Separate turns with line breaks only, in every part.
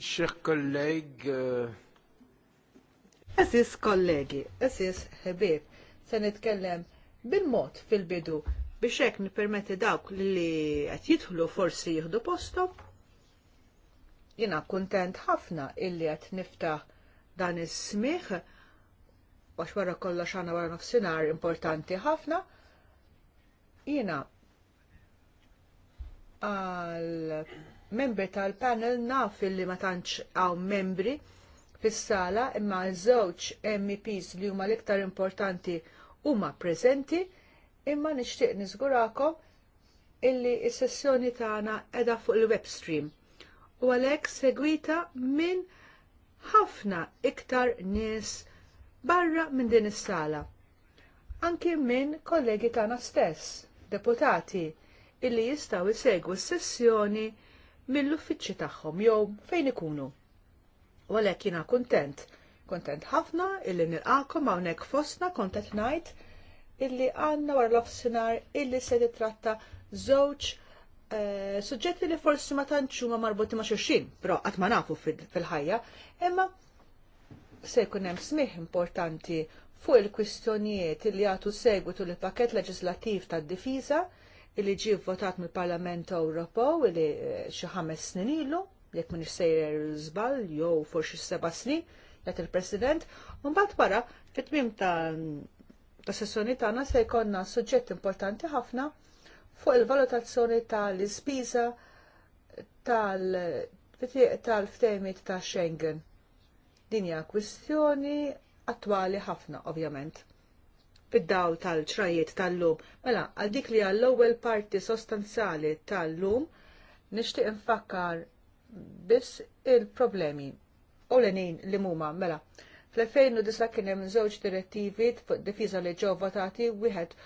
Chers kolleg. Euh,
esis kollegi, esis ħebib, se nitkellem bil-mod fil-bidu biex hekk nippermetti dawk li qed jidħlu forsi jieħdu postom. Jiena kuntent ħafna illi qed niftaħ dan is-smih għax wara kollha għandna wara nofsinhar importanti ħafna. Jiena għal membri tal-panel naf li ma tantx hawn membri fis-sala imma żewġ MEPs li huma l-iktar importanti huma preżenti imma nixtieq niżgurakom illi s-sessjoni tagħna qiegħda fuq il-web stream u għalhekk segwita minn ħafna iktar nies barra minn din is-sala. Anki minn kollegi tagħna stess, deputati, illi jistgħu jsegwu s-sessjoni mill-uffiċċji tagħhom jew fejn ikunu. U għalhekk jiena kuntent, kuntent ħafna illi nilqakom hawnhekk fostna kontent ngħid illi għandna wara l-offsinar illi se titratta żewġ eh, suġġetti li forsi ma tantxu ma marbuti ma' xulxin, però qatt ma nafu fil-ħajja, imma se jkun hemm smih importanti fuq il-kwistjonijiet li għatu segwitu l-pakket leġislattiv tad-difiża illi ġie votat mill-Parlament Ewropew illi eh, xi ħames snin ilu, jekk minn sejjer żball jew forsi seba' snin, jagħt il-President, u mbagħad wara fit-tmiem ta' sessjoni tagħna se jkollna suġġett importanti ħafna fuq il-valutazzjoni tal-ispiża tal-ftehmiet ta' Schengen. Din hija kwistjoni attwali ħafna, ovvjament fid-dawl tal-ċrajiet tal-lum. Mela, għal dik li għall-ewwel parti sostanzjali tal-lum nixtieq infakkar biss il-problemi. u lenin li huma mela. Fl-2009 kien hemm żewġ direttivi fuq difiża li ġew votati wieħed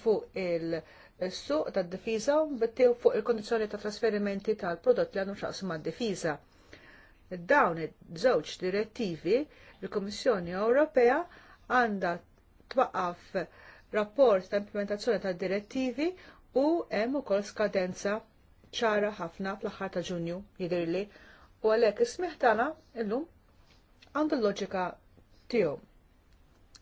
fuq il-suq tad-difiża u bittew fuq il-kondizzjoni ta' trasferimenti tal-prodott li għandhom xaqsu mad-difiża. Dawn iż-żewġ direttivi l-Kummissjoni Ewropea għandha twaqqaf rapport ta' implementazzjoni ta' direttivi u hemm ukoll skadenza ċara ħafna fl-aħħar ta' Ġunju jidhirli u għalhekk is tagħna illum għandu l-loġika tiegħu.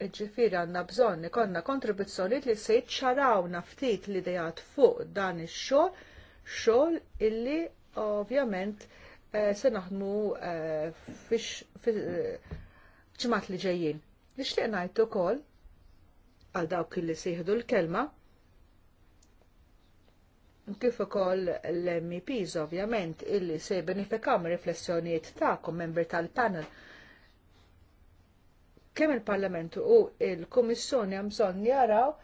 Iġifieri għandna bżonn ikollna kontribuzzjonijiet li se jiċċarawna ftit l-idejat fuq dan ix-xogħol, xogħol illi ovvjament eh, se naħdmu eh, fix ċimat eh, li ġejjin. Nixtieq ngħid ukoll għal dawk li sieħdu l-kelma. Kif ukoll l-MEPs ovvjament illi se benefikaw mir riflessjonijiet tagħkom membri tal-panel. Kemm il-Parlament u l kummissjoni hemm bżonn jaraw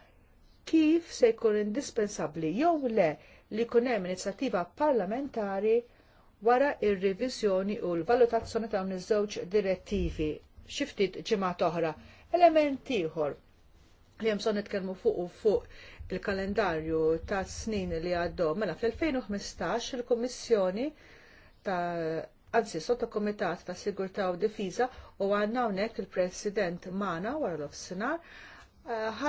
kif se jkun indispensabbli jew le li jkun hemm inizjattiva parlamentari wara r riviżjoni u l-valutazzjoni ta' dawn iż-żewġ direttivi xi ftit ġimgħa oħra. Element ieħor li jemson nitkelmu fuq u fuq il-kalendarju ta' snin li għaddu. mela fl-2015 il-Kummissjoni ta' anzi sotto komitat ta' Sigurtà u difiza u għandna hawnhekk il-President Mana wara l-ofsinar eh,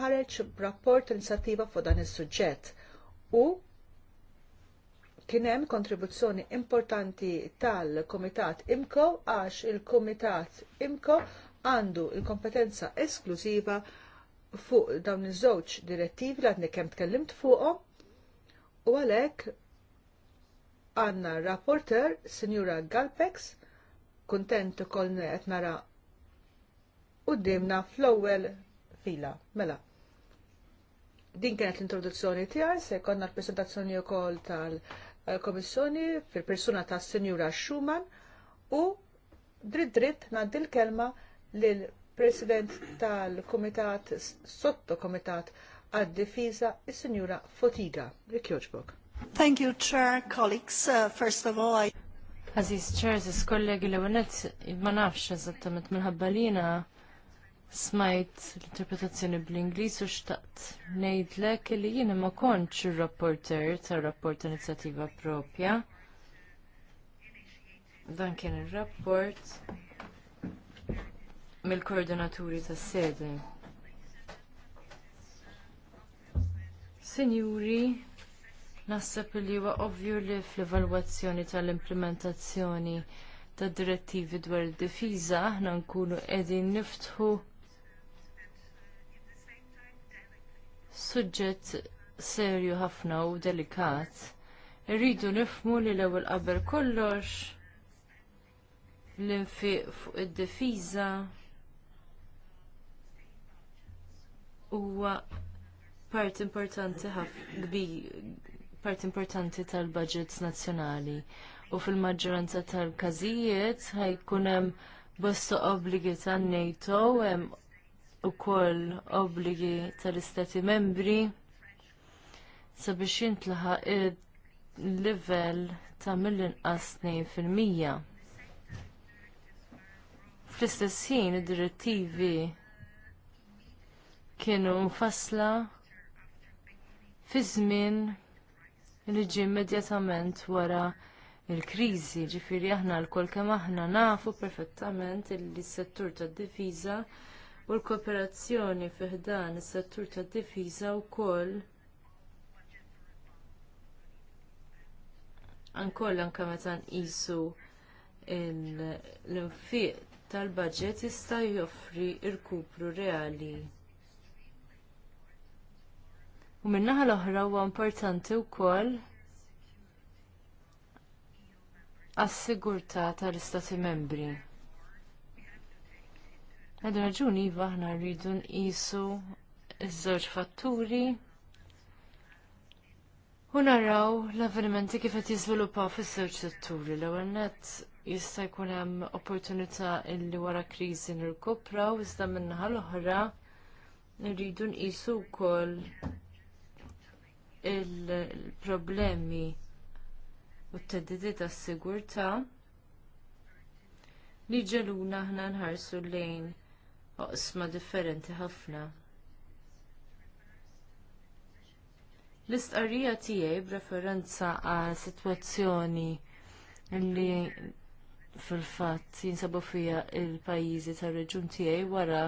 ħareġ rapport inizjattiva fuq dan is-suġġett u kien hemm kontribuzzjoni importanti tal-Kumitat IMCO għax il-Kumitat IMCO għandu l kompetenza esklusiva fuq dawn iż-żewġ direttivi li għadni kemm tkellimt fuqhom u għalhekk għandna rapporter Sinjura Galpex kuntent ukoll qed nara qudiemna fl-ewwel fila. Mela, din kienet l-introduzzjoni tiegħi se jkollna l-presentazzjoni wkoll tal-Komissjoni fil-persuna tas Sinjura Schumann u dritt dritt ngħaddi l-kelma lil president tal-Komitat Sottokomitat għad-Difiża, is-Sinjura Fotiga. Rikjoġbok. Thank you, Chair, colleagues. Uh,
first of all, I... Aziz Chair, aziz kollegi li għonet, ma nafx eżattament minħabba lina smajt l-interpretazzjoni bl-Inglis u xtaqt ngħidlek li jina ma kontx ir-rapporter tar-rapport inizjattiva propja. Dan kien ir-rapport mill-koordinaturi tas sede Sinjuri, naħseb li huwa ovvju li fl-evalwazzjoni tal-implementazzjoni tad direttivi dwar id-difiża aħna nkunu qegħdin niftħu suġġett serju ħafna u delikat, irridu nifmu li l-ewwel qabel kollox l-infiq fuq id-difiża huwa part importanti part importanti tal-budgets nazzjonali u fil-maġġoranza tal-każijiet ħajkun hemm bosta obbligi tan-NATO hemm ukoll obbligi tal-Istati Membri sabiex jintlaħaq il-livell ta' mill-inqas 2%. Fl-istess ħin id-direttivi kienu mfassla fi żmien li ġie immedjatament wara il-kriżi, ġifieri aħna lkoll kemm aħna nafu perfettament li s-settur tad-difiża u l-kooperazzjoni fih dan is-settur tad-difiża wkoll ankoll anke meta nqisu l-infiq tal-budget jista' joffri rkupru reali U min-naħa l-oħra huwa importanti wkoll għas-sigurtà tal-Istati membri. Għad raġuni iva aħna rridu nqisu iż-żewġ fatturi u naraw l-avvenimenti kif qed jiżviluppaw fiż-żewġ setturi. L-ewwel nett jista' jkun hemm opportunità illi wara kriżi nirkupraw iżda min-naħa l-oħra rridu nqisu wkoll il-problemi u t-teddidi ta' sigurtà li ġeluna aħna nħarsu lejn oqsma differenti ħafna. L-istqarrija tiegħi b'referenza għal sitwazzjoni li fil-fatt jinsabu fija il-pajjiżi tar-reġjun tiegħi wara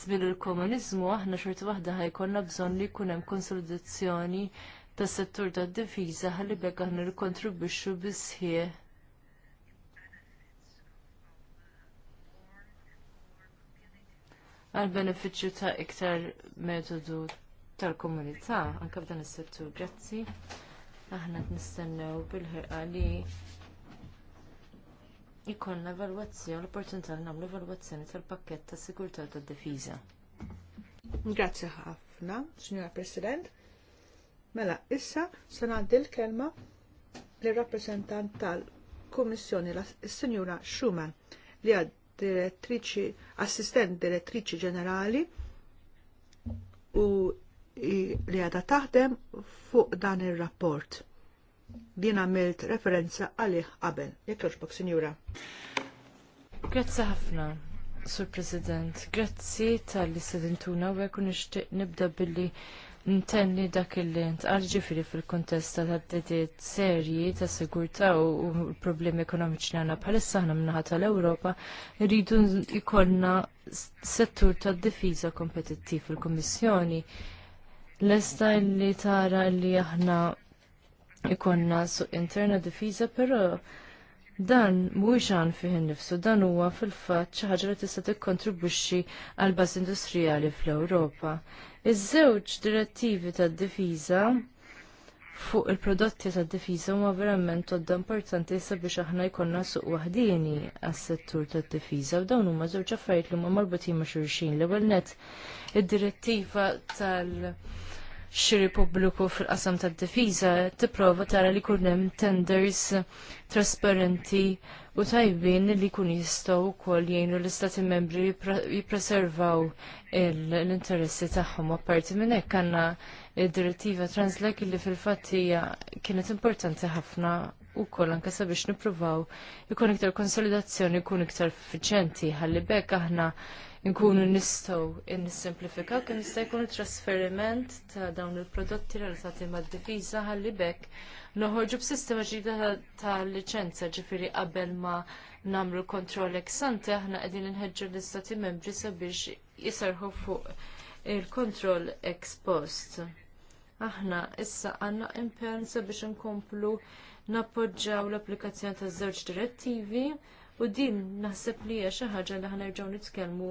żmien il-komuniżmu aħna xorti waħda ħajkonna bżonn li jkun hemm konsolidazzjoni tas-settur tad-difiża ħalli bekk aħna nikkontribwixxu bisħieħ għal benefiċċju ta' iktar metodu tal-komunità anke f'dan is-settur. Grazzi. Aħna nistennew bil-ħirqa li ikonna evalwazzjoni, l-opportunità li nagħmlu evalwazzjoni tal-pakkett tas sigurtà tad-difiża.
Grazzi ħafna, Signora President. Mela, issa se ngħaddi l-kelma lir-rappreżentant tal-Kummissjoni, is-Sinjura Schumann, li għad direttriċi, assistent direttriċi ġenerali u li għadha taħdem fuq dan ir rapport din għamilt referenza għalih qabel. Jekk joġbok, Sinjura. Grazzi ħafna, Sur
President. Grazzi tal-li sedintuna u għekun ixtiq nibda billi ntenni dak il-li ntqal ġifiri fil-kontest tal-ħaddidiet serji ta' sigurta u problemi ekonomiċi għana għanna bħalissa ħna minnaħa tal-Ewropa rridu jkollna settur ta' difiża kompetittiv fil-Kommissjoni. Lesta li tara li aħna ikonna suq interna difiża, però dan mhuwiex għan fih innifsu, dan huwa fil-fatt xi ħaġa li tista' tikkontribwixxi għal baż industrijali fl-Ewropa. Iż-żewġ direttivi tad-difiża fuq il-prodotti tad-difiża huma verament għodda importanti sabiex aħna jkollna suq waħdieni għas-settur tad-difiża u dawn huma żewġ affarijiet li huma marbutin ma' xulxin. L-ewwel nett id-direttiva tal- xiri pubbliku fil-qasam tad difiża tipprova tara li jkun hemm tenders trasparenti u tajbin li jkun jistgħu wkoll jgħinu l-istati membri jippreservaw l-interessi tagħhom apparti minn hekk għandna id-direttiva Translek li fil-fatt hija kienet importanti ħafna u koll anka sabiex nippruvaw ikun iktar konsolidazzjoni ikun iktar effiċjenti ħalli bekk aħna nkunu nistgħu nissimplifikaw kien jista' jkun it trasferiment ta' dawn il-prodotti relatati mad-difiża ħalli noħorġu b'sistema ġdida ta' liċenza ġifieri qabel ma nagħmlu kontroll ex ante aħna qegħdin inħeġġu l-istati membri sabiex jisarħu fuq il-kontroll ex post. Aħna issa għandna impenn sabiex inkomplu nappoġġaw l-applikazzjoni taż żewġ direttivi U din naħseb li hija xi ħaġa li ħanerġgħu nitkellmu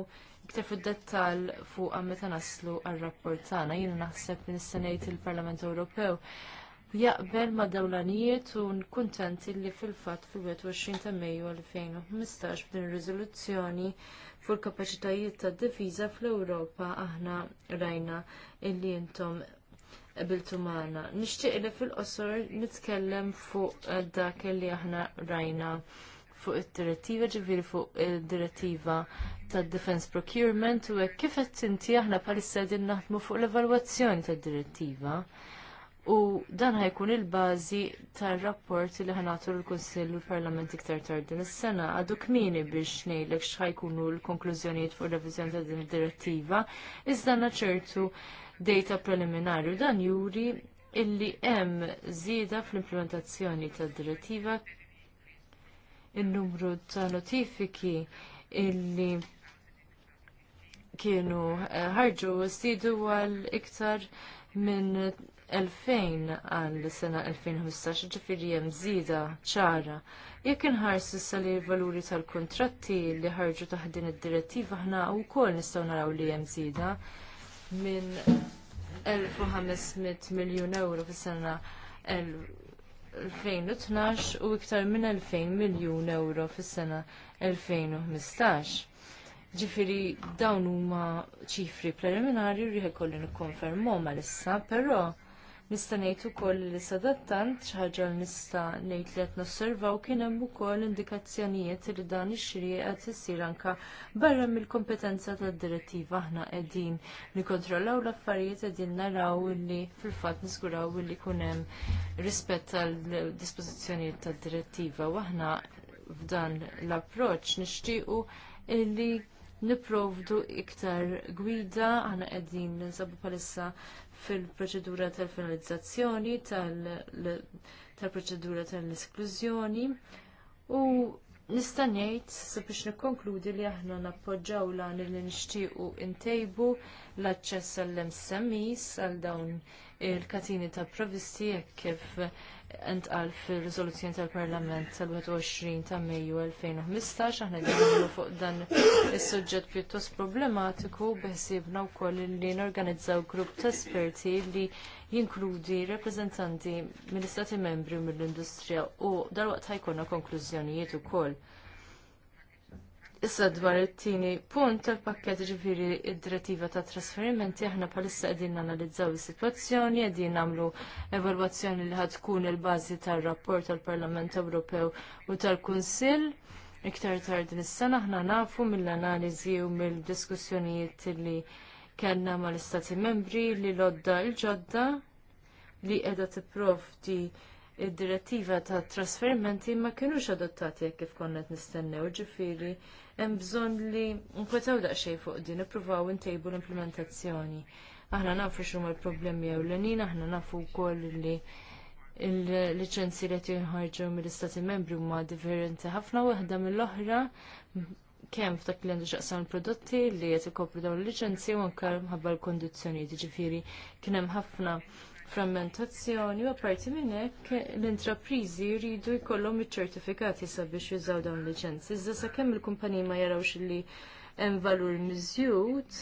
iktar fid-dettall fuq meta naslu għar-rapport tagħna. Jiena naħseb li nistenejt il-Parlament Ewropew jaqbel ma' dawlanijiet u nkuntent li fil-fatt fil-21 ta' Mejju 2015 b'din riżoluzzjoni fuq il-kapaċitajiet tad-difiża fl-Ewropa aħna rajna illi intom qabiltu magħna. Nixtieq li fil-qosor nitkellem fuq dak li aħna rajna fuq id-direttiva ġifiri fuq id-direttiva tad defense procurement u hekk kif qed inti aħna bħalissa din naħdmu fuq l-evalwazzjoni tad-direttiva. U dan ħajkun il-bażi tar-rapport li ħanatu l-Kunsill u l-Parlament iktar tard din is-sena għadu kmini biex ngħidlek x'ħajkunu l-konklużjonijiet fuq reviżjoni ta' din id-direttiva, iżda ċertu data preliminari u dan juri illi hemm żieda fl-implementazzjoni tad-direttiva il-numru ta' notifiki illi kienu eh, ħarġu stidu għal iktar minn 2000 għal sena 2015 ġifiri jem zida ċara. Jekk inħarsu sali valuri tal-kontratti li ħarġu taħdin id-direttiva ħna u kol nistaw naraw li jem zida minn 1500 miljon euro fis sena 2012 u iktar minn 2000 miljun euro fis-sena 2015. Ġifiri dawn huma ċifri preliminari li ħekolli nikkonfermhom għalissa, però Nista' ngħid ukoll li sadattant xi ħaġa li nista' ngħid li qed nosservaw kien hemm ukoll indikazzjonijiet li dan ix-xiri qed isir anke barra mill-kompetenza tad-direttiva aħna qegħdin nikkontrollaw l-affarijiet qegħdin naraw li fil-fatt niżguraw li jkun hemm rispett għall dispożizzjonijiet tad-direttiva u aħna f'dan l-approċċ nixtiequ li niprovdu iktar gwida, aħna qegħdin nsabu palissa fil-proċedura tal-finalizzazzjoni tal-proċedura tal-esklużjoni u nista' ngħid sabiex nikkonkludi li aħna nappoġġaw lan li nixtiequ ntejbu l-aċċess għall-MSMEs għal dawn il-katini ta' provvisti jekk kif entqal fil-rizoluzzjoni tal-Parlament tal-21 ta' Mejju 2015 aħna għamlu fuq dan is-suġġett pjuttost problematiku biħsibna koll li norganizzaw grupp ta' esperti li jinkludi reprezentanti mill-Istati membri u mill-Industrija u dalwaqt ħajkonna konklużjonijiet ukoll. Issa dwar it-tieni punt tal-pakket ġifiri id-direttiva ta' trasferimenti aħna bħalissa qegħdin analizzaw is-sitwazzjoni, qegħdin nagħmlu evalwazzjoni li ħad tkun il-bażi tar-rapport tal-Parlament Ewropew u tal-Kunsill. Iktar tard din is-sena aħna nafu mill-analiżi u mill-diskussjonijiet li kellna mal-Istati Membri li lodda l-ġodda li qiegħda tipprovdi di id-direttiva ta' trasferimenti ma kinux adottati jekk kif konna qed nistennew, ġifiri, hemm bżonn li nkwetaw daqsxejn fuq din ippruvaw intejbu l-implementazzjoni. Aħna nafu x'huma l-problemi ewlenin, aħna nafu wkoll li il liċenzji li jinħarġu mill-istati membri huma differenti ħafna waħda mill-oħra kemm f'dak li għandu xaqsam prodotti li qed ikopru dawn il-liċenzji u anke mħabba l-kondizzjonijiet, ġifieri kien hemm ħafna frammentazzjoni u apparti minn hekk l-intrapriżi jridu jkollhom iċ-ċertifikati sabiex jużaw dawn liċenzi. Iżda sakemm il-kumpaniji ma jarawx li hemm valur miżjud,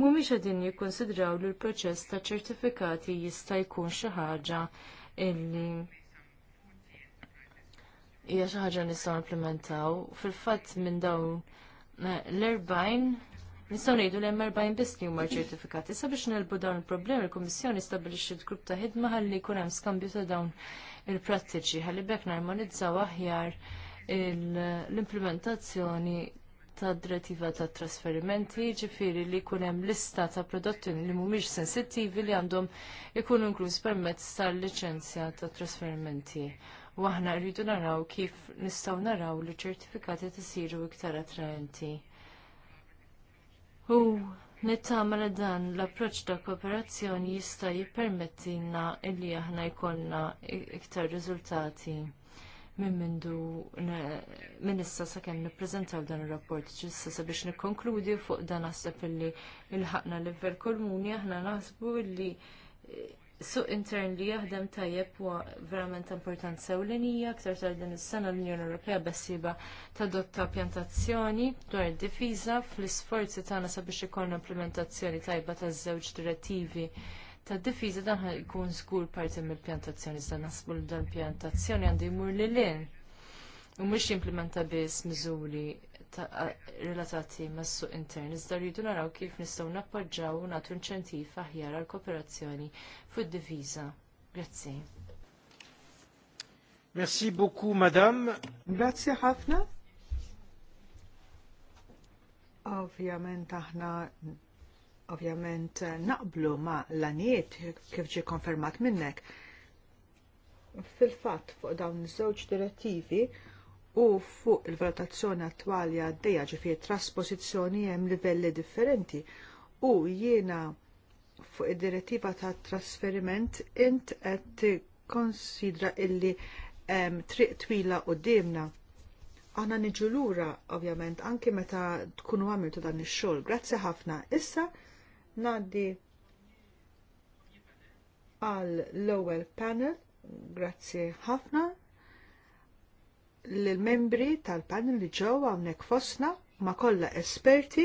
mhumiex qegħdin jikkonsidraw li l-proċess ta' ċertifikati jista' jkun xi ħaġa illi hija xi ħaġa nistgħu implementaw. Fil-fatt minn dawn l-erbajn Nistgħu ngħidu li hemm 40 biss li huma ċertifikati. Issa biex nelbu dawn il-problemi, il-Kummissjoni stabbilixxi grupp ta' ħidma ħalli jkun hemm skambju ta' dawn il-prattiċi għalli bekk narmonizzaw aħjar l-implementazzjoni ta' direttiva ta' trasferimenti, ġifiri li jkun hemm lista ta' prodotti li mhumiex sensittivi li għandhom ikunu inkluż permezz tal-liċenzja ta' trasferimenti. U aħna rridu naraw kif nistgħu naraw li ċertifikati tisiru iktar attraenti. U nittama li dan l-approċ ta' kooperazzjoni jista' jippermettilna illi aħna jkollna iktar riżultati minn mindu minn issa sakemm nippreżentaw dan ir-rapport ġissa sabiex nikkonkludi fuq dan naħseb illi il-ħakna livell komuni aħna naħsbu illi suq intern li jaħdem tajjeb huwa verament importanza sew l aktar tal din is-sena l-Unjoni Ewropea bessiba tadotta pjantazzjoni dwar id-difiża fl-isforzi tagħna sabiex ikollna implementazzjoni tajba taż-żewġ direttivi tad difiża dan jkun żgur parti mill-pjantazzjoni iżda naħsbu li dan pjantazzjoni għandu jmur lil hinn u mhux jimplementa biss miżuri relatati mas suq intern, iżda rridu naraw kif nistgħu nappoġġaw u nagħtu inċentiv aħjar għall kooperazzjoni fuq diviża. Grazzi.
Merci beaucoup,
madame. Grazzi ħafna. Ovvjament aħna ovvjament naqblu ma l-anijiet kif ġie konfermat minnek. Fil-fatt fuq dawn iż-żewġ direttivi u fuq il-valutazzjoni attwali għaddejja ġifier trasposizzjoni hemm livelli differenti u jiena fuq id-direttiva ta' trasferiment int qed konsidra illi hemm triq twila qudiemna. Aħna niġu lura ovvjament anke meta tkunu għamiltu dan ix-xogħol. Grazzi ħafna. Issa ngħaddi għal l-ewwel panel. Grazzi ħafna l-membri tal-panel li ġew hawnhekk fosna ma kollha esperti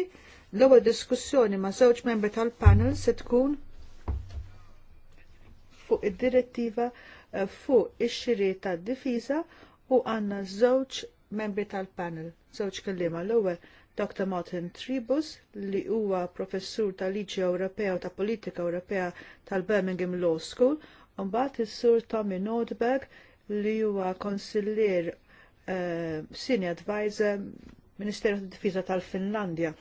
l-ewwel diskussjoni ma' żewġ membri tal-panel se tkun fuq id-direttiva eh, fuq ix-xiri tad-difiża u għandna żewġ membri tal-panel, żewġ kelliema l-ewwel Dr. Martin Tribus li huwa professur tal-Liġi Ewropea u ta' Politika Ewropea tal-Birmingham Law School, u mbagħad is-Sur Tommy Nordberg li huwa konsillier Eh, senior advisor Ministeru tad-Difiża tal-Finlandja.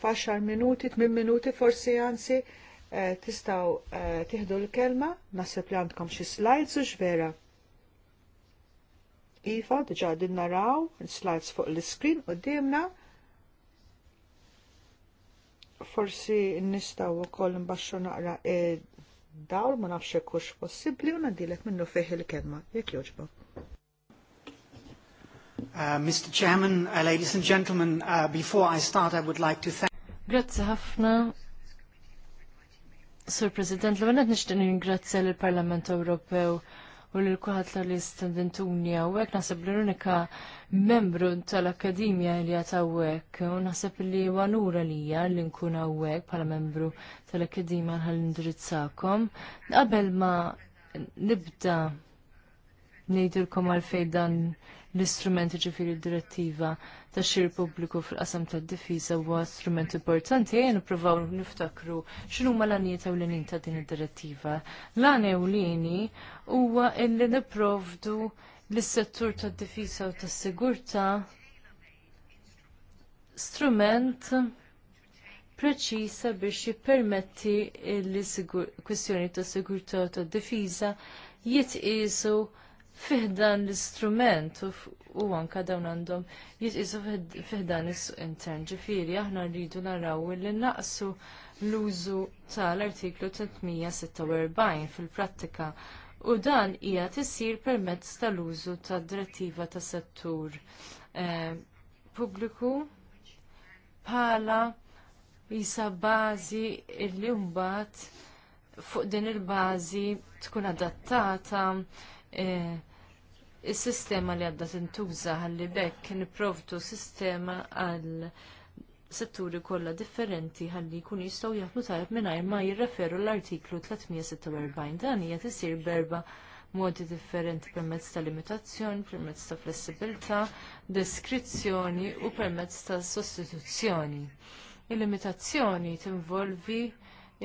Faxar minuti, tmien minuti forsi anzi eh, tistaw eh, tiħdu l-kelma, nasib li għandkom xi slides u xvera. Iva, diġa din naraw, slides fuq l-screen u dimna. Forsi nistaw u koll mbaxxu naqra dawl ma nafxie kux possibli u nadilek minnu fih il-kelma, jek joġbok.
Uh, Mr. Chairman, uh, ladies and gentlemen, uh, before I start, I would like to thank... Grazie ħafna.
Sur President, l-għanet nishtin ingrazzja l-Parlament Ewropew u l-kuħat l-istendentuni għek, nasib l-unika membru tal-Akademija li għatawek, u nasib li għanura li li nkun għawek pala membru tal-Akademija għal indirizzakom. Qabel ma nibda nejdilkom għal-fejdan l-istrument ġifiri direttiva ta' xir pubbliku fil-qasam ta' difiża huwa strument importanti jgħin provaw niftakru xinu ma l-għaniet u l-għanin ta' din id-direttiva. L-għan u l-għini huwa illi niprovdu l-settur ta' difiża u ta' sigurta strument preċisa biex jippermetti l kwistjoni ta' sigurtà u ta' difiża jitqisu fiħdan l-istrument u anka dawn għandhom jitqisu fiħdan is-suq intern. ġifiri aħna rridu naraw li naqsu l-użu tal-artiklu 346 fil-prattika u dan hija tisir permezz tal-użu tad-direttiva tas settur eh, pubbliku bħala jisa bażi il mbagħad fuq din il-bażi tkun adattata Eh, is-sistema li għadda tintuża ħalli bekk nipprovdu sistema għal setturi kollha differenti ħalli jkunu jistgħu jaħdmu tajjeb mingħajr ma jirreferu l-artiklu 346 dan hija tisir berba modi differenti permezz ta' limitazzjoni, permezz ta' flessibilità, deskrizzjoni u permezz ta' sostituzzjoni. Il-limitazzjoni tinvolvi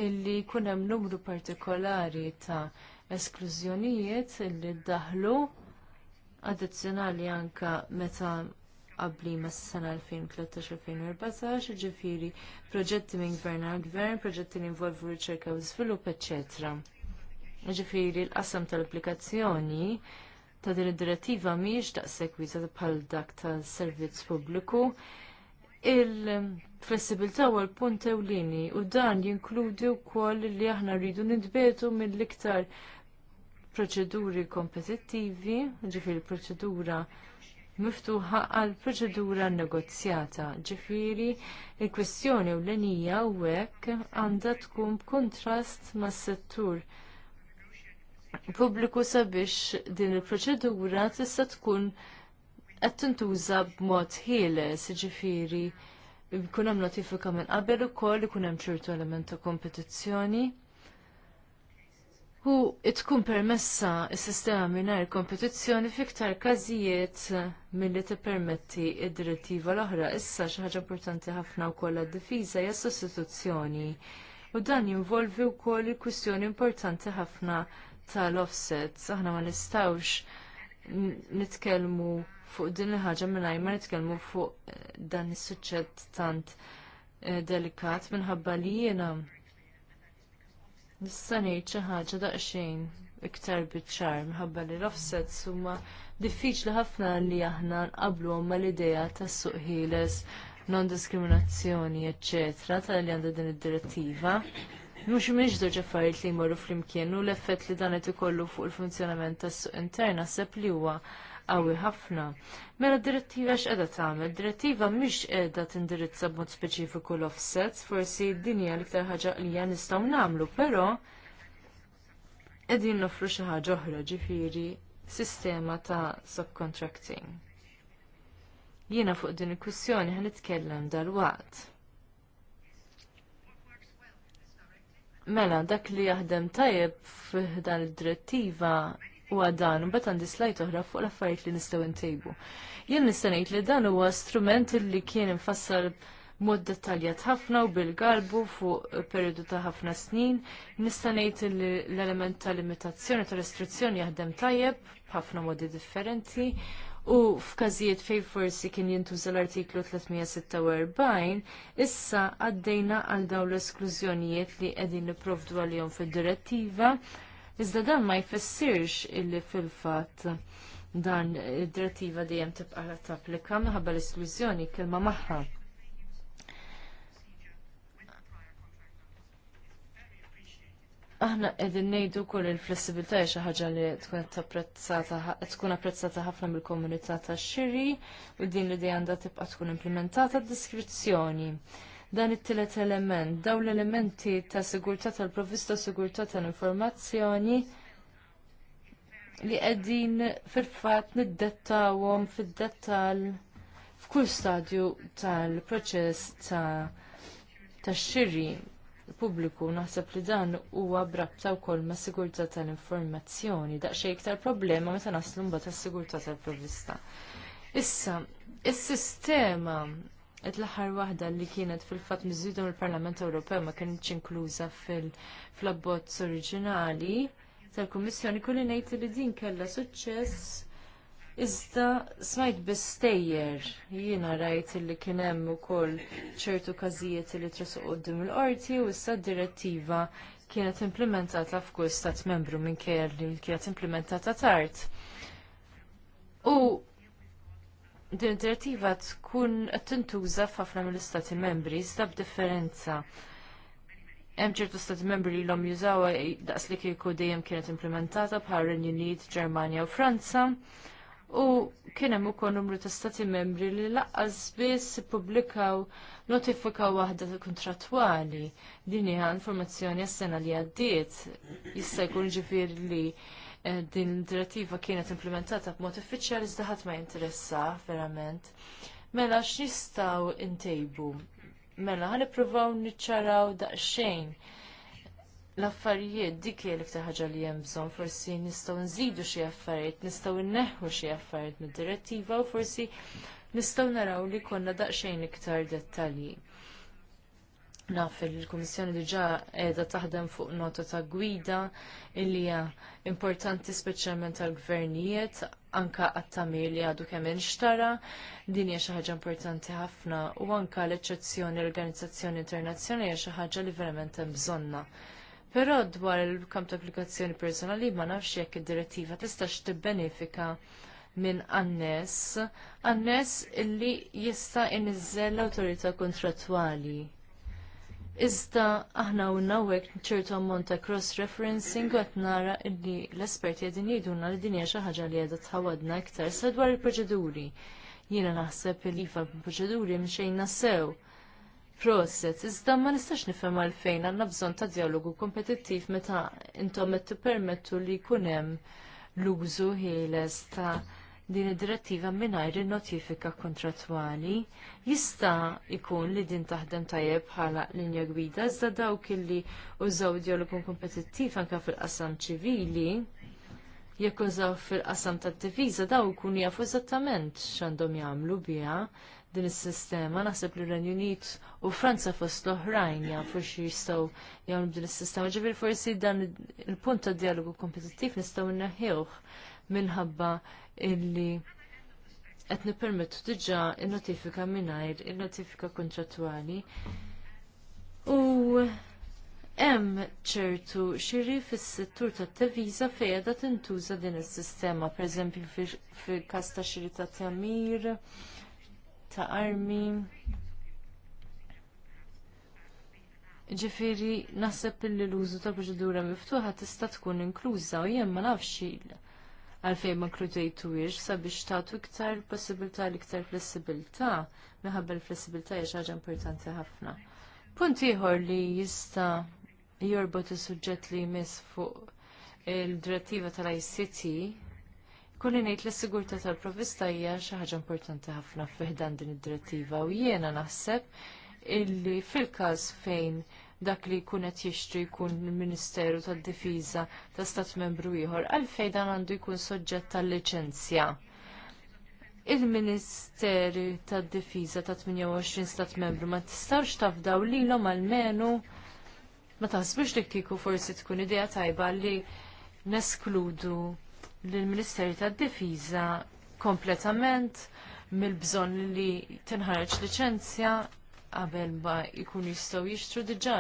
illi jkun hemm numru partikolari ta' esklużjonijiet li ddaħlu addizzjonali anke meta qabli mas sena 2013-2014, ġifiri proġetti minn gvern għal gvern, proġetti li involvu riċerka u svilup, etc. Ġifiri l-qasam tal-applikazzjoni ta' din id-direttiva miex daqshekk wiesa bħal dak tal-servizz pubbliku. Il-flessibilità huwa l-punt ewlieni u dan jinkludi wkoll li aħna rridu nitbietu mill-iktar proċeduri kompetittivi, ġifiri proċedura miftuħa għal proċedura negozjata. Ġifiri, il-kwestjoni u l-enija u għek għanda tkun kontrast ma' settur pubbliku sabiex din il-proċedura tista' tkun qed tintuża b'mod ħieles, ġifiri, jkun hemm notifika minn qabel ukoll ikun hemm ċertu element ta' kompetizzjoni u tkun permessa s-sistema mingħajr kompetizzjoni fiktar każijiet milli tippermetti id-direttiva l-oħra. Issa xi ħaġa importanti ħafna wkoll għad-difiża hija sostituzzjoni. U dan jinvolvi wkoll il-kwistjoni importanti ħafna tal-offsets. Aħna ma nistawx nitkellmu fuq din il-ħaġa mingħajr ma nitkellmu fuq dan is-suġġett tant eh, delikat minħabba li jiena Nista' ngħid xi ħaġa daqsxejn iktar biċ-ċar minħabba li l-offsets huma diffiċli ħafna li aħna nqabbluhom mal-idea tas-suq ħieles non-diskriminazzjoni, eċċetera, tal-li għandha din id-direttiva. Mhux mhix żewġ affarijiet li jmorru flimkien u l-effett li dan qed ikollu fuq il-funzjonament tas-suq intern naħseb li huwa għawi ħafna. Mela d-direttiva x'qeda tagħmel? Direttiva mhix qiegħda tindirizza b'mod speċifiku l-offsets, forsi d-dinja l-iktar ħaġa li nistgħu nagħmlu, però qegħdin nofru xi ħaġa oħra, ġifieri sistema ta' subcontracting. Jiena fuq din il-kwissjoni ħanitkellem dal-waqt. Mela, dak li jaħdem tajjeb f'dan id-direttiva u għadan, bat għandi slajt oħra fuq l-affarijiet li nistaw intejbu. Jien nistanajt li dan huwa strument li kien infassal mod dettaljat ħafna u bil-galbu fuq periodu ta' ħafna snin. Nista' ngħid li l-element ta' limitazzjoni ta' restrizzjoni jaħdem tajjeb b'ħafna modi differenti u f'każijiet fejn forsi kien jintuża l-artiklu 346, issa għaddejna għal dawn l-esklużjonijiet li qegħdin nipprovdu għalihom fid-direttiva Iżda dan ma jfissirx illi fil-fatt dan id-direttiva dejjem tibqa' tapplika minħabba l-esklużjoni kelma magħha. aħna qegħdin ngħidu kull il-flessibilità hija xi ħaġa li tkun apprezzata tkun apprezzata ħafna mill-komunità tax-xiri u din l-idea għandha tibqa' tkun implementata diskrizzjoni dan it-tielet element, daw l-elementi ta' sigurtà tal-provvista sigurtà tal-informazzjoni li qegħdin fil-fatt niddettawhom fid-dettall f'kull stadju tal-proċess ta' tax-xiri pubbliku naħseb li dan huwa brabta wkoll ma' sigurtà tal-informazzjoni, daqsxejn iktar problema meta naslu mbagħad tas-sigurtà tal-provvista. Issa, is-sistema Et l-aħħar waħda li kienet fil-fatt miżjuda mill-Parlament Ewropew ma kienx inkluża fil-abbozz oriġinali tal-Kummissjoni kulli ngħid li din kellha suċċess iżda smajt stejjer. jiena rajt li kien hemm ukoll ċertu każijiet li trasuq quddiem il-qorti u issa d-direttiva kienet implementata f'kull stat membru minkejja li kienet implementata tard. U din direttiva tkun qed tintuża f'ħafna mill-istati membri, iżda b'differenza. Hemm ċertu stati membri li l-om jużawa daqs li kieku dejjem kienet implementata bħal Renju Unit, Ġermanja u Franza. U kien hemm ukoll numru ta' stati membri li laqqas biss ippubblikaw notifika waħda kuntrattwali din hija informazzjoni għas-sena li għaddiet. Jista' jkun ġifieri li Eh, din direttiva kienet implementata b'mod uffiċjali iżda ħadd ma jinteressa verament. Mela x'nistgħu ntejbu? Mela ħanippruvaw niċċaraw daqsxejn l-affarijiet dik hija l-iktar ħaġa li hemm bżonn, forsi nistgħu nżidu xi affarijiet, nistgħu nneħħu xi affarijiet mid-direttiva u forsi nistgħu naraw li konna daqsxejn iktar dettalji. Naf il-Komissjoni diġa edha taħdem fuq nota ta' gwida illi hija importanti speċjalment tal gvernijiet anka għattamir li għadu kemm inxtara, din hija xi ħaġa importanti ħafna u anka l-eċċezzjoni l-Organizzazzjoni Internazzjonali hija xi ħaġa li verament hemm bżonna. Però dwar il-kamp ta' applikazzjoni personali ma nafx jekk id-direttiva tistax tibbenefika minn annes, annes illi jista' inizzel l-awtorità kontrattwali Iżda aħna u nawek ċertu ammont ta' cross-referencing għat nara li l-esperti għedin jiduna li dinja xaħġa li għedha tħawadna iktar sadwar il-proċeduri. Jiena naħseb li fa' iva proċeduri mxejna sew. Proset, iżda ma nistax nifhem għalfejn għandna bżonn ta' dialogu kompetittiv meta intom qed tippermettu li jkun hemm l-użu ħieles ta' din id-direttiva mingħajr in-notifika kontrattwali jista' jkun li din taħdem tajjeb bħala linja gwida iżda dawk illi użaw dialogu kompetittiv anke fil-qasam ċivili jekk użaw fil-qasam tad-diviża daw kun jafu eżattament x'għandhom jagħmlu biha din is-sistema naħseb li r-Renju Unit u Franza fost l-oħrajn jafu xi jistgħu jagħmlu din is-sistema. Ġifier forsi dan il-punt tad dialogu kompetittiv nistgħu nneħħiuh minħabba illi qed nippermettu diġà il-notifika mingħajr il-notifika kontrattwali. U hemm ċertu xiri fis-settur tat-teviża fejn qiegħda tintuża din is-sistema, pereżempju fil-każ ta' xiri ta' tjamir, ta' armi. Ġifiri, naħseb li l-użu ta' proċedura miftuħa tista' tkun inkluża u jien ma nafx għalfejn ma krudejtuwix sabiex tagħtu iktar possibilità li iktar flessibilità minħabba l flessibilta hija xi ħaġa importanti ħafna. Punt ieħor li jista' jorbot il suġġett li jmiss fuq il-direttiva tal-ICT kulli ngħid li s-sigurtà tal-provista hija xi ħaġa importanti ħafna fiħdan din id-direttiva u jiena naħseb illi fil-każ fejn dak li jkun qed jixtri jkun il-Ministeru tad-Difiża ta' Stat Membru ieħor għalfejn dan għandu jkun soġġett tal-liċenzja. Il-Ministeri tad-Difiża ta' 28 Stat Membru ma tistax tafdaw lilhom għalmenu ma taħsbux li kieku forsi tkun idea tajba li neskludu l-Ministeri tad-Difiża kompletament mill-bżonn li tinħarġ liċenzja qabel ma jkunu jistgħu jixtru diġà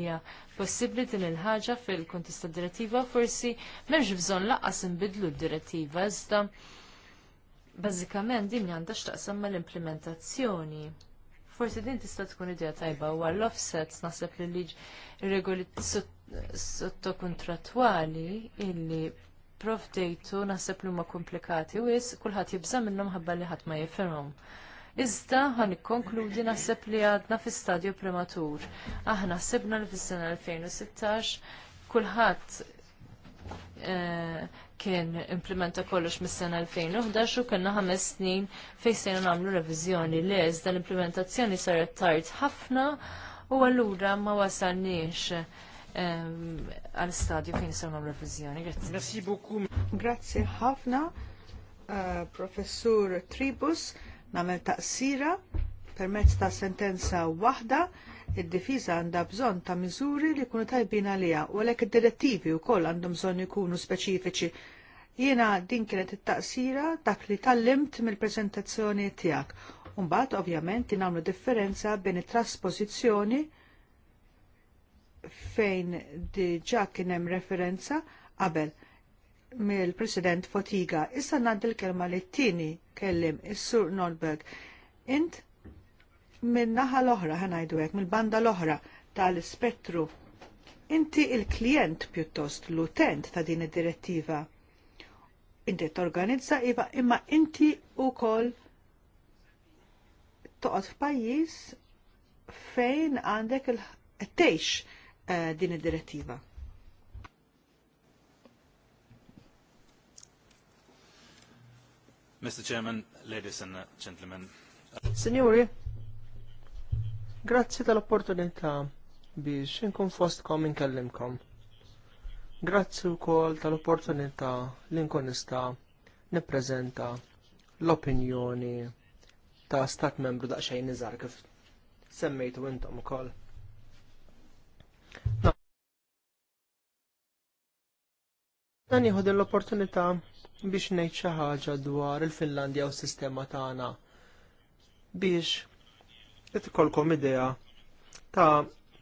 hija possibbli din il-ħaġa fil-kontest tad-direttiva forsi m'hemmx bżonn laqas inbidlu d-direttiva iżda bażikament din għandha x'taqsam mal-implementazzjoni. Forsi din tista' tkun idea tajba u għall-offsets naħseb li liġ regoli sottokontrattwali illi prof dejtu naħseb li huma komplikati wis kulħadd jibża minnhom ħabba li ħadd ma jifhimhom. Iżda ħan ikkonkludi naħseb li għadna fi stadju prematur. Aħna sebna li fis-sena 2016 kulħadd eh, kien implementa kollox mis-sena 2011 u kellna ħames snin fejn se nagħmlu reviżjoni li iżda l-implementazzjoni saret tard ħafna u allura ma wasalniex eh, għal
stadju fejn se nagħmlu reviżjoni. Grazzi. Grazzi beaucoup. Grazzi ħafna eh, professur Tribus Namel taqsira permezz ta' sentenza waħda id-difiża għandha bżonn ta' miżuri li jkunu tajbin għaliha u għalhekk id-direttivi wkoll għandhom bżonn ikunu speċifiċi. Jiena din kienet it-taqsira dak li tallimt mill-preżentazzjoni tiegħek. mbagħad ovvjament nagħmlu differenza bejn it-trasposizzjoni fejn diġà kien hemm referenza qabel mill-President Fotiga. Issa nad il kelma li t-tini kellim is-Sur Norberg. Int minn naħa l-oħra ħanajdu hekk, mill-banda l-oħra tal-spettru. Inti il-klient pjuttost l-utent ta' din id-direttiva. Inti torganizza iva imma inti wkoll toqgħod f'pajjiż fejn għandek il-tgħix eh, din id-direttiva. Mr. Chairman, ladies and uh, gentlemen.
Signori, grazie tal-opportunità biex inkun fostkom inkellimkom. Grazzi wkoll tal-opportunità li nkun nista' l-opinjoni ta' stat membru xejn nizar kif semmejtu intom ukoll. Dan jieħu l-opportunità biex ngħid xi ħaġa dwar il-Finlandja u s-sistema tagħna biex qed ikolkom idea ta'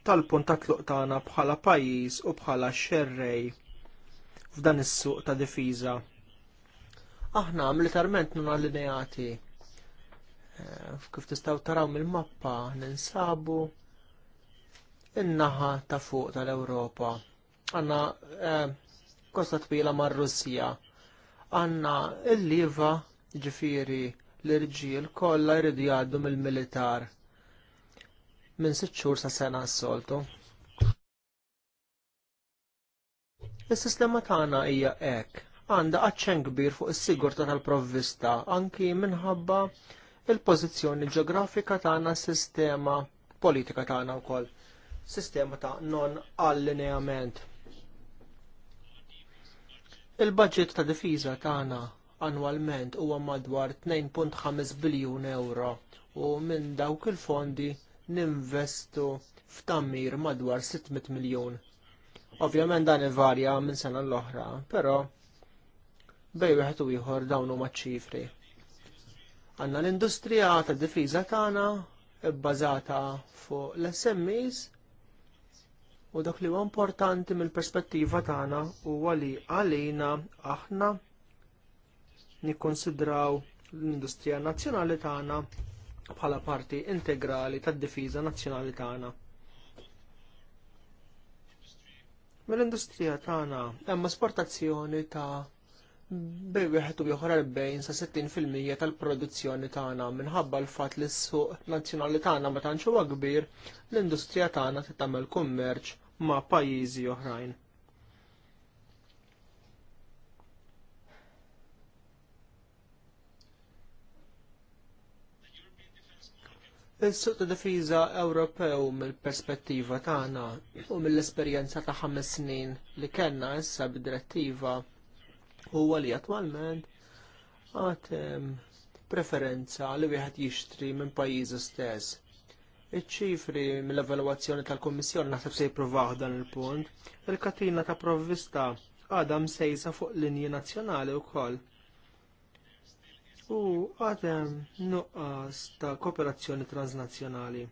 tal-punt ta' tluq tagħna bħala pajjiż u bħala xerrej f'dan is-suq ta' difiża. Aħna militarment nun allineati. Eh, kif tistgħu taraw mill-mappa ninsabu in-naħa ta' fuq tal-Ewropa. Għandna eh, kosta twila mar-Russija għanna il-liva ġifiri l-irġiel kollha jridu jgħaddu mill-militar minn sitt xhur sa sena s-soltu. Is-sistema tagħna hija hekk għandha aċċen kbir fuq is sigurta tal-provvista anki minħabba il-pożizzjoni ġeografika tagħna sistema politika tagħna wkoll sistema ta' non-allineament. Il-budget ta' difiża tagħna annwalment huwa madwar 2.5 biljun euro u minn dawk il-fondi ninvestu f'tammir madwar 600 miljun. Ovvjament dan ivarja minn sena l-oħra, però bej wieħed u ieħor dawn huma ċifri. Għandna l-industrija tad difiża tagħna bbażata fuq l-SMEs U dak li huwa importanti mill-perspettiva tagħna huwa li għalina aħna nikkonsidraw l-industrija nazzjonali tagħna bħala parti integrali tad-difiża nazzjonali tagħna. Mill-industrija tagħna hemm esportazzjoni ta' bej wieħed u ieħor 40 sa 60% tal-produzzjoni tagħna minħabba l-fatt li s-suq nazzjonali tagħna ma tantx huwa kbir, l-industrija tagħna se tagħmel kummerċ ma' pajjiżi oħrajn. Is-suq ta' difiża Ewropew mill-perspettiva tagħna u mill-esperjenza ta' ħames snin li kellna issa bid-direttiva huwa li attualment għad preferenza li wieħed jixtri minn pajjiż stess. Iċ-ċifri mill-evalwazzjoni tal-Kommissjoni naħseb se jippruvaw dan il-punt, il-katina ta' provvista għadha msejsa fuq linji nazzjonali wkoll. U għadem nuqqas ta' kooperazzjoni transnazzjonali.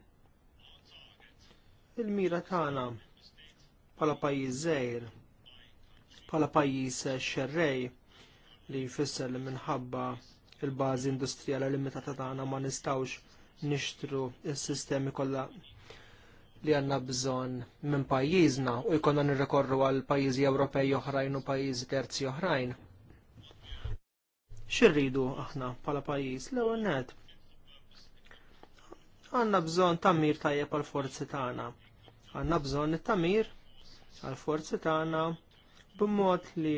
Il-mira tagħna bħala pajjiż żgħir bħala pajjiż xerrej li jfisser li minħabba il-bażi industrijali limitata tagħna ma nistgħux nixtru s-sistemi kollha li għanna bżon minn pajjiżna u jkollna nirrekorru għal pajjiżi Ewropej oħrajn u pajjiżi terzi oħrajn. Xirridu aħna pala pajjiż l ewwel net. Għanna bżon tammir tajjeb għal forzi tagħna. Għanna bżon it tamir għal forzi tagħna b'mod li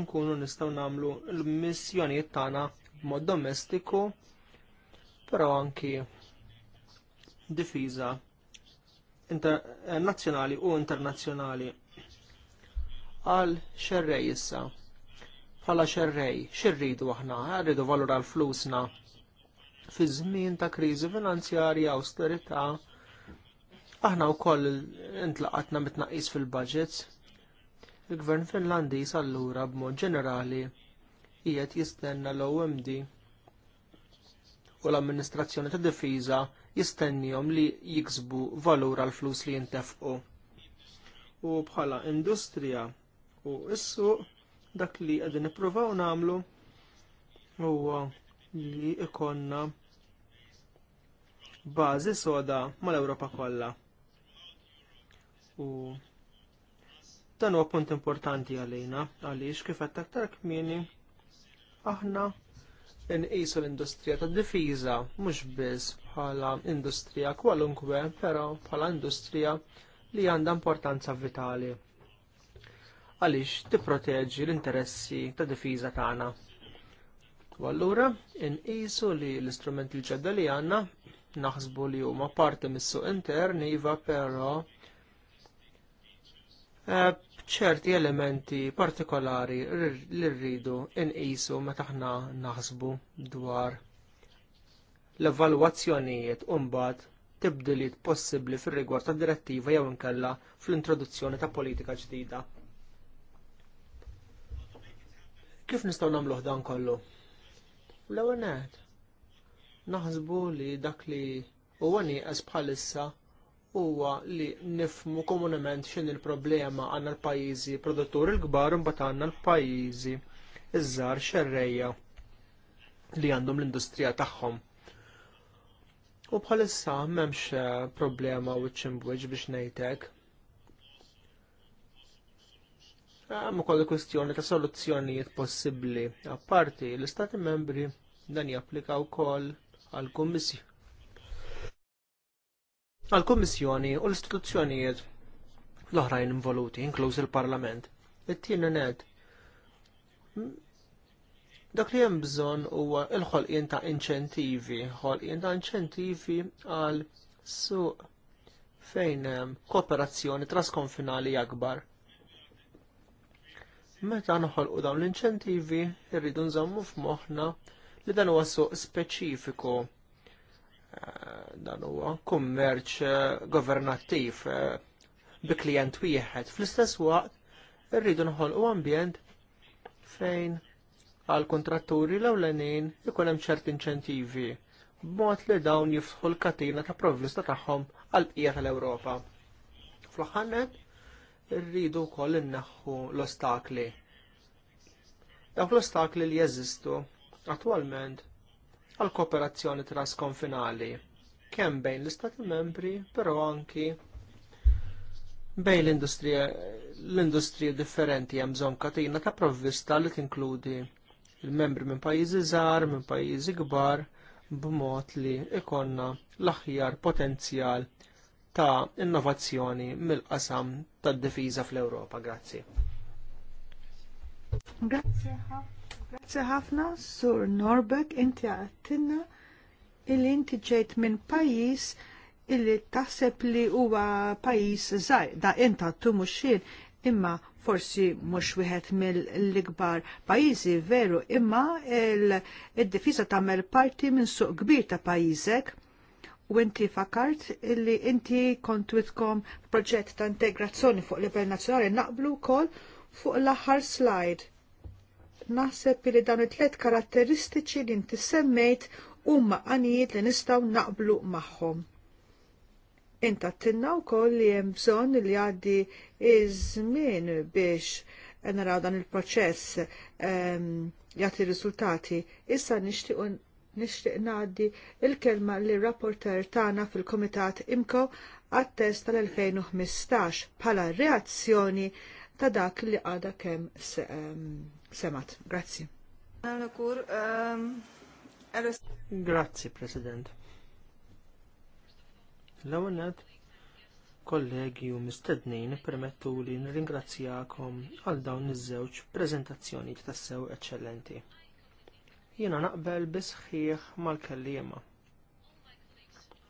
nkunu nistgħu nagħmlu l-missjonijiet tagħna b'mod domestiku, però anki difiża eh, nazzjonali u internazzjonali għal xerrej issa. Bħala xerrej, xirridu aħna, rridu valur l-flusna fi żmien ta' kriżi finanzjarja, austerità, aħna wkoll intlaqatna mitnaqis fil-budgets, Il-Gvern Finlandiż allura b'mod ġenerali qiegħed jistenna l-OMD u l-Amministrazzjoni tad Difiża jistennihom li jiksbu valur għall flus li jintefqu. U bħala industrija u is-suq dak li qegħdin nippruvaw nagħmlu huwa li ikonna bażi soda mal-Ewropa kollha. U Dan huwa punt importanti għalina għaliex kif qed aktar kmieni aħna nqisu l-industrija tad-difiża mhux biss bħala industrija kwalunkwe, però bħala industrija li għandha importanza vitali għaliex tipproteġi l-interessi tad difiża tagħna. U allura nqisu li l istrumenti l-ġedda li għandna naħsbu li huma parti mis-suq intern iva però Eh, Ċerti elementi partikolari li rridu nqisu meta aħna naħsbu dwar l-evalwazzjonijiet u mbagħad tibdiliet possibbli fir-rigward tad direttiva jew inkella fl-introduzzjoni ta' politika ġdida. Kif nistgħu nagħmluh dan kollu? L-ewwel naħsbu li dak li huwa nieqes bħalissa huwa li nifmu komunement xin il-problema għanna l-pajizi produttur il-gbar mbagħad għanna l-pajizi iż-żar xerreja li għandhom l-industrija tagħhom. U bħalissa m'hemmx eh, problema u ċimbwiġ biex ngħidlek. Hemm ukoll kwistjoni ta' soluzzjonijiet possibbli. Apparti l-Istati membri dan japplika wkoll għall-Kummissjoni għal-Kummissjoni u l-istituzzjonijiet l-oħrajn involuti, inkluż il-Parlament. It-tieni ned. Dak li hemm bżonn huwa l-ħolqien ta' inċentivi, ħolqien ta' inċentivi għal suq fejn hemm kooperazzjoni trasconfinali akbar. Meta nħolqu dawn l-inċentivi, irridu nżammu f'moħħna li dan huwa suq speċifiku Eh, dan huwa kummerċ eh, governattiv eh, bi klijent wieħed. Fl-istess waqt irridu nħolqu ambjent fejn għal kontratturi l-ewlenin ikun hemm ċerti inċentivi b'mod li dawn jiftħu l-katina ta' provvista tagħhom għal bqija tal-Ewropa. Fl-ħannet irridu wkoll inneħħu l-ostakli. Dawk l-ostakli li jeżistu attwalment għal kooperazzjoni transkonfinali kemm bejn l-Istati membri, però anki bejn l-industrija differenti hemm bżonn katina ta' provvista li tinkludi il-membri minn pajjiżi żgħar, minn pajjiżi kbar, b'mod li ikonna l-aħjar potenzjal ta' innovazzjoni mill-qasam tad-difiża fl-Ewropa. Grazzi.
Grazie Grazie ħafna, Sur Norbek, inti għattinna illi inti ġejt minn pajis illi taħseb li huwa pajis zaħir, da inta tu muxin, imma forsi mux wieħed mill-ikbar pajizi veru, imma il-difisa tamel parti minn suq kbir ta' pajizek u inti fakart illi inti kontwitkom proġett ta' integrazzjoni fuq livell nazzjonali naqblu kol fuq l-aħħar slide naħseb li dawn it-tlet karatteristiċi li inti semmejt huma għanijiet li nistgħu naqblu magħhom. Inta tinna wkoll li hemm bżonn li għaddi iż-żmien biex eh, naraw dan il-proċess ehm, jagħti riżultati. Issa nishtiq nixtieq ngħaddi il-kelma li rapporter tagħna fil-Kumitat Imko għattest tal-2015 bħala reazzjoni ta' dak li għada kemm ehm, semat. Grazzi.
Grazzi, President. L-għonet, kollegi u mistednin permettu li nirringrazzjakom għal dawn iż-żewġ prezentazzjoni tassew eċċellenti. Jiena naqbel bisħiħ mal-kellima.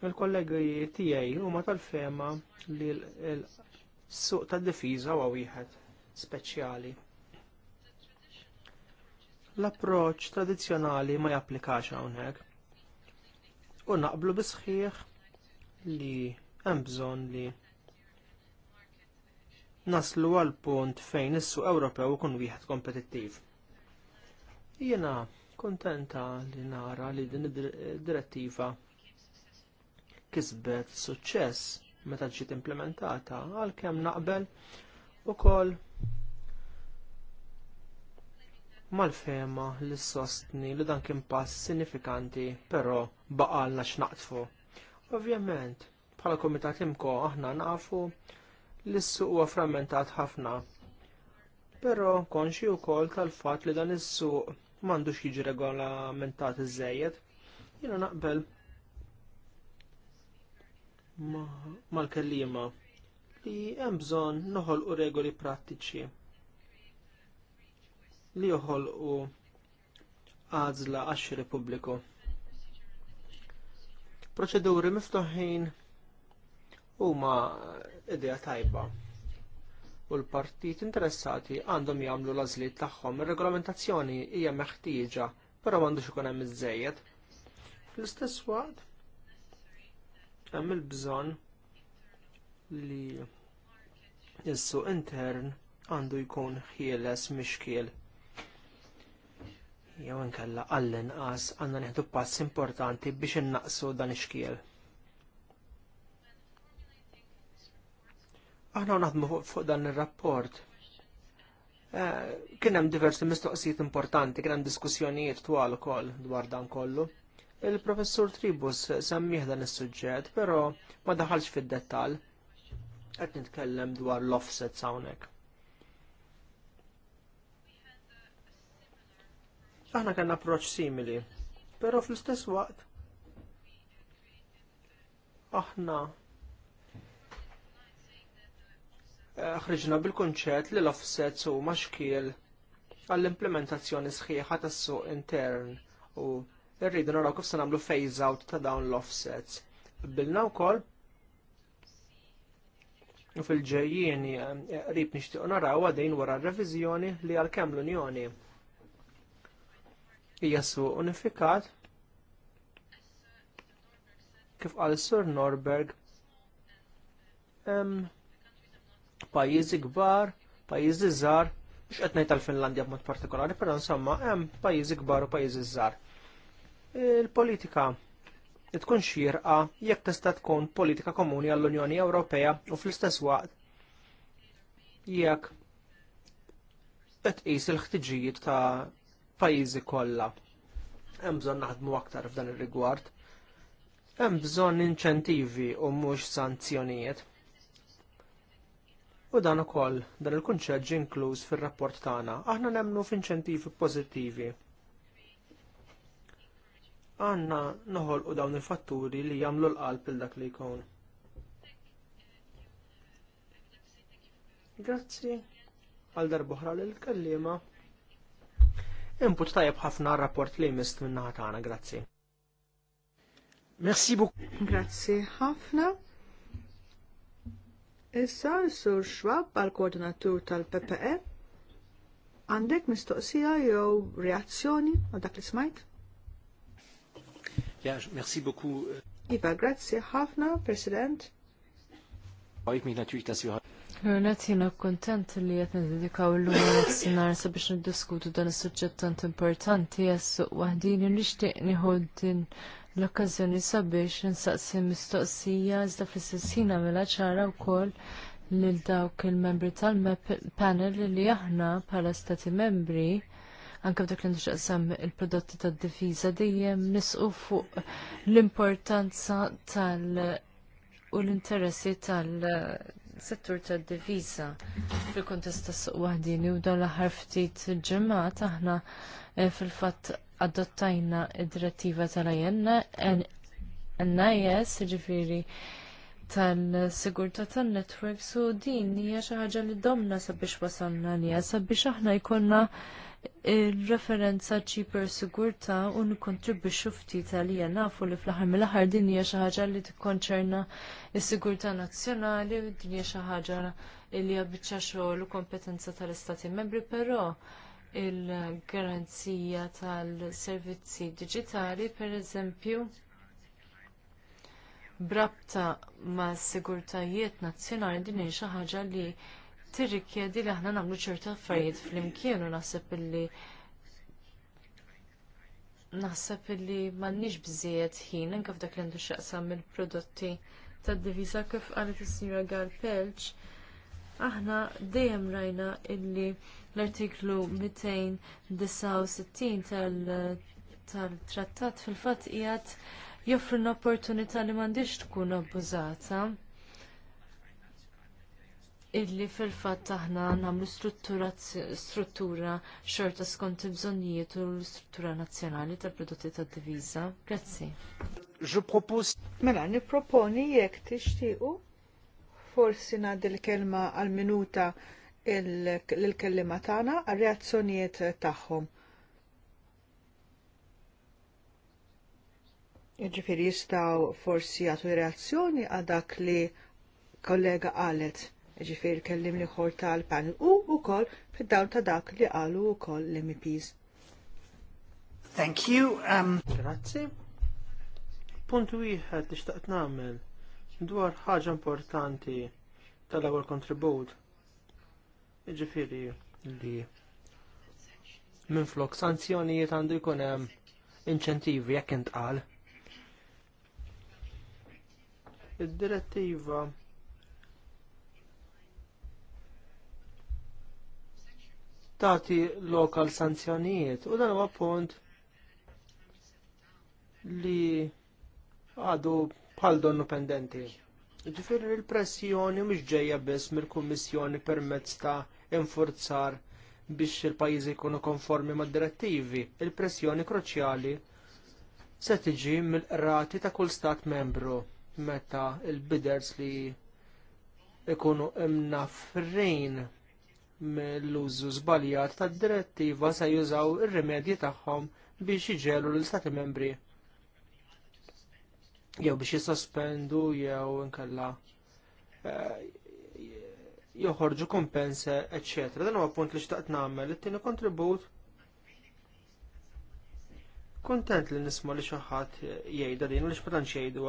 Il-kollegi tiegħi huma tal-fema li l-suq tad-difiża huwa wieħed speċjali l-approċ tradizjonali ma japplikax hawnhekk. U naqblu bisħiħ li hemm bżonn li naslu għal punt fejn is-suq Ewropew ikun wieħed kompetittiv. Jiena kuntenta li nara li din id-direttiva kisbet suċċess meta ġiet implementata għalkemm naqbel ukoll mal-fema li sostni li dan kien pass sinifikanti, però baqalna x'naqtfu. Ovvjament, bħala komitat imko aħna nafu li s-suq huwa frammentat ħafna. Però konxi wkoll tal-fatt li dan is-suq m'għandux jiġi regolamentat iżejjed, jiena naqbel mal-kellima li hemm bżonn noħolqu regoli prattiċi li joħolqu għażla għax pubbliku. Proċeduri miftuħin huma idea tajba u l-partit interessati għandhom jagħmlu l-għażliet tagħhom. Ir-regolamentazzjoni hija meħtieġa, però m'għandux ikun hemm iżejjed. Fl-istess waqt hemm il-bżonn li s-suq intern għandu jkun ħieles mixkiel jew inkella għall-inqas għandna nieħdu pass importanti biex innaqsu dan ix-xkiel. Aħna naħdmu fuq dan ir-rapport. Eh, kien hemm diversi mistoqsijiet importanti, kien hemm diskussjonijiet twal ukoll dwar dan kollu. Il-professur Tribus semmih dan is-suġġett, però ma daħalx fid-dettall. Qed nitkellem dwar l-offsets hawnhekk. Aħna kanna approċċ simili, però fl-istess waqt aħna eh, ħriġna bil-kunċett li l-offsets huma maċkiel għall-implementazzjoni sħiħa tas-suq intern u rridu naraw kif se nagħmlu phase out ta' dawn l-offsets. Bilna wkoll u fil-ġejjieni eh, qrib nixtieq naraw għadejn wara r-reviżjoni li għalkemm l-Unjoni hija suq unifikat kif qal Sur Norberg hemm pajjiżi kbar, pajjiżi żgħar, mhux qed ngħid tal-Finlandja b'mod partikolari, però insomma hemm pajjiżi kbar u pajjiżi żgħar. Il-politika tkun xirqa jekk tista' tkun politika komuni għall-Unjoni Ewropea u fl-istess waqt jekk qed tqis il-ħtiġijiet ta' pajizi pajjiżi kollha. Hemm bżonn naħdmu aktar f'dan ir-rigward. Hemm bżonn inċentivi u mhux sanzjonijiet. U dan ukoll dan il-kunċett ġie inkluż fir-rapport tagħna. Aħna nemmnu f'inċentivi pożittivi. Għanna noħolqu dawn il-fatturi li jagħmlu l-qalb il dak li jkun. Grazzi għal darbohra l kelliema Input tajab ħafna rapport li mist minna ħatana, grazzi. Merci beaucoup. Grazzi ħafna.
Issa sur Schwab għal koordinatur tal-PPE. Għandek mistoqsija jew reazzjoni għal dak li smajt?
Ja, merci beaucoup. Iva, grazzi ħafna,
President.
Għajt mi naturita siħar.
Għunet jina kontent li jatna dedikaw l-lum għal-sinar sabiex niddiskutu dan il-sujġet tant importanti jessu li nishtiq din l-okkazjoni sabiex nsaqsi mistoqsija iżda fl-sessina mela ċara u li lil dawk il-membri tal-panel li aħna bħala stati membri anke f'dak li nixqsam il-prodotti tad-difiża dejjem nisqu fuq l-importanza tal- u l-interessi tal- settur tad divisa fil-kontest tas suq waħdini u dan l-aħħar ftit ġimgħat aħna eh, fil-fatt adottajna id-direttiva tal-ajenna NIS ġifiri tal sigurtà tan-networks u din hija xi ħaġa li domna sabiex wasalna għalija sabiex aħna jkollna il-referenza ċiper sigurta u nikkontribwixxu ftit għalija nafu li fl-aħħar mill-aħħar din hija xi ħaġa li tikkonċerna s-sigurtà nazzjonali u din hija xi ħaġa li hija biċċa xogħol u kompetenza tal-Istati Membri, però il-garanzija tal-servizzi diġitali pereżempju brabta mas sigurtajiet nazzjonali din hija xi ħaġa li tirrikjedi li aħna nagħmlu ċertu affarijiet flimkien u naħseb illi naħseb illi m'għandniex bżejjed ħin anke f'dak li għandu x'aqsam mill-prodotti tad-divisa kif qalet is-sinjora Gal Pelċ. Aħna dejjem rajna illi l-artiklu 269 tal-trattat fil-fatt qiegħed joffri l opportunità li m'għandix tkun abbużata illi fil-fatt aħna nagħmlu struttura xorta skont il-bżonnijiet u l-struttura nazzjonali tal-prodotti
tad-diviża. Grazzi. Je propose. Mela, nipproponi jekk tixtiequ forsi ngħaddi l-kelma għal minuta l kelliema tagħna għal reazzjonijiet tagħhom. Jiġifieri jistgħu forsi jagħtu reazzjoni għal dak li kollega qalet ġifir kellim li liħor tal-panel u u kol
fid-dawn ta' dak li għalu u kol l-MPs. Thank you. Um... Grazzi. Punt wieħed li xtaqt namel dwar ħaġa importanti tal-ewwel kontribut. Ġifiri li minn flok sanzjonijiet għandu jkun hemm inċentivi jekk intqal. Id-direttiva Tati lokal sanzjonijiet u dan huwa punt li għadu bħal donnu pendenti. Ġifiri il-pressjoni mhux ġejja biss mill-Kummissjoni permezz ta' infurzar biex il-pajjiżi jkunu konformi mad direttivi. Il-pressjoni kruċjali se tiġi mill-qrati ta' kull stat membru meta il-biders li ikunu imna frejn mill-użu żbaljat tad-direttiva se jużaw ir-rimedji tagħhom biex jiġelu l-Istati membri jew biex jisospendu jew inkella eh, joħorġu kompense, etc. Dan huwa punt li xtaqt nagħmel it-tieni kontribut. Kontent li nisma' li xi ħadd jgħidha din u li x'patanx jgħidu.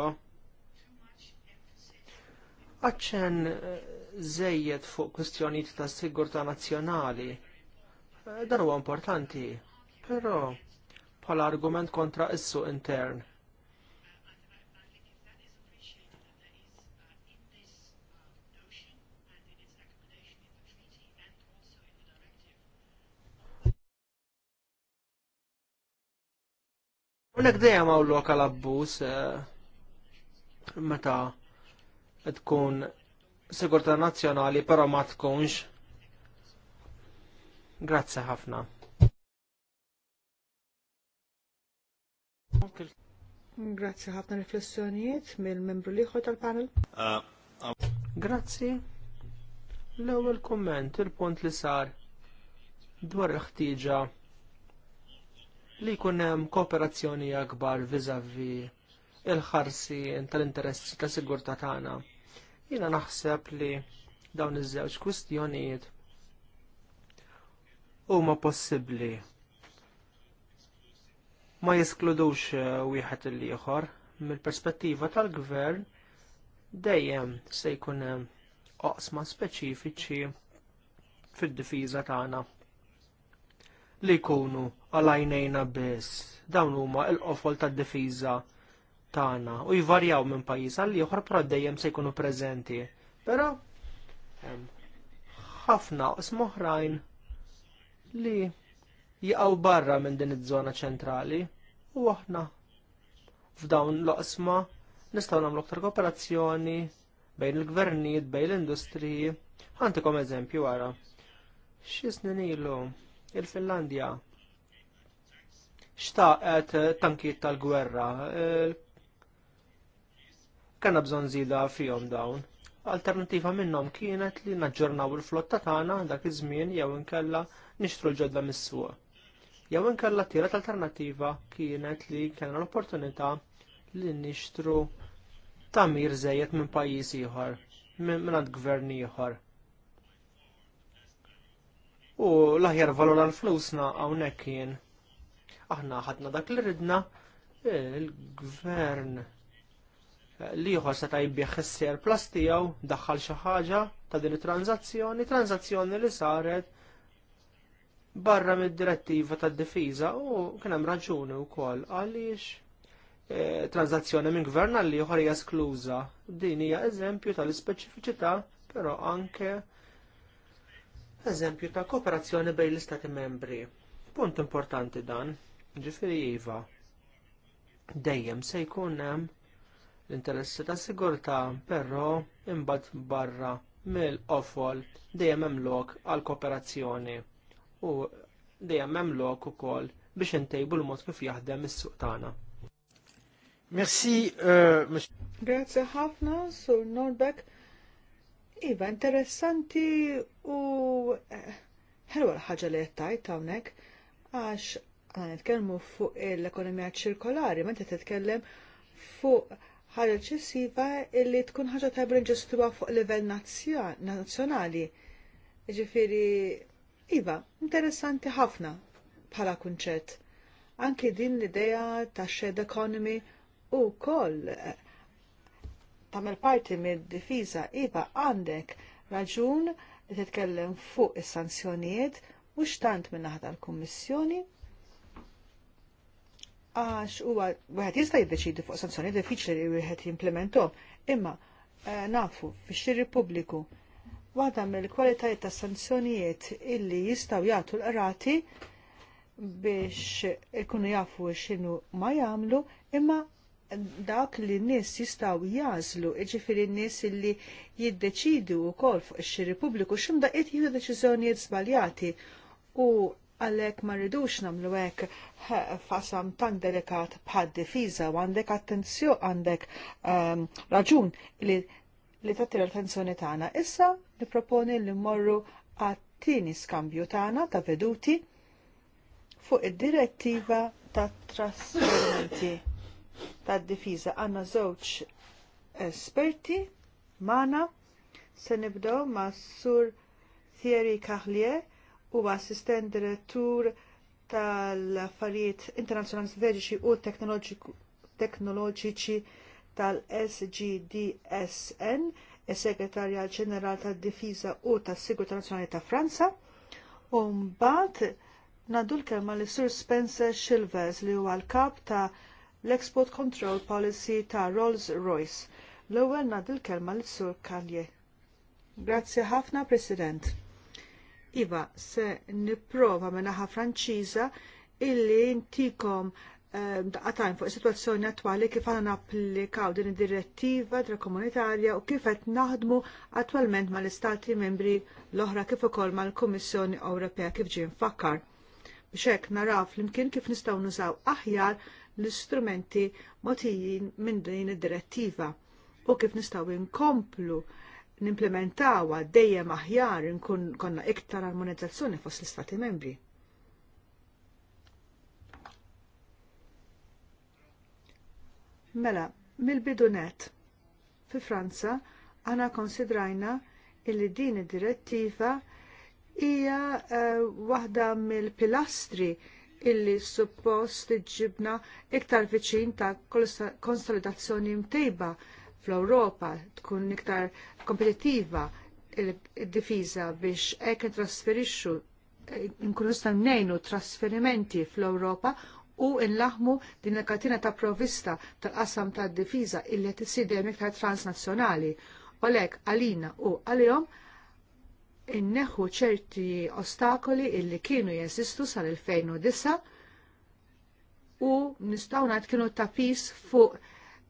Aċċen eh, zejjed fuq kustjonijiet ta' sigurtà nazzjonali. Dan huwa importanti, però bħala argument kontra issu intern. Unek dejjem hawn lokal abbuż eh, meta tkun sigurta nazzjonali però ma tkunx. Grazzi ħafna.
Grazzi ħafna riflessjonijiet mill-membru liħor tal-panel.
Uh, um, Grazzi. L-ewwel komment il-punt li sar dwar il-ħtieġa li jkun hemm kooperazzjoni akbar viżavi il-ħarsi tal-interessi ta' sigurtà tagħna. Jiena naħseb li dawn iż-żewġ kwistjonijiet huma possibbli ma jeskludux eh, wieħed l-ieħor mill-perspettiva tal-gvern dejjem se jkun hemm oqsma speċifiċi fid-difiża tagħna li jkunu għalajnejna biss dawn huma l-qofol tad-difiża tagħna u jvarjaw minn pajjiż għal ieħor però dejjem se jkunu preżenti. Però ħafna qism oħrajn li jaqgħu barra minn din iż-żona ċentrali u aħna f'dawn l-oqsma nistgħu nagħmlu aktar kooperazzjoni bejn il-gvernijiet, bejn l-industriji. Ħantikom eżempju wara. Xi snin ilu il-Finlandja xtaqet tankiet tal-gwerra, kellna bżonn żieda fihom dawn. Alternattiva minnhom kienet li naġġornaw il-flotta tagħna dak iż-żmien jew inkella nixtru l-ġodda mis-suq. Jew inkella tielet alternattiva kienet li kellna l-opportunità li nixtru tamir żejjed minn pajjiż ieħor, minn għand gvern ieħor. U l-aħjar valur għal flusna hawnhekk kien. Aħna ħadna dak li ridna il-gvern liħor seta' jbieħ is-surplus tiegħu daħħal xi ħaġa ta' din it transazzjoni tranzazzjoni li saret barra mid-direttiva tad-difiża u kien hemm raġuni wkoll għaliex e, tranzazzjoni minn gvern għal hija skluża. Din hija eżempju tal-ispeċifiċità, però anke eżempju ta' kooperazzjoni bejn l-Istati membri. Punt importanti dan, ġifiri iva, dejjem se jkun hemm l-interessi ta' sigurtà, però imbagħad barra mill-qofol dejjem hemm lok għal kooperazzjoni u dejjem hemm lok ukoll biex intejbu l-mod kif jaħdem is-suq tagħna. Merci, uh,
Grazie ħafna, Sur Norbeck. Iva, interessanti u eh, ħelwa l-ħagġa li jettajt hawnhekk għax għan fuq l-ekonomija ċirkolari, ma titkellem fuq ħaġa ċessiva illi tkun ħaġa tajba ġestuwa fuq livell nazzjonali. Ġifiri, iva, interessanti ħafna bħala kunċet. Anki din l-ideja ta' shared economy u koll eh, tamel parti mid-difiża iva għandek raġun li titkellem fuq is-sanzjonijiet u xtant minn naħda l-Kummissjoni għax huwa wieħed jista' jiddeċidi fuq sanzjoni diffiċli li wieħed jimplementu, imma eh, nafu fix-xiri pubbliku waħda mill-kwalitajiet ta' sanzjonijiet illi jistgħu jagħtu l-qrati biex ikunu jafu x'inhu ma jagħmlu, imma dak li n-nies jistgħu jażlu, jiġifieri n-nies illi jiddeċidu wkoll fuq ix-xiri pubbliku x'imdaqiet jieħu deċiżjonijiet żbaljati u għalek ma rridux namlu hekk fasam tan delikat bħad difiża u għandek attenzju għandek um, raġun li li tatti l-attenzjoni tagħna. Issa niproponi li mmorru għat-tieni skambju tagħna ta' veduti fuq id-direttiva ta' trasferimenti ta' difiża għandna żewġ esperti Mana, se nibdew ma' sur Thierry Carlier u assistent direttur tal-affarijiet internazzjonali strateġiċi u teknoloġiċi tal-SGDSN, il-Segretarja ġeneral tad-Difiża u tas sigurta Nazzjonali ta' Franza, u mbagħad nagħdu l-kelma li Sir Spencer Silvers li huwa l-kap ta' l-Export Control Policy ta' Rolls-Royce. L-ewwel nadul l-kelma li Sur Kalje. Grazzi ħafna, President. Iva, se niprofa naħa franċiza illi intikom eh, daqqatajn fuq is-sitwazzjoni attwali kif għana napplikaw din id-direttiva komunitarja u kif qed naħdmu ma mal-istati membri l-oħra kif ukoll mal-Kummissjoni Ewropea kif ġie mfakkar. Biex hekk naraf flimkien kif nistgħu nużaw aħjar l-istrumenti motijin minn din id-direttiva u kif nistgħu inkomplu nimplementawa dejjem aħjar nkun konna iktar armonizzazzjoni fost l-Istati membri. Mela, mill-bidunet fi Franza għana konsidrajna illi din id-direttiva hija uh, waħda mill-pilastri illi suppost iġibna iktar viċin ta' konsolidazzjoni mtejba fl-Ewropa tkun iktar kompetittiva il-difiża biex hekk trasferixxu nkunu nistgħu ngħinu trasferimenti fl-Ewropa u nlaħmu din il-katina ta' provvista tal-qasam tad difiża illi qed dejjem iktar transnazzjonali. Olek għalina u għalihom inneħu ċerti ostakoli illi kienu jeżistu sal-2009 u nistgħu ngħid kienu tapis fuq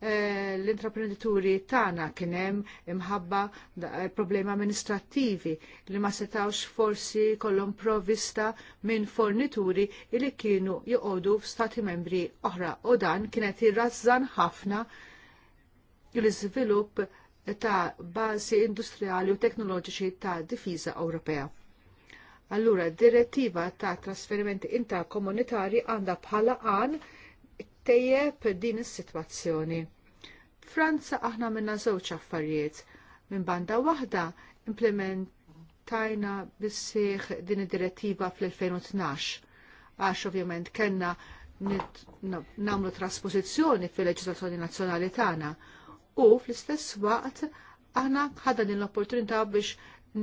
Eh, l-intraprenditori tagħna kien hemm imħabba eh, problemi amministrattivi li ma setawx forsi kollhom provvista minn fornituri li kienu joqogħdu f'stati membri oħra u dan kienet irrażżan ħafna l-iżvilupp ta' bażi industrijali u teknoloġiċi ta' difiża Ewropea. Allura, d direttiva ta' trasferimenti komunitari għandha bħala għan tejjeb din is-sitwazzjoni. Franza aħna minna żewġ affarijiet. Minn banda waħda implementajna bissieħ din id-direttiva fl-2012 għax ovvjament kellna namlu trasposizjoni fil-leġislazzjoni nazzjonali tagħna u fl-istess waqt aħna ħadna din l-opportunità biex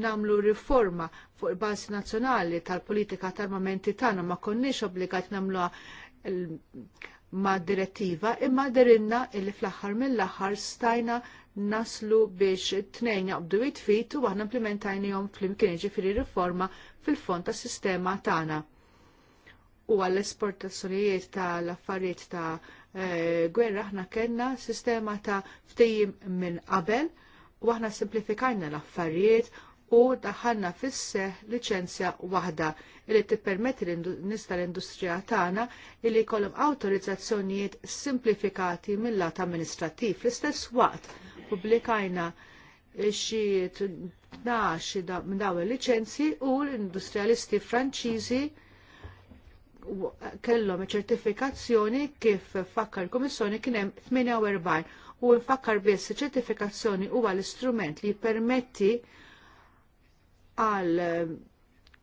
namlu riforma fuq il-bażi nazzjonali tal-politika tal-armamenti tagħna ma konniex obbligati namluha ma' direttiva imma dirinna illi fl-aħħar mill-aħħar stajna naslu biex t-tnejn jaqbdu jitfit u għahna jom fl-imkien ġifiri riforma fil-fond ta' sistema tagħna. U għall-esportazzjonijiet tal-affarijiet ta' eh, gwerra aħna kellna sistema ta' ftejjim minn qabel u aħna simplifikajna l-affarijiet u daħalna fis liċenzja waħda li tippermetti l nista l industrija tagħna li jkollhom awtorizzazzjonijiet simplifikati mill-lat amministrattiv. L-istess waqt pubblikajna xi tnax minn dawn il-liċenzji u l-industrijalisti Franċiżi kellhom ċertifikazzjoni kif fakkar l kummissjoni kien hemm 48 u nfakkar biss iċ-ċertifikazzjoni huwa l-istrument li jippermetti għal eh,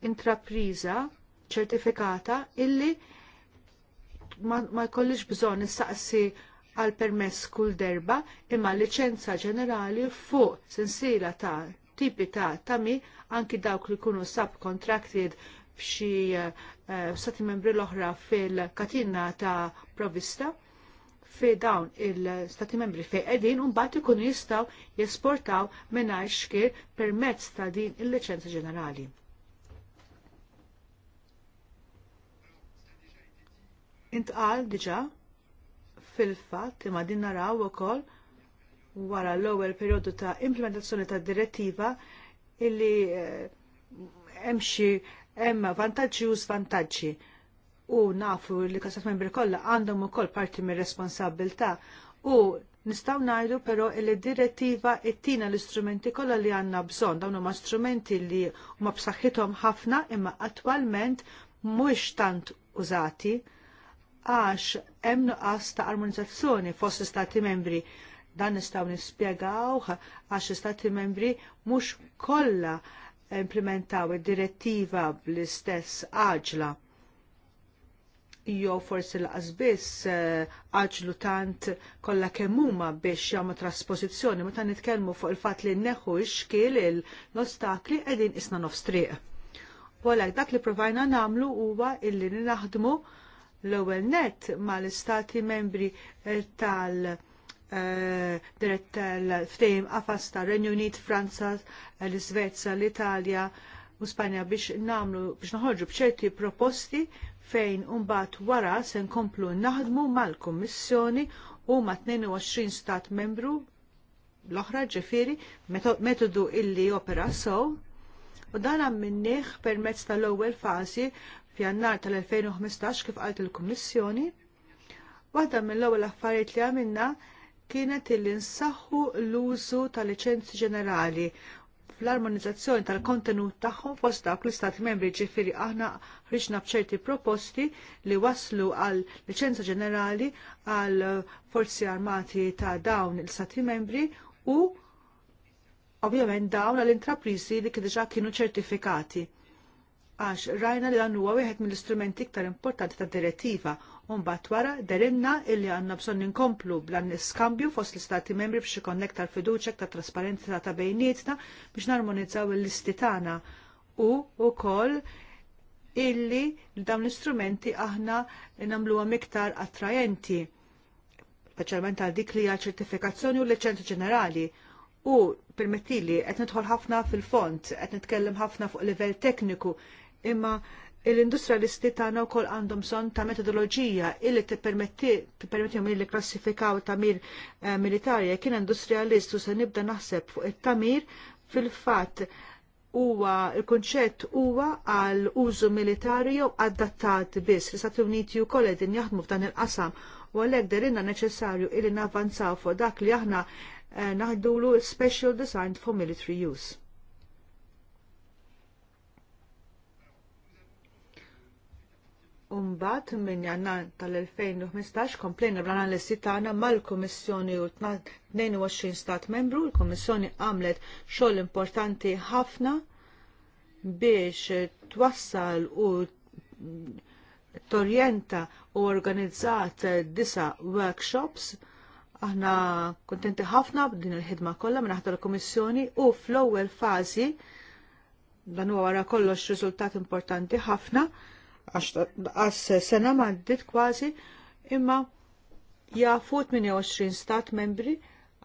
intrapriża ċertifikata illi ma jkollix bżonn nistaqsi għal permess kull derba imma liċenza ġenerali fuq sensiela ta' tipi ta' tami anki dawk li jkunu subcontracted b'xi uh, eh, eh, stati membri l-oħra fil-katina ta' provista fi dawn il-stati membri fej edin un bat ikunu jistaw jesportaw minna xkir permezz ta' din il-licenza ġenerali. Intqal diġa fil-fat imma din naraw ukoll wara l-ewwel perjodu ta' implementazzjoni ta' direttiva illi eh, hemm xi hemm vantaġġi u svantaġġi u nafu li kasat membri kollha għandhom ukoll parti mir responsabilta u nistgħu ngħidu però li direttiva ittina l-istrumenti kollha li għandna bżonn dawn huma strumenti li huma b'saħħithom ħafna imma attwalment mux tant użati għax hemm nuqqas ta' armonizzazzjoni fost l-istati membri dan nistaw nispiegaw għax istati membri mhux kollha implementaw id-direttiva bl-istess għaġla jew forsi laqas biss eh, għaġlu tant kollha kemm huma biex jagħmlu trasposizzjoni meta nitkellmu fuq il-fatt li nneħħu x-xkiel l-ostakli qegħdin isna nofs triq. U għalhekk dak li provajna nagħmlu huwa illi naħdmu l-ewwel net mal-istati membri eh, tal- eh, dirett tal-ftejm qafas tar Renju Unit, Franza, l iżvezja l-Italja, u Spanja biex namlu biex naħorġu bċerti proposti fejn umbat wara se nkomplu naħdmu mal-Kommissjoni u ma' 22 stat membru l-oħra ġifiri metodu illi opera sow u dan minniħ permezz tal-ewwel fażi f'jannar tal-2015 kif qalt il-Kummissjoni. Waħda mill-ewwel affarijiet li għamilna kienet il-insaħħu l-użu tal-liċenzi ġenerali fl-armonizzazzjoni tal-kontenut tagħhom fost dawk l-Istati membri ġifiri aħna ħriġna b'ċerti proposti li waslu għal liċenza ġenerali għal forzi armati ta' dawn l-Istati membri u ovvjament dawn għal intraprizi li diġà kienu ċertifikati għax rajna li dan huwa wieħed mill-istrumenti iktar importanti tad direttiva Umbat wara derinna illi għanna bżon ninkomplu blan iskambju fost l-istati membri biex ikonnekt tal-fiduċek ta' trasparenza ta' bejnietna biex narmonizzaw il-listi tagħna u kol illi dawn l-istrumenti aħna nagħmluhom iktar attrajenti speċjalment għal dik li għal ċertifikazzjoni u l-liċenzi ġenerali u permettili qed nidħol ħafna fil-font, qed nitkellem ħafna fuq livell tekniku, imma l-industrialisti tagħna wkoll għandhom bżonn ta' metodoloġija illi tippermettihom li klassifikaw tamir eh, militari jekk kien industrialist u se nibda naħseb fuq it-tamir fil-fatt huwa il kunċett huwa għal użu militari jew adattat biss. L-Istati Uniti wkoll qegħdin jaħdmu f'dan il-qasam u għalhekk derinna neċessarju illi navvanzaw fuq dak li aħna eh, naħdulu special designed for military use. Umbat minn janna tal-2015 komplejna bl-analisi tagħna mal-Kummissjoni u 22 stat membru, l-Kummissjoni għamlet xogħol importanti ħafna biex twassal u torjenta u organizzat disa workshops. Aħna kontenti ħafna b'din il-ħidma kollha minn aħdar l-Kummissjoni u fl-ewwel fażi dan huwa wara kollox riżultat importanti ħafna għax għas sena maddit kważi imma jafu 28 stat membri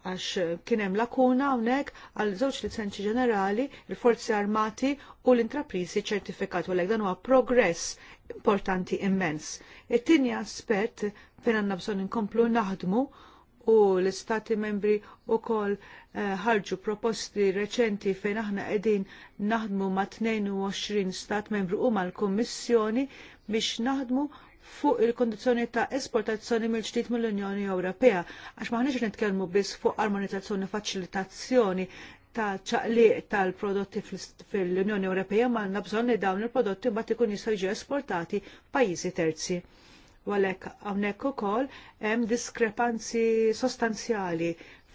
għax kienem lakuna għonek għal żewġ licenzi ġenerali, il-forzi armati u l intraprisi ċertifikat u l dan huwa progress importanti immens. It-tieni aspett fejn għandna bżonn inkomplu naħdmu u l-Istati membri wkoll eh, ħarġu proposti reċenti fejn aħna qegħdin naħdmu ma' 22 stat membru u mal-Kummissjoni biex naħdmu fuq il-kondizjoni ta' esportazzjoni mill-ġdid mill-Unjoni Ewropea, għax maħniġ nitkellmu biss fuq armonizzazzjoni faċilitazzjoni ta' ċaqliq tal-prodotti fil-Unjoni Ewropea ma' nabżon bżonn li dawn il-prodotti mbagħad ikun jistgħu jiġu esportati pajjiżi terzi għalek għalhekk hawnhekk ukoll hemm diskrepanzi sostanzjali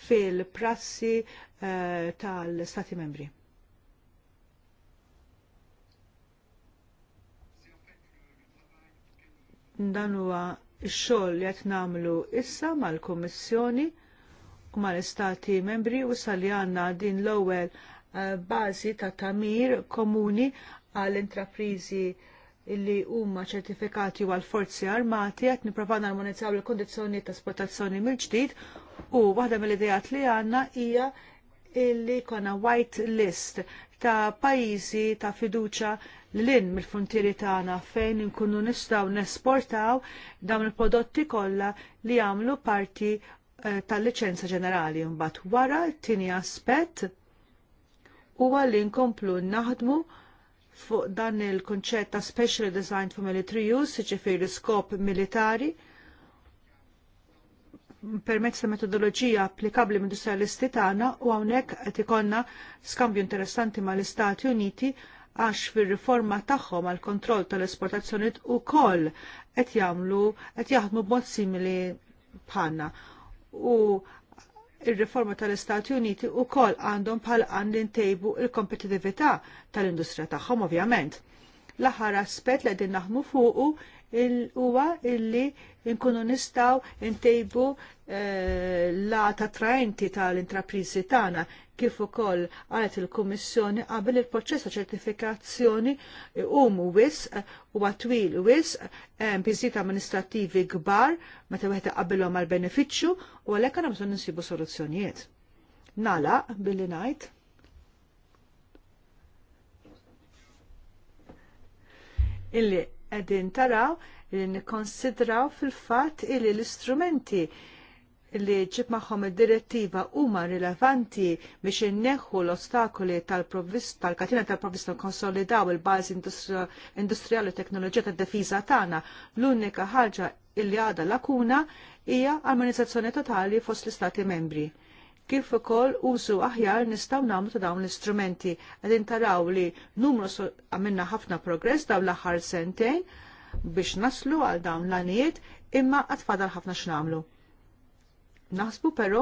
fil-prassi eh, tal-Stati membri. Dan huwa x-xogħol li qed nagħmlu issa mal-Kummissjoni u mal-Istati membri u sali għandna din l-ewwel eh, bażi ta' tamir komuni għall-intrapriżi uh, illi huma ċertifikati għal forzi armati qed nipprova narmonizzaw il-kondizzjonijiet ta' esportazzjoni mill-ġdid u waħda mill-idejat li għandna hija illi konna white list ta' pajjiżi ta' fiduċa l-in mill fruntieri tagħna fejn inkunu nistgħu nesportaw dawn il-prodotti kollha li jagħmlu parti eh, tal-liċenza ġenerali mbagħad wara t-tieni aspett huwa li nkomplu naħdmu fuq dan il-konċett ta' special design for military use, ġifiri skop militari, permezz ta' metodoloġija applikabli mid-industrialisti tagħna u hawnhekk qed ikollna skambju interessanti mal-Istati Uniti għax fir-riforma tagħhom għal kontroll tal-esportazzjoni ukoll qed jagħmlu qed jaħdmu b'mod simili bħalna. U ir-riforma tal-Istati Uniti u kol għandhom bħal għandin tejbu il-kompetitività tal-industrija tagħhom ovvjament. L-aħħar aspett li qegħdin naħmu fuqu huwa illi nkunu nistgħu ntejbu eh, l-għata trajnti tal-intrapriżi tagħna kif ukoll għalet il-Kummissjoni qabel il-proċess ta' ċertifikazzjoni hum eh, wisq eh, u għatwil wisq hemm eh, biżiet amministrattivi kbar meta wieħed qabilhom għal benefiċċju u għalhekk għandna bżonn insibu soluzzjonijiet. Nala billi ngħid. Illi qegħdin taraw li nikkonsidraw fil-fatt illi l-istrumenti li ġib magħhom id-direttiva huma rilevanti biex inneħħu l-ostakoli tal-provvist tal-katina tal-provvist konsolidaw il-bażi industrijali u teknoloġija tad-difiża tagħna. L-unika ħaġa illi għadha lakuna hija armonizzazzjoni totali fost l-Istati membri. Kif ukoll użu aħjar nistgħu nagħmlu ta' dawn l-istrumenti qegħdin taraw li numru għamilna ħafna progress dawn l-aħħar sentejn biex naslu għal dawn l-għaniet imma għatfadal ħafna x'namlu Naħsbu però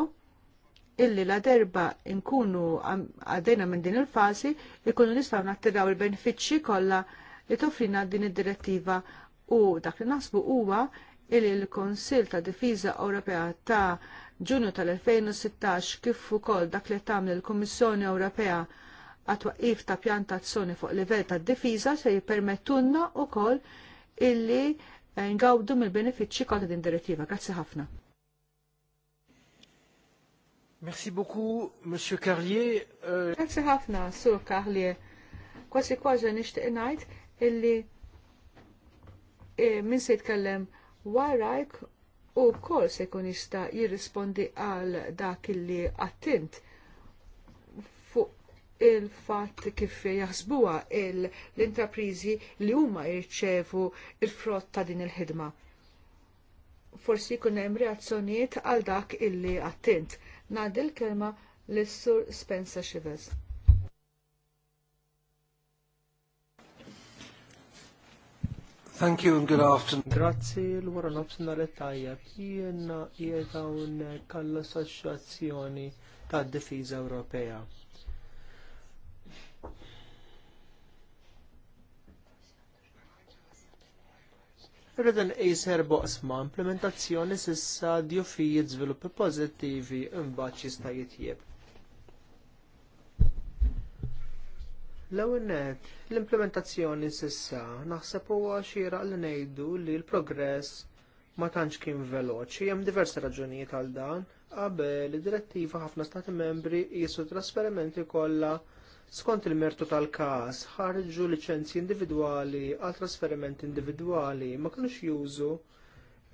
illi la derba nkunu għaddejna minn din il-fasi ikunu nistaw nattiraw il-benefiċċji kollha li tofrina din id-direttiva u dak li nasbu huwa illi l-Konsil ta' Difiża Ewropea ta' Ġunju tal-2016 kif ukoll dak li tagħmel il-Kummissjoni Ewropea għat-twaqif ta' pjantazzjoni fuq livell ta' difiża se jippermettunna wkoll illi eh, ngawdu mill-benefiċċji kollha din direttiva. Grazzi ħafna.
Merci beaucoup, Monsieur Carlier. Euh, Grazie
ħafna, Sur Carlier. Kwasi kważi nixtieq ngħid illi e, min se jitkellem warajk u kol se jkun jista' jirrispondi għal dak illi attint fuq il-fatt kif jaħsbuha l-intraprizi li huma jirċevu il-frott ta' din il-ħidma. Forsi jkun hemm reazzjonijiet għal dak illi attint Ngħad l-kelma lis-Sur Spencer Shivers.
Thank you and good afternoon. Grazzi l-wara nofsna li tajjeb. Jiena jieda un kell-Assoċjazzjoni tad Difiża Ewropea. Irrid nqisher boqsma implementazzjoni s'issa dju fijiet żviluppi pożittivi imbagħad jista' jitjieb. L-ewwel l-implementazzjoni s'issa naħseb huwa xira li ngħidu li l-progress ma tantx kien veloċi, hemm diversi raġunijiet għal dan, qabel id-direttiva ħafna stati membri qisu trasferimenti kollha Skont il-mertu tal-każ ħarġu liċenzji individwali għal trasferiment individwali ma kinux jużu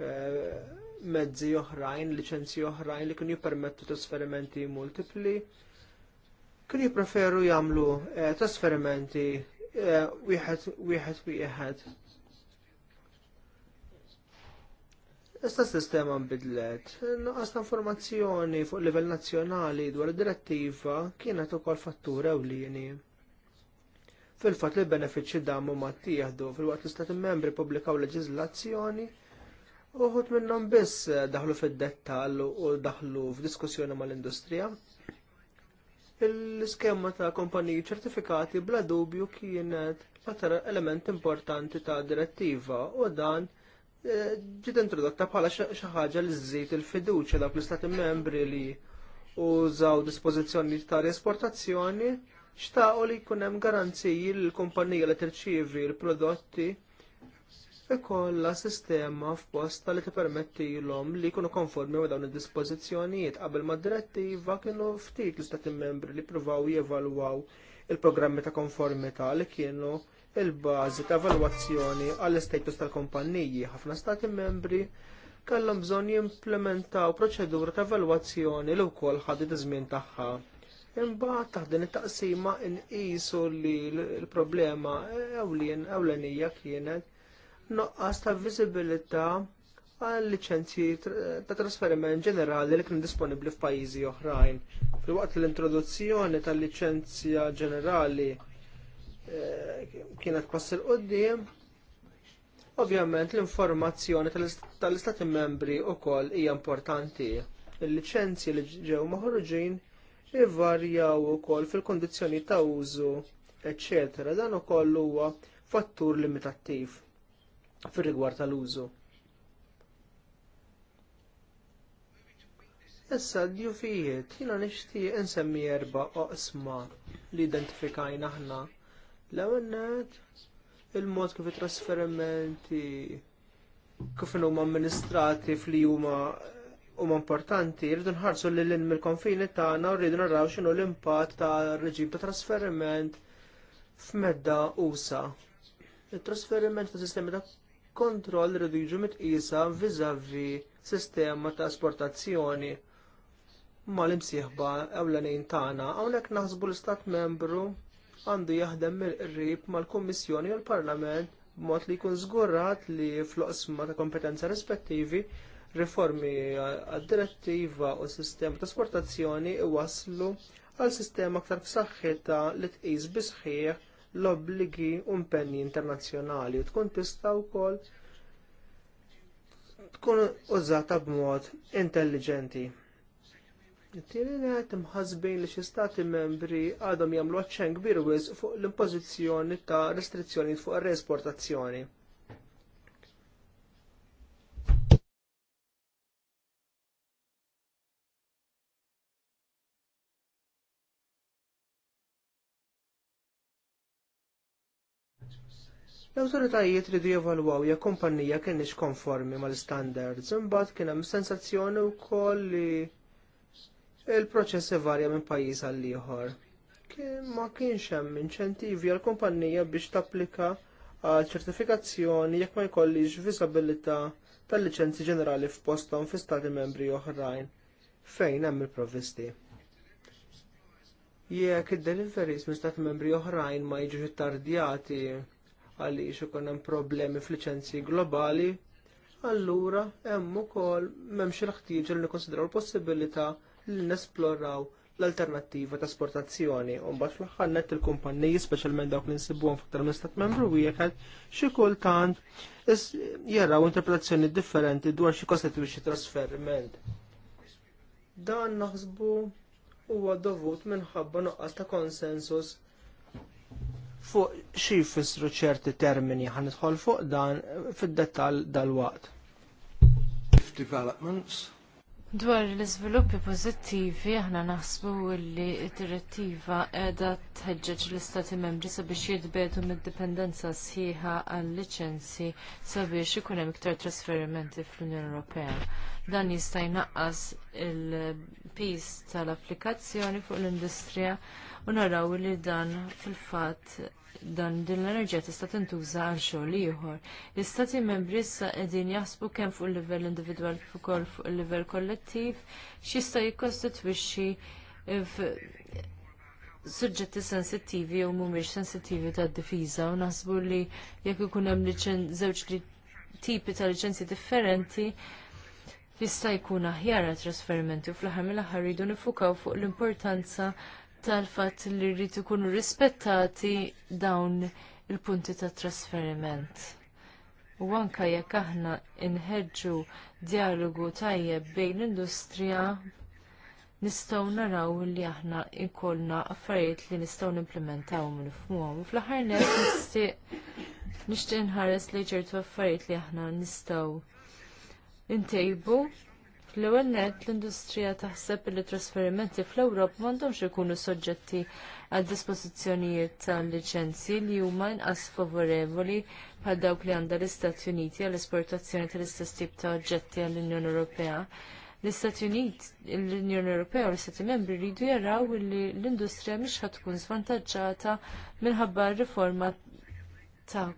eh, mezzi oħrajn, liċenzji oħrajn li kienu jippermettu trasferimenti multipli. Kienu jippreferu jagħmlu eh, trasferimenti eh, wieħed wieħed wieħed Issa sistema mbidlet, naqas informazzjoni fuq livell nazzjonali dwar id-direttiva kienet ukoll fattura ewlieni. Fil-fatt li benefiċċji damu ma tieħdu fil-waqt li stati membri publikaw leġiżlazzjoni uħut minnhom biss daħlu fid-dettall u daħlu f'diskussjoni mal-industrija. Il-skema ta' kompaniji ċertifikati bla dubju kienet l-aktar element importanti ta' direttiva u dan ġiet introdotta bħala xi ħaġa li żżid il-fiduċja dawk l-istati membri li użaw dispożizzjoni ta' esportazzjoni xtaqgħu li jkun hemm garanziji l kumpanija li tirċievi l-prodotti ikollha sistema f'posta li tippermettilhom li jkunu konformi ma' dawn id-dispożizzjonijiet qabel ma' direttiva kienu ftit l-istati membri li ppruvaw jevalwaw il-programmi ta' konformità li kienu il-bażi ta' evalwazzjoni għall-istatus tal-kumpanniji. Ħafna stati membri kellhom bżonn jimplementaw proċedura ta' evalwazzjoni li wkoll ħadet iż-żmien tagħha. Imbagħad taħt din it-taqsima nqisu li l-problema ewlien ewlenija kienet noqqas ta' viżibilità għal liċenzji ta' trasferiment ġenerali li kien disponibbli f'pajjiżi oħrajn. Filwaqt l-introduzzjoni tal-liċenzja ġenerali kienet pass il qoddim Ovvjament l-informazzjoni tal-Istati membri wkoll hija importanti. Il-liċenzji li ġew maħruġin ivarjaw ukoll fil kundizzjoni ta' użu, ecc. Dan ukoll huwa fattur limitattiv fir-rigward tal-użu. Issa d-jufijiet, jina nixtieq insemmi erba' oqsma li identifikajna aħna L-għannet, il-mod kif trasferimenti kif huma amministrati fli huma huma importanti, rridu nħarsu lil l mill-konfini tagħna u rridu naraw x'inhu l-impatt ta' reġim ta' trasferiment f'medda usa. Il-trasferiment ta' sistemi ta' kontroll rridu jiġu mitqisa viżavi sistema ta' esportazzjoni mal-imsieħba ewlenin tagħna hawnhekk naħsbu l-istat membru għandu jaħdem mill-qrib mal-Kummissjoni u l-Parlament b'mod li jkun żgurrat li fl-oqsma ta' kompetenza rispettivi riformi għad-direttiva u s-sistema ta' sportazzjoni iwasslu għal sistema aktar b'saħħitha li tqis bi sħiħ l obbligi u impenni internazzjonali u tkun tista' wkoll tkun użata b'mod intelligenti. Tieni mħazbin li xi stati membri għadhom jagħmlu ċen kbir wis fuq l-impożizzjoni ta' restrizzjonijiet fuq r-resportazzjoni. L-awtoritajiet ridu jevalwaw jekk kumpanija kienx konformi mal-standards, imbagħad kien hemm sensazzjoni wkoll li il-proċess varja minn pajjiż għal ieħor. Ma kienx hemm inċentivi għall kumpanija biex tapplika għal ċertifikazzjoni jekk ma jkollix viżabilità tal-liċenzi ġenerali f'posthom fi stati membri oħrajn fejn hemm il-provvisti. Jekk id-deliveries minn stati membri oħrajn ma jiġux ittardjati għaliex ikun hemm problemi f'liċenzji globali, allura hemm ukoll m'hemmx il-ħtieġa li nikkonsidraw l-possibilità li nesploraw l-alternattiva ta' esportazzjoni. Umbat fl-ħannet il-kumpanniji, specialment dawk li nsibuhom f'aktar minn stat membru wieħed, xi kultant jaraw interpretazzjoni differenti dwar xi kostitwixxi trasferiment. Dan naħsbu huwa dovut minħabba nuqqas ta' konsensus fuq xi jfissru ċerti termini ħanidħol fuq dan fid-dettall dal-waqt. Developments
Dwar l-iżviluppi pożittivi aħna naħsbu li id direttiva qiegħda tħeġġeġ l-istati membri sabiex jitbedu mid-dipendenza sħiħa għal liċenzji sabiex ikun hemm iktar trasferimenti fl-Unjoni Ewropea. Dan jista' jnaqqas il-pis tal-applikazzjoni fuq l-industrija u naraw li dan fil-fat dan din l-enerġija tista' tintuża għal xogħol ieħor. L-istati membri issa qegħdin jaħsbu kemm fuq il-livell individwali kif ukoll fuq il-livell kollettiv x'jista' jikkostitwixxi suġġetti sensittivi u mhumiex sensittivi tad-difiża u naħsbu li jekk ikun hemm żewġ tipi ta' liċenzji differenti jista' jkun aħjar trasferimenti u fl-aħħar mill-aħħar rridu nifukaw fuq l-importanza tal-fatt li rrid ikunu rispettati dawn il-punti ta' trasferiment. U anke jekk aħna inħeġġu dialogu tajjeb bejn l-industrija nistgħu naraw li aħna jkollna affarijiet li nistgħu nimplementaw minn fmuhom. U fl-aħħar nett nixtieq nixtieq nħares li ċertu affarijiet li aħna nistgħu intejbu l-ewwel nett l-industrija taħseb li t trasferimenti fl-Ewrop m'għandhomx ikunu soġġetti għad dispożizzjonijiet tal-liċenzji li huma inqas favorevoli bħal dawk li għandha l-Istati Uniti għall esportazzjoni tal-istess tip ta' oġġetti għall-Unjoni Ewropea. L-Istati Uniti, l-Unjoni Ewropea u l-Istati Membri jridu jaraw li l-industrija mhix ħadd tkun svantaġġata minħabba r-riforma ta'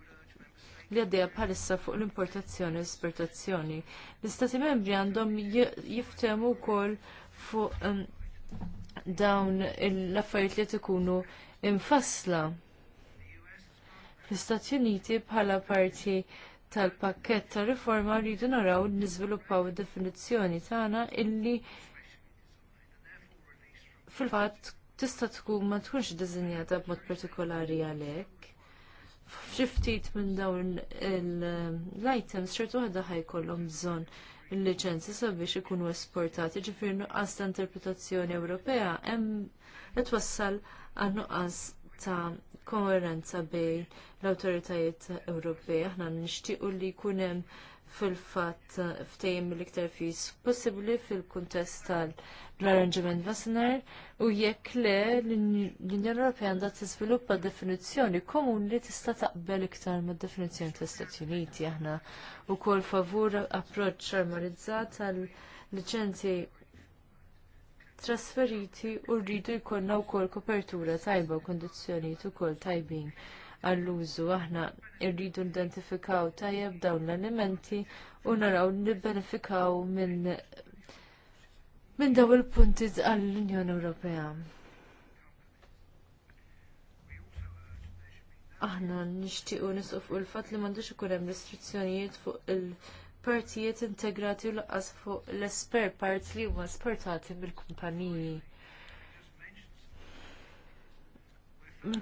li għaddeja bħalissa fuq l-importazzjoni u l-esportazzjoni. L-Istati membri għandhom jiftemu wkoll fuq um, dawn l-affarijiet li tkunu infassla. L-Istati Uniti bħala parti tal-pakket ta' riforma rridu naraw niżviluppaw id-definizzjoni tagħna illi fil-fatt tista' tkun ma tkunx diżinjata b'mod partikolari għalhekk ftit minn dawn l-items ċertu waħda ħajkollhom bżonn il-liċenzi sabiex ikunu esportati ġifir nuqqas ta' interpretazzjoni Ewropea hemm itwassal għan nuqqas ta' koerenza bejn l-awtoritajiet Ewropej. Aħna nixtiequ li jkun hemm fil-fatt ftejjem mill-iktar fis possibbli fil-kuntest tal-arranġament Wassenaar u jekk le l-Unjoni Ewropea għandha tiżviluppa definizzjoni komuni li tista' taqbel iktar mad-definizzjoni tal-Istati Uniti aħna wkoll favur approċċ armonizzat għal liċenzji trasferiti u rridu jkollna wkoll kopertura tajba u kondizzjonijiet ukoll tajbin għall-użu. Aħna rridu identifikaw tajjeb dawn l-elementi u naraw nibbenefikaw minn minn daw il-punti għall-Unjoni Ewropea. Aħna nixtiequ nisqu fuq il-fatt li m'għandux ikun hemm restrizzjonijiet fuq il-partijiet integrati u laqqas fuq l-esper parts li huma sportati mill-kumpaniji.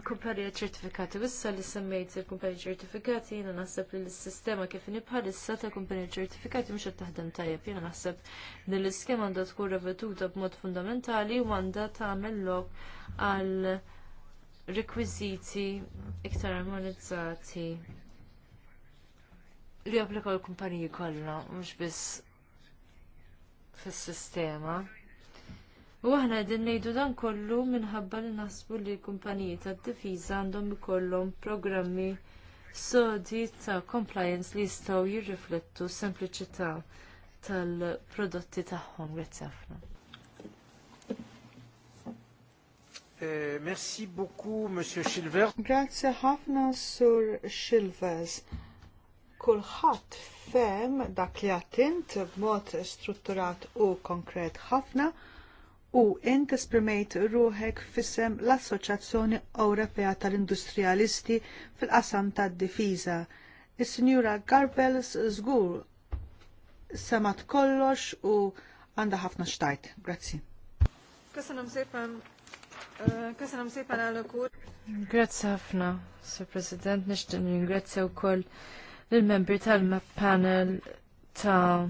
kumpanija ċertifikati. Wissa li semmejt il-kumpanija ċertifikati, jena naħseb li l-sistema kif issa ta' kumpanija ċertifikati mhux qed taħdem tajjeb. Jena naħseb li l-iskema għandha tkun revetuta b'mod fundamentali u għandha tagħmel lok għal rekwiżiti iktar armonizzati li applikaw l-kumpaniji kollha mhux biss fis-sistema. U aħna qegħdin ngħidu dan kollu minħabba li naħsbu li l-kumpaniji tad-difiża għandhom ikollhom programmi sodi ta' compliance li jistgħu jirriflettu s sempliċità tal-prodotti tagħhom.
Grazzi ħafna. Eh, merci beaucoup, Monsieur Silver.
Grazie ħafna, Sur Silvers. Kulħadd fem dak li għattint b'mod strutturat u konkret ħafna u int esprimejt ruħek fissem l-Assoċjazzjoni Ewropea tal industrialisti fil-qasam tad-difiża. Is-Sinjura Garbels żgur semat kollox u għandha ħafna xtajt. Grazzi. Köszönöm szépen, köszönöm szépen elnök úr.
Grazzi ħafna, Sir President, nishtin ringrazzja u koll l-membri tal-panel ta'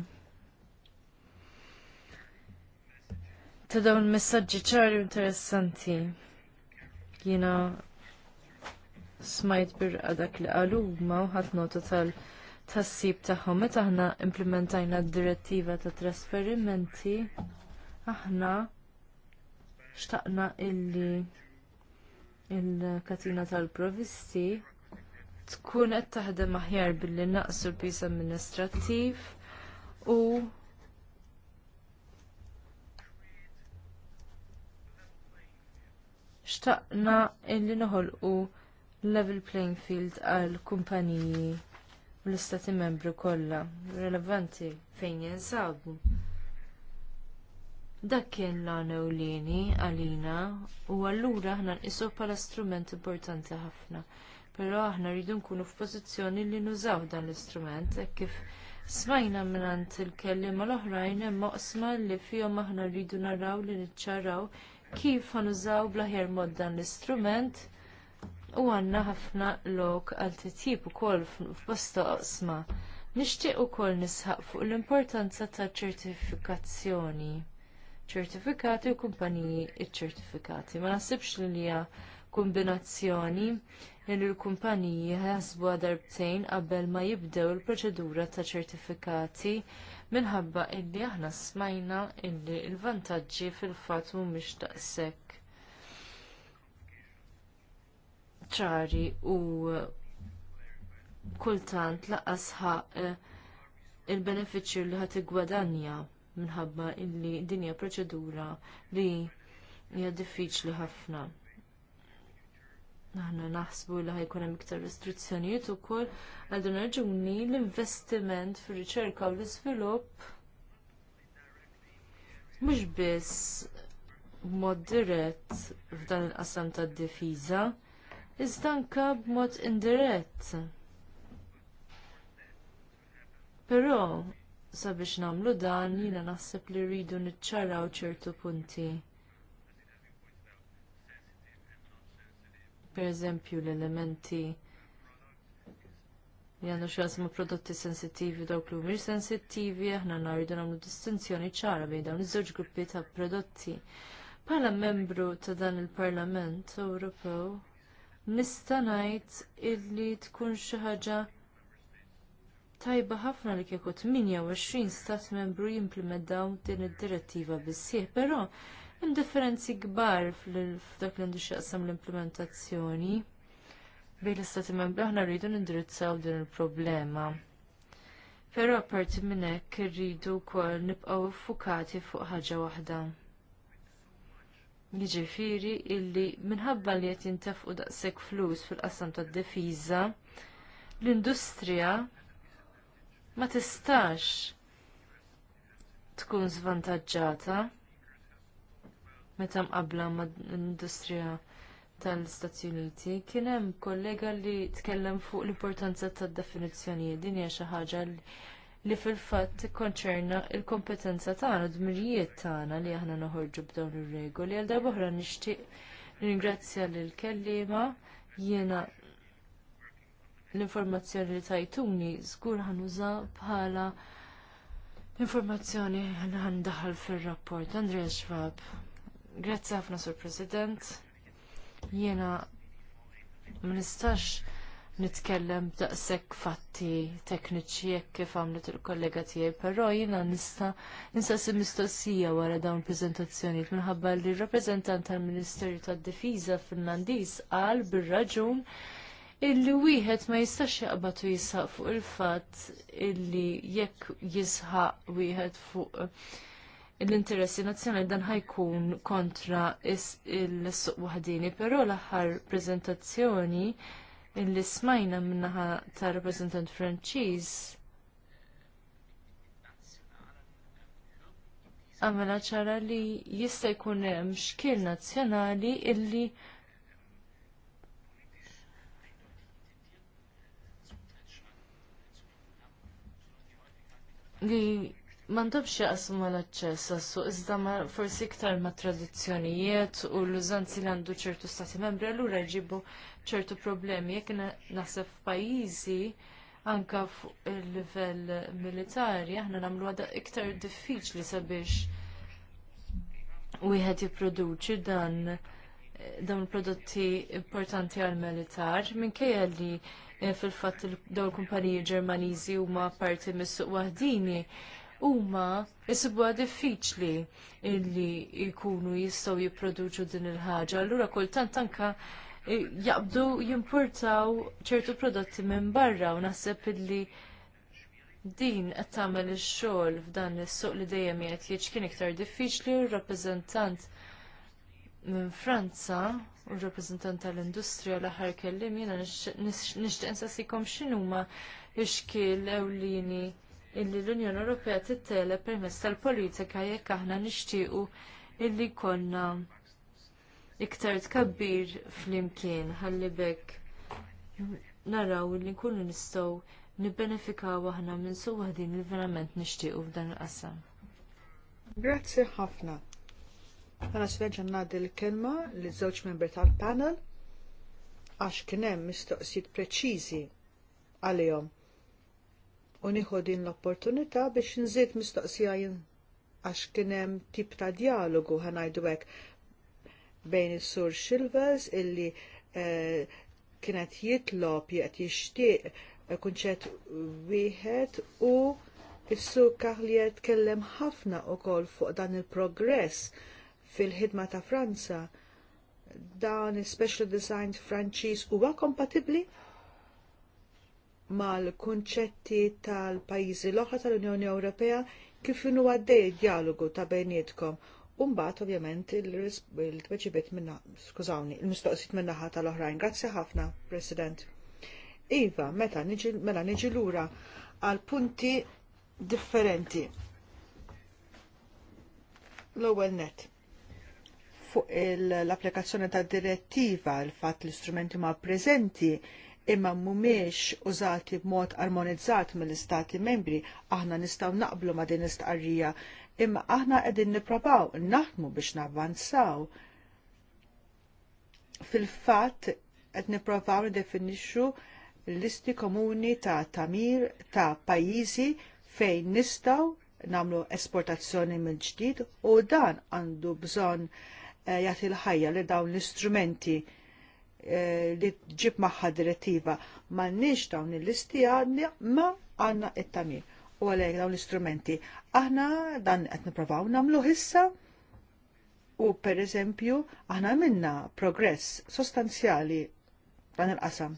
ta' dawn messaġġi ċari interessanti. Jiena smajt birqa dak li għalu ma uħat nota tal tassib tagħhom meta aħna implementajna d-direttiva ta' trasferimenti aħna xtaqna illi il-katina tal-provisti tkun qed taħdem aħjar billi naqsu l-pis amministrattiv u xtaqna illi u level playing field għal kumpaniji u l-istati membru kollha relevanti fejn jinsabu. Dak kien l-għan għalina u allura aħna nqisu bħala strument importanti ħafna. Però aħna rridu nkunu f'pożizzjoni li nużaw dan l-istrument e kif Smajna minnant il-kellima l-oħrajn hemm moqsma li fihom aħna rridu naraw li niċċaraw kif għanużaw blaħjar mod dan l-istrument u għandna ħafna lok għal titjib ukoll f'bosta qosma. Nixtieq ukoll nisħaq fuq l-importanza ta' ċertifikazzjoni. ċertifikati u kumpaniji iċ ċertifikati Ma naħsibx li hija kombinazzjoni li l-kumpaniji ħasbu darbtejn qabel ma jibdew il-proċedura ta' ċertifikati minħabba illi aħna smajna illi l vantaġġi fil-fatt mhumiex daqshekk ċari u kultant laqas ħaq eh, il-benefiċċju li ħat igwadanja minħabba illi din hija proċedura li hija diffiċli ħafna. Naħna naħsbu li ħajkun hemm iktar restrizzjonijiet ukoll għal din raġuni l-investiment fir-riċerka u l-iżvilupp mhux biss b'mod dirett f'dan il-qasam tad-difiża, iżda anke b'mod indirett. Però sabiex nagħmlu dan jiena naħseb li rridu niċċaraw ċertu punti pereżempju l-elementi li għandu xjazmu prodotti sensittivi dawk li mhumiex sensittivi, aħna naridu nagħmlu distinzjoni ċara bejn dawn iż-żewġ gruppi ta' prodotti. Bħala membru ta' dan il-Parlament Ewropew, nista' ngħid illi tkun xi ħaġa tajba ħafna li kieku 28 stat membru jimplementaw din id-direttiva bissieħ, però Hemm differenzi kbar f'dak li għandu x'jaqsam l-implementazzjoni. Bejn l-istati membri aħna rridu nindirizzaw din il-problema. Però apparti minn hekk irridu wkoll nibqgħu ffukati fuq ħaġa waħda. Jiġifieri illi minħabba li qed jintefqu daqshekk flus fil-qasam tad-difiża, l-industrija ma tistax tkun zvantaġġata meta mqabbla mal-industrija tal-Istati Uniti, kien hemm kollega li tkellem fuq l-importanza tad-definizzjonijiet. Din hija xi ħaġa li fil-fatt konċerna l kompetenza tagħna, d-dmirijiet tagħna li aħna noħorġu b'dawn ir-regoli. Għal darba oħra nixtieq ringrazzja lill kelliema jiena l-informazzjoni li tajtuni żgur ħanuża bħala informazzjoni ħandaħal fir rapport Andrea Schwab. Grazzi ħafna sur President. Jiena ma nistax nitkellem daqshekk fatti tekniċi jekk kif għamlet il-kollega tiegħi, però jiena nista' nista mistoqsija wara dawn preżentazzjonijiet minħabba li r-rappreżentant tal-Ministerju tad-Difiża Finlandiż qal bir-raġun illi wieħed ma jistax jaqbad u jisħaq fuq il-fatt illi jekk jisħaq wieħed fuq l-interessi nazzjonali dan ħajkun kontra il-suq wahdini, però l-aħħar prezentazzjoni li smajna minnaħa ta' rappresentant Franċiż għamela ċara li jista' jkun hemm xkil nazzjonali illi li Mandobx jaqsmu l-aċċess għassu, iżda ma forsi iktar ma tradizzjonijiet u l-użanzi li għandu ċertu stati membri, allura jġibu ċertu problemi. Jekk naħseb f'pajjiżi anka fuq il-livell militari, aħna namlu għada iktar diffiċli sabiex wieħed jipproduċi dan dawn il-prodotti importanti għal-militar kajja li eh, fil-fatt dawn il-kumpaniji Ġermaniżi huma parti mis-suq waħdini huma isibuha diffiċli illi jkunu jistgħu jipproduċu din il-ħaġa. Allura kultant anka eh, jaqbdu jimportaw ċertu prodotti minn barra u naħseb illi din qed tagħmel ix-xogħol f'dan is-suq li dejjem qed jiġkien iktar diffiċli u r-rappreżentant minn Franza u r-rappreżentant tal-industrija l-aħħar kellim jiena nixtieq nsaqsikom x'inhuma x-xkiel ewlieni illi l-Unjoni Ewropea tittele permezz tal-politika jekk aħna nixtiequ illi jkollna iktar tkabbir flimkien ħalli bekk naraw illi nkunu nistgħu nibbenefikaw aħna minn suwa din li verament nixtiequ f'dan il-qasam.
Grazzi ħafna. Għana s-reġan nadi l-kelma li żewġ membri tal-panel għax kien hemm mistoqsijiet preċiżi għalihom u nieħu din l-opportunità biex nżid mistoqsija għax kien hemm tip ta' dialogu ħanajdu hekk bejn is-sur Silvers illi kien eh, kienet jitlob jgħet jixtieq eh, kunċett wieħed u is-sur kellem tkellem ħafna wkoll fuq dan il-progress fil-ħidma ta' Franza dan il-special designed Franċiż huwa kompatibbli mal-kunċetti tal-pajjiżi l-oħra tal-Unjoni Ewropea kif junu għaddej dialogu ta' bejnietkom. Umbat, ovvjament, il-tweġibet minna, skużawni, il-mistoqsit minna ħata l-oħrajn. Grazzi ħafna, President. Iva, meta mela niġi lura għal punti differenti. L-ewwel net fuq l-applikazzjoni tad direttiva, il-fatt l-istrumenti ma' preżenti imma mhumiex użati b'mod armonizzat mill-istati membri, aħna nistgħu naqblu ma' din istqarrija, imma aħna qegħdin nipprobaw naħdmu biex navvanzaw. Fil-fatt qed nipprovaw nidefinixxu listi komuni ta' tamir ta' pajjiżi fejn nistgħu nagħmlu esportazzjoni minn ġdid u dan għandu bżonn eh, jagħti l-ħajja li dawn l-istrumenti Eh, li ġib maħħa direttiva. Ma nix dawn il-listi għadni ma għanna it tamir u għalek dawn l-istrumenti. Aħna dan qed niprofaw namlu hissa u per eżempju aħna minna progress sostanzjali dan il-qasam.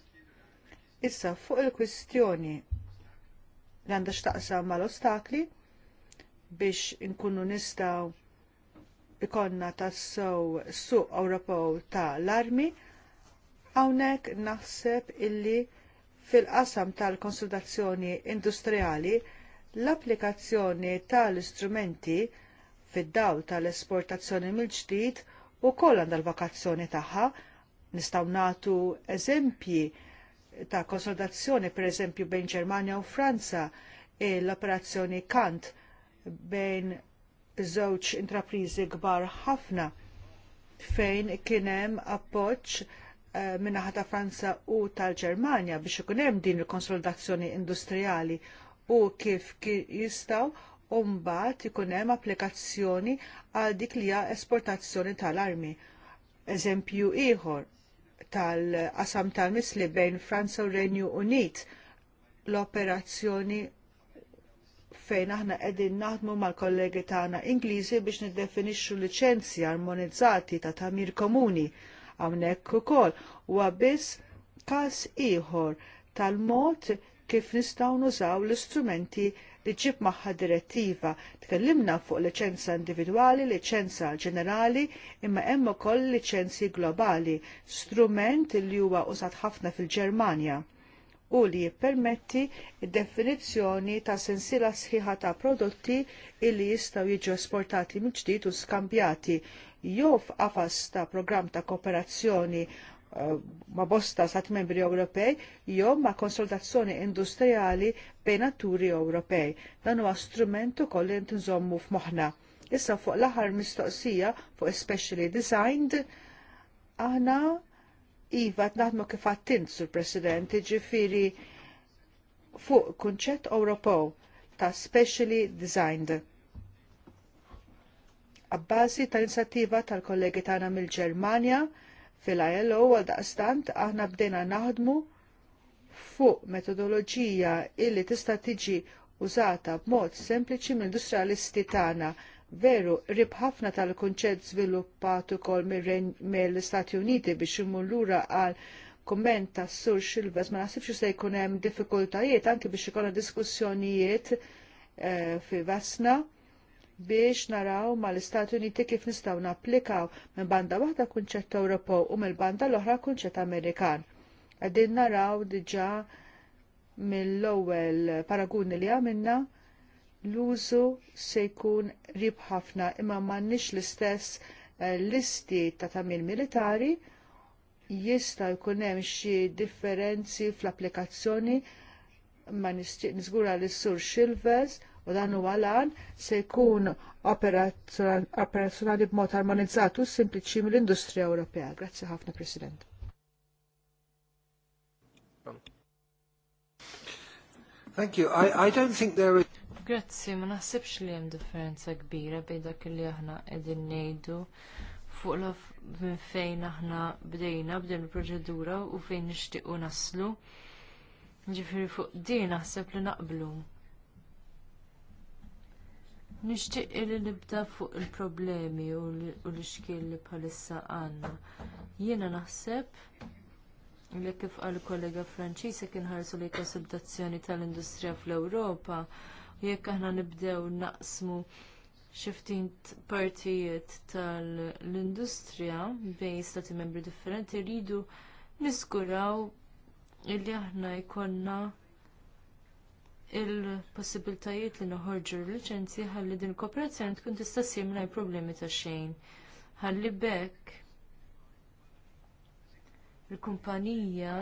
Issa fuq il-kwistjoni li għandha x'taqsam mal-ostakli biex inkunu nistaw ikonna tassow suq Ewropew ta' l-armi, Hawnhekk naħseb illi fil-qasam tal-konsultazzjoni industrijali l-applikazzjoni tal-istrumenti fid-dawl tal-esportazzjoni mill-ġdid ukoll għandha l-vokazzjoni tagħha nistgħu nagħtu eżempji ta' konsultazzjoni pereżempju bejn Ġermanja u Franza e l-operazzjoni Kant bejn żewġ intrapriżi kbar ħafna fejn kien hemm appoġġ Eh, minnaħa ta' Franza u tal-Ġermanja biex ikun hemm din il-konsolidazzjoni industrijali u kif jistgħu u mbagħad ikun hemm applikazzjoni għal dik li hija esportazzjoni tal-armi. Eżempju ieħor tal-qasam tal-misli bejn Franza u Renju Unit l-operazzjoni fejn aħna qegħdin naħdmu mal-kollegi tagħna Ingliżi biex niddefinixxu liċenzji armonizzati ta' tagħmir komuni hawnhekk ukoll huwa biss każ ieħor tal-mod kif nistgħu nużaw l-istrumenti li ġib maħħa direttiva. Tkellimna fuq liċenza individwali, liċenza ġenerali, imma hemm ukoll liċenzi globali, strument li huwa użat ħafna fil-Ġermanja u li jippermetti definizzjoni ta' sensila sħiħa ta' prodotti illi jistgħu jiġu esportati mill-ġdid u skambjati jew f'qafas ta' programm ta' kooperazzjoni eh, ma' bosta sat membri Ewropej jew ma' konsultazzjoni industrijali bejn naturi Ewropej. Dan huwa strument ukoll li nżommu f'moħħna. Issa fuq l-aħħar mistoqsija fuq especially designed aħna iva naħdmu kif għattint sur President, ġifiri fuq kunċett Ewropew ta' specially designed għabbażi tal-inizjattiva tal-kollegi tagħna mill-Ġermanja fil-ILO għal daqstant aħna bdejna naħdmu fuq metodoloġija illi tista' tiġi użata b'mod sempliċi mill-industrialisti tagħna veru rib ħafna tal-kunċett żviluppat ukoll mill-Istati Uniti biex imur lura għal kumment ta' Sur Silves ma nasibx se jkun hemm diffikultajiet anke biex ikollna diskussjonijiet eh, fi Vasna biex naraw mal-Istati Uniti kif nistgħu napplikaw minn banda waħda kunċett Ewropew u mill banda l-oħra kunċett Amerikan. Qegħdin naraw diġà mill-ewwel paraguni li għamilna l-użu se jkun rib ħafna imma m'għandniex l-istess eh, listi ta' tamil militari jista' jkun hemm xi differenzi fl-applikazzjoni ma nizgura l sur Silvers u dan huwa lan se jkun operazzjonali b'mod armonizzat u simpliċi mill-industrija Ewropea. Grazzi ħafna, President.
Thank you. I, I don't think there is...
Grazzi, ma naħsibx li hemm differenza kbira bejn dak li aħna qegħdin ngħidu fuq la minn fejn aħna bdejna b'din il-proċedura u fejn nixtiequ naslu. Ġifiri fuq din naħseb li naqblu Nixtieq li nibda fuq il-problemi u l-ixkil li bħalissa għandna. Jiena naħseb li kif qal kollega Franċiża kien ħarsu li konsultazzjoni tal-industrija fl-Ewropa u jekk aħna nibdew naqsmu xi ftit partijiet tal-industrija bejn stati membri differenti rridu niskuraw illi aħna jkollna il-possibiltajiet li noħorġu l-liċenzji ħalli din kooperazzjoni tkun tista' ssir mingħajr problemi ta' xejn. Ħalli bekk il-kumpanija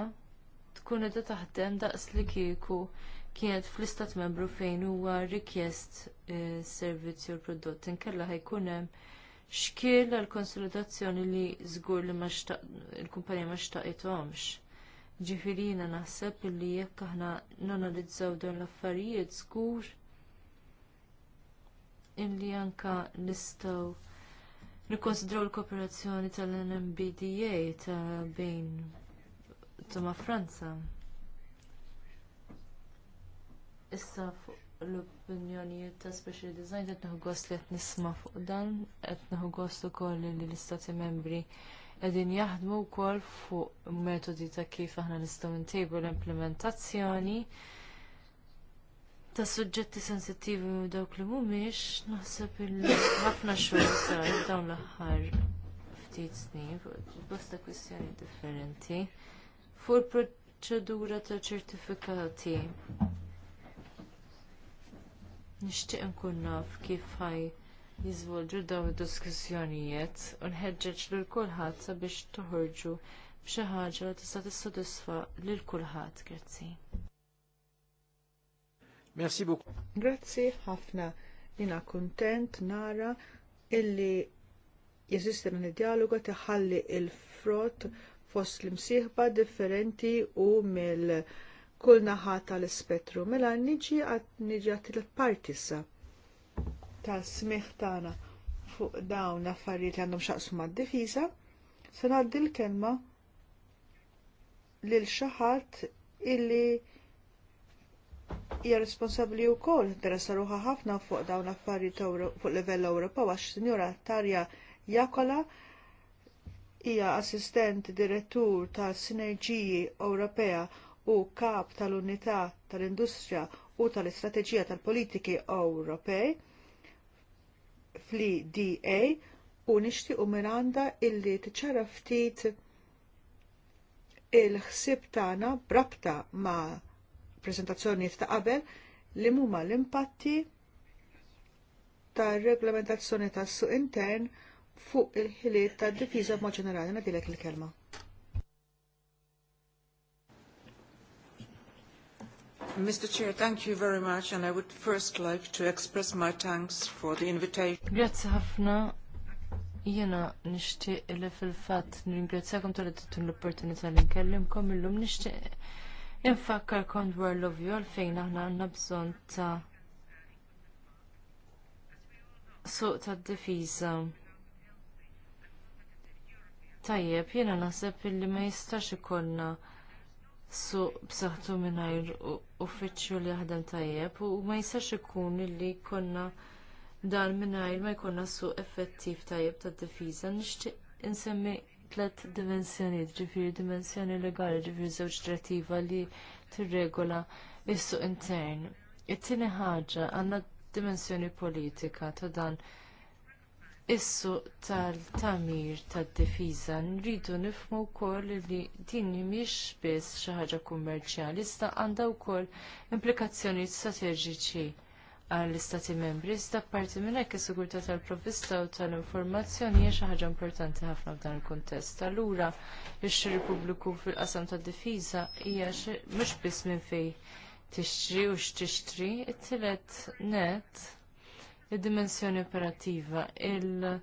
tkun qiegħda taħdem daqs li kieku kienet fl-istat membru fejn huwa rikjest eh, servizzi u prodott inkella ħajkun hemm xkiel għall konsolidazzjoni li żgur li il-kumpanija ma xtaqithomx Ġifirina naħseb li jekk aħna nanalizzaw dawn l-affarijiet żgur illi anke nistgħu nikkonsidraw l-kooperazzjoni tal-NMBDA ta' bejn ta' Franza. Issa fuq l-opinjonijiet ta' special design qed naħu gost li qed nisma' fuq dan, qed naħu gost ukoll li l-istati membri qegħdin jaħdmu wkoll fuq metodi ta' kif aħna nistgħu ntejbu l-implementazzjoni ta' suġġetti sensittivi u dawk li mhumiex naħseb il-ħafna xogħol sar dawn l-aħħar ftit snin fuq bosta kwistjoni differenti fuq il-proċedura ta' ċertifikati. Nixtieq nkun naf kif ħaj jiżvolġu dawn id-diskussjonijiet u nħeġġeġ lil kulħadd sabiex toħorġu b'xi ħaġa li tista' tissodisfa lil kulħadd. Grazzi.
Merci beaucoup. Grazzi ħafna. Jina kuntent nara illi jeżisti dan id-dialogu tiħalli il-frott fost l-imsieħba differenti u mill kull naħa ispettru Mela niġi għat niġi għat il ta' smigħ tagħna fuq dawn l-affarijiet li għandhom xaqsu mad-difiża, se ngħaddi l-kelma lil xi ħadd illi hija responsabbli wkoll interessa ħafna fuq dawn l-affarijiet fuq livell Ewropa, għax sinjura Tarja Jakola hija assistent direttur tas Sinerġiji Ewropea u kap tal-Unità tal-Industrija u tal-Istrateġija tal-Politiki Ewropej fl-DA u nixtiequ Miranda illi tiċara ftit il-ħsieb tagħna brabta ma' prezentazzjoni ta' qabel li huma l-impatti tar reglamentazzjoni tas suq intern fuq il-ħiliet tad difiża b'mod ġenerali. Nadilek il-kelma. Mr. Chair, thank you very much, and I would first like to express my thanks for the invitation.
Grazie ħafna. Jena nishtiq li fil-fat nirringrazzjakom tal tittun l-opportunità li nkellimkom illum nishtiq infakkar kont dwar l-ovju għalfejn aħna għandna bżonn ta' suq tad difiża. Tajjeb, jiena naħseb illi ma jistax ikollna suq b'saħħtu mingħajr uffiċċju li jaħdem tajjeb u ma jistax ikun li jkollna dan mingħajr ma jkollna suq effettiv tajjeb tad-difiża. Nixtieq insemmi tliet dimensjonijiet, ġifieri dimensjoni legali, ġifieri żewġ direttiva li tirregola is-suq intern. It-tieni ħaġa għandna dimensjoni politika ta' dan Is-suq tal-tamir tad-difiża nridu nifhmu wkoll li din mhix biss xi ħaġa kummerċjali iżda għandha wkoll implikazzjonijiet strateġiċi għall-istati membri iżda parti minn hekk is-sigurtà tal-provvista u tal-informazzjoni hija xi ħaġa importanti ħafna f'dan il-kuntest. Allura x-xiri pubbliku fil-qasam tad-difiża hija mhux biss minn fejn tixtri u x'tixtri, it-tielet net id-dimensjoni operattiva. Il-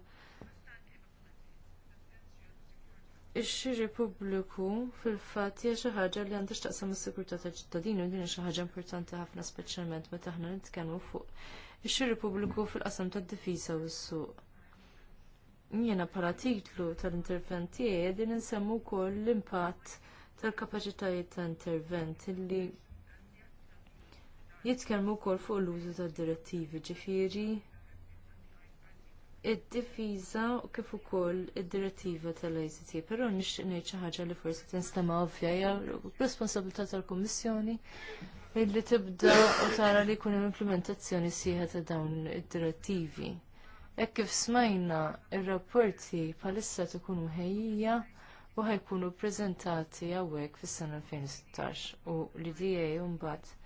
Ix-xiri pubbliku fil-fatt hija xi ħaġa li għandha x'taqsam is-sigurtà tal-ċittadini u din xi ħaġa importanti ħafna speċjalment meta aħna nitkellmu fuq ix-xiri pubbliku fil-qasam tad-difiża u s-suq. Jiena bħala titlu tal-intervent tiegħi din insemmu wkoll l-impatt tal-kapaċitajiet ta' intervent illi jitkellmu wkoll fuq l-użu tad-direttivi ġifieri id-difiża kif ukoll id-direttiva tal-ICT, però nixtieq ngħid xi ħaġa li forsi tinstema' ovvja hija responsabilità tal-Kummissjoni billi tibda u tara li jkun hemm implementazzjoni sieħa ta' dawn id-direttivi. Hekk kif smajna ir-rapporti bħalissa tkun ħejjija u ħajkunu ppreżentati hawnhekk fis-sena 2016 u l-IDA mbagħad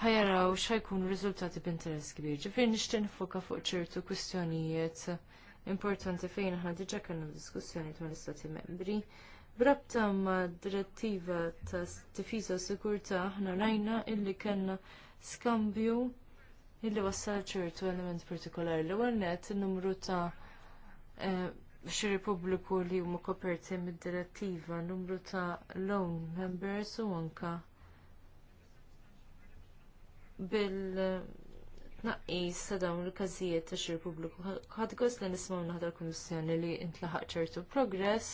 ħajaraw xajkun riżultati b'interess kbir. Ġifir nishtin nifoka fuq ċertu kwistjonijiet importanti fejn aħna diġa' kellna diskussjoni dwar l-Istati membri. Brabta ma' direttiva ta' difiza u sigurtà aħna rajna illi kellna skambju illi wassal ċertu element partikolari. L-ewwel net numru ta' eh, xi Republiku li huma koperti mid-direttiva, numru ta' loan members u anka bil-tnaqqis ta' dawn il-każijiet ta' xir pubbliku. Ħadgos li nismaw naħda l-Kummissjoni li intlaħaq ċertu progress.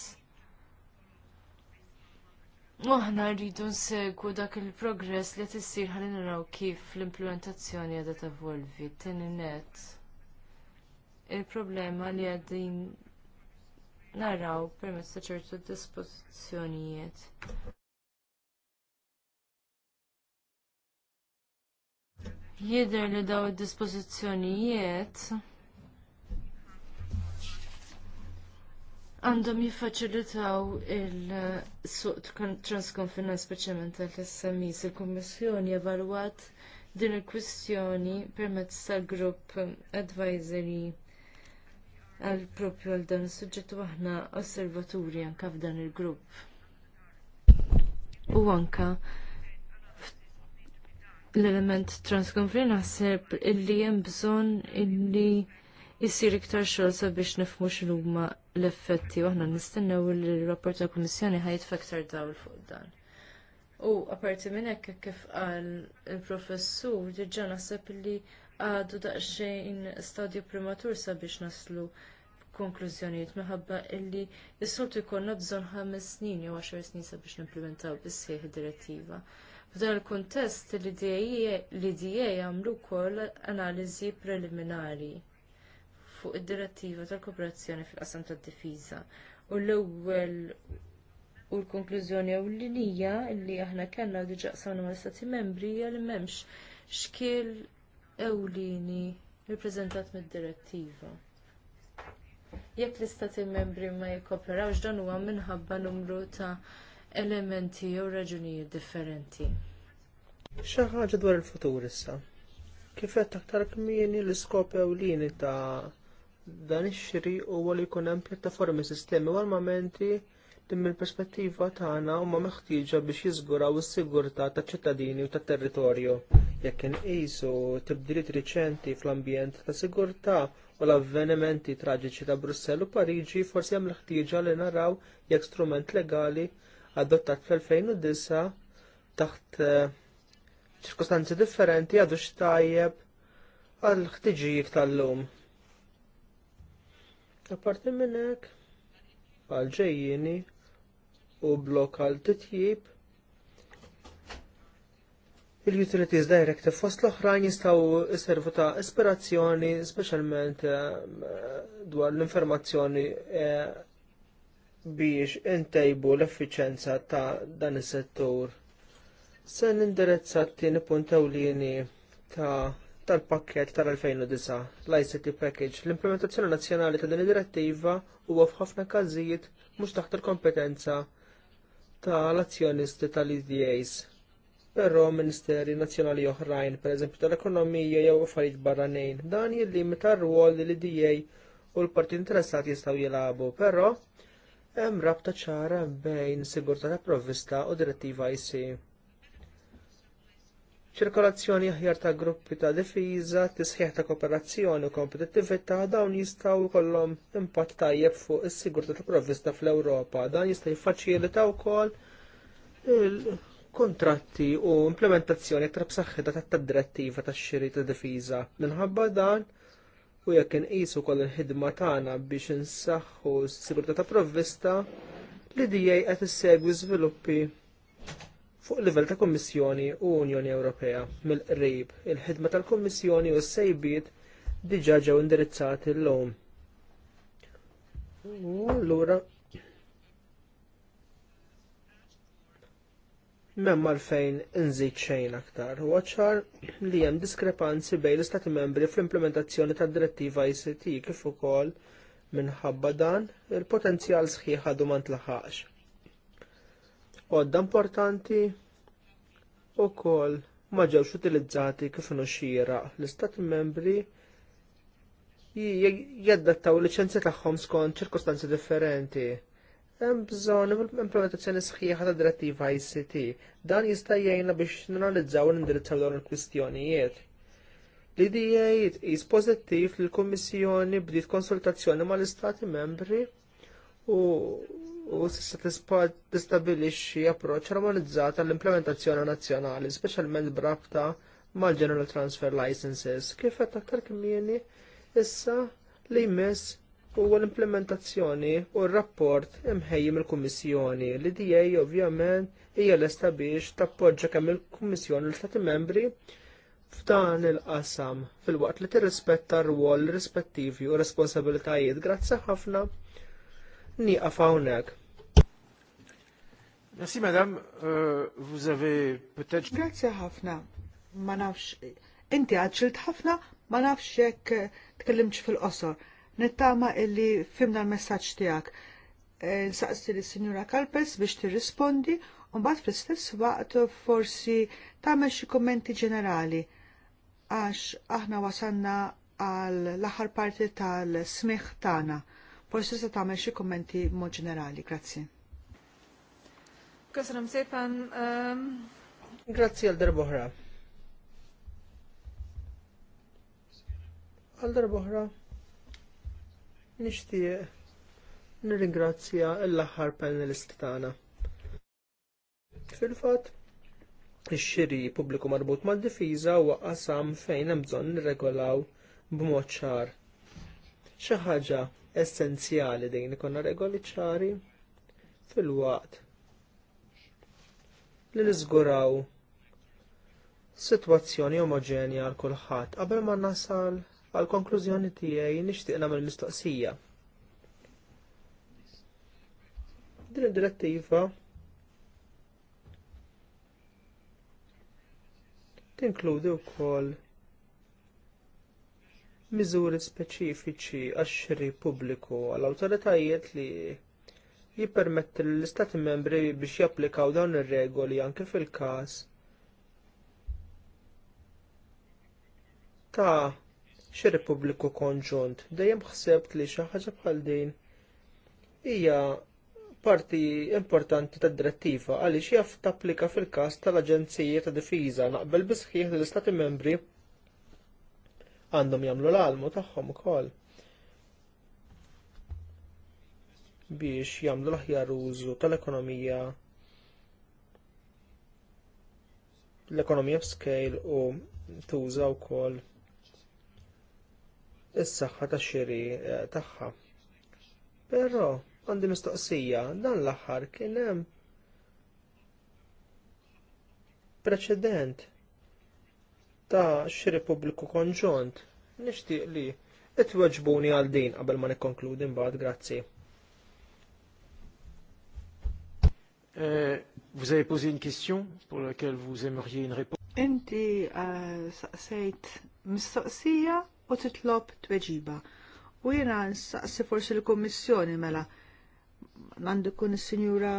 Aħna rridu nsegwu dak il-progress li tissir ħalli naraw kif l-implementazzjoni għadha tevolvi. Tieni Teninet, Il-problema li għaddin naraw permezz ta' ċertu dispożizzjonijiet. Jidher li daw id-dispożizzjonijiet għandhom jiffaċilitaw il-suq transkonfina speċjalment tal-SMIs. Il-Kommissjoni evalwat din il-kwistjoni permezz tal-grupp advisory għal propju għal dan suġġett aħna osservaturi anka f'dan il-grupp. U anka l-element transkonfri naħseb illi hemm bżonn illi jissir iktar xogħol sabiex nifhmu x'huma l-effetti u aħna nistennew li l-rapport tal-Kummissjoni faktar daw dawl fuq dan. U apparti minn hekk kif qal il-professur diġà naħseb illi għadu daqsxejn stadju prematur sabiex naslu konklużjonijiet minħabba illi s jkollna bżonn ħames snin jew għaxar snin sabiex nimplementaw bis-sieħ direttiva. F'dan il-kuntest l-IDA e, e għamlu wkoll analiżi preliminari fuq id-direttiva tal-kooperazzjoni fil-qasam tad-difiża. U l-ewwel u l-konklużjoni ewlenija li aħna kellna diġà qsamna mal-Stati Membri hija li m'hemmx xkiel ewlieni rippreżentat mid-direttiva jekk l-istati membri ma jikkoperawx dan huwa minħabba numru ta' elementi jew raġunijiet differenti.
Xi ħaġa dwar il-futur issa. Kif qed aktar kmieni l-iskop ewlieni ta' dan ix-xiri huwa li jkun hemm pjattaformi sistemi u armamenti li mill-perspettiva tagħna huma meħtieġa biex jiżguraw is-sigurtà taċ-ċittadini u tat-territorju jekk inqisu tibdiliet riċenti fl-ambjent ta' sigurtà u l-avvenimenti traġiċi ta' Brussell u Pariġi forsi hemm l-ħtieġa li naraw jekk strument legali adottat fl-2009 taħt eh, ċirkostanzi differenti għadu xtajjeb għal ħtiġijiet tal-lum. Apparti minn hekk għal ġejjini u blok għal titjib il-Utilities Directive fost l-oħrajn jistaw iservu ta' ispirazzjoni, specialment eh, dwar l-informazzjoni eh, biex intejbu l-effiċenza ta' dan is-settur. Se nindirizza t-tieni punt ewlieni ta' tal-pakket tal-2009, l-ICT Package. L-implementazzjoni nazzjonali ta' din id-direttiva huwa f'ħafna każijiet mhux taħt il-kompetenza tal-azzjonisti tal-IDAs. Però ministeri nazzjonali oħrajn, pereżempju tal-ekonomija jew affarijiet barranin, dan jillimita r-rwol li l-IDA u l-parti interessati jistgħu jilagħbu, però Hemm rabta ċara bejn sigurtà ta' provvista u direttiva IC. Ċirkolazzjoni aħjar ta' gruppi ta' difiża, tisħiħ ta' kooperazzjoni u kompetittività dawn jistgħu jkollhom impatt tajjeb fuq is-sigurtà ta' provvista fl-Ewropa. Dan jista' jiffaċilita wkoll il-kontratti u implementazzjoni aktar b'saħħitha tad-direttiva tax-xiri ta' difiża. Minħabba dan, u jekk inqisu kol il-ħidma tagħna biex insaħħu s-sigurtà ta' provvista li dijaj qed issegwi żviluppi fuq livell ta' Kummissjoni u Unjoni Ewropea mill-qrib. Il-ħidma tal-Kummissjoni u s-sejbiet diġà ġew indirizzati l-lum. U allura Memma l-fejn nżid xejn aktar. U għacħar li hemm diskrepanzi bejn l-Istati membri fl-implementazzjoni tad direttiva ICT kif ukoll minħabba dan il-potenzjal sħiħ għadu ma tlaħax. Għodda importanti u kol ma ġewx utilizzati kif nuxxira l-Istati membri jaddattaw licenzi tagħhom skont ċirkostanzi differenti Hemm bżonn implementazzjoni sħiħa ta' direttiva ICT. Dan jista' jgħinna biex nanalizzaw l-indirizzaw dawn il-kwistjonijiet. L-IDA jitqis pożittiv li l-Kummissjoni bdiet konsultazzjoni mal-Istati membri u u t tistabilixxi approċċ armonizzat għall-implementazzjoni nazzjonali, speċjalment brabta mal-General Transfer Licenses, kif qed aktar kmieni issa li jmiss huwa l-implementazzjoni u r-rapport imħejjim il-Kummissjoni li DA ovvjament hija lesta biex tappoġġa kemm il-Kummissjoni l-Stati membri f'dan il-qasam fil-waqt li tirrispetta r-rwol rispettivi u responsabilitajiet. Grazzi ħafna nieqaf hawnhekk. Merci madame, uh, vous avez peut-être
Grazie ħafna. Ma nafx inti għadxilt ħafna, ma nafx jekk tkellimx fil-qosor Nittama illi fimna l-messagġ tiegħek. Eh, Nsaqsti li Signora Kalpes biex tirrispondi u mbagħad fl-istess waqt forsi tagħmel xi kummenti ġenerali għax aħna wasanna għal l-aħħar parti tal-smiħ tagħna. Forsi se tagħmel xi kummenti mod ġenerali. Grazzi.
Kasram sejpan. Ehm, Grazzi għal darbohra. Għal bohra. Nixtieq nirringrazzja l-aħħar panelist tagħna. Fil-fatt, ix-xiri pubbliku marbut mad-difiża huwa qasam fejn hemm bżonn nirregolaw b'mod ċar. Xi ħaġa essenzjali dejn ikonna regoli ċari fil-waqt li niżguraw sitwazzjoni omogenja għal kulħadd qabel ma nasal Għal konklużjoni tiegħi nixtieq nagħmel mistoqsija. Din id-direttiva tinkludi wkoll miżuri speċifiċi għax-xiri pubbliku għall awtoritajiet li jippermetti l-Istati membri biex japplikaw dawn ir-regoli anke fil-każ ta' xi Repubbliku Konġunt. Dejjem ħsebt li xi ħaġa bħal din hija parti importanti tad direttiva għaliex jaf tapplika fil-każ tal-Aġenziji ta' Difiża naqbel bi sħiħ li l-Istati Membri għandhom jagħmlu l-almu tagħhom ukoll biex jagħmlu l-aħjar użu tal-ekonomija l-ekonomija f'scale u tuża wkoll is-saħħa tax-xiri eh, tagħha. Però għandi mistoqsija dan l-aħħar kien hemm preċedent ta' xiri pubbliku konġunt. Nixtieq li itweġbuni għal din qabel ma nikkonkludi mbagħad grazzi. Eh, vous avez posé une question pour laquelle vous aimeriez une réponse.
Inti eh, saqsejt mistoqsija u titlob tweġiba. U jiena nsaqsi forsi l-Kummissjoni mela għandu kun is-Sinjura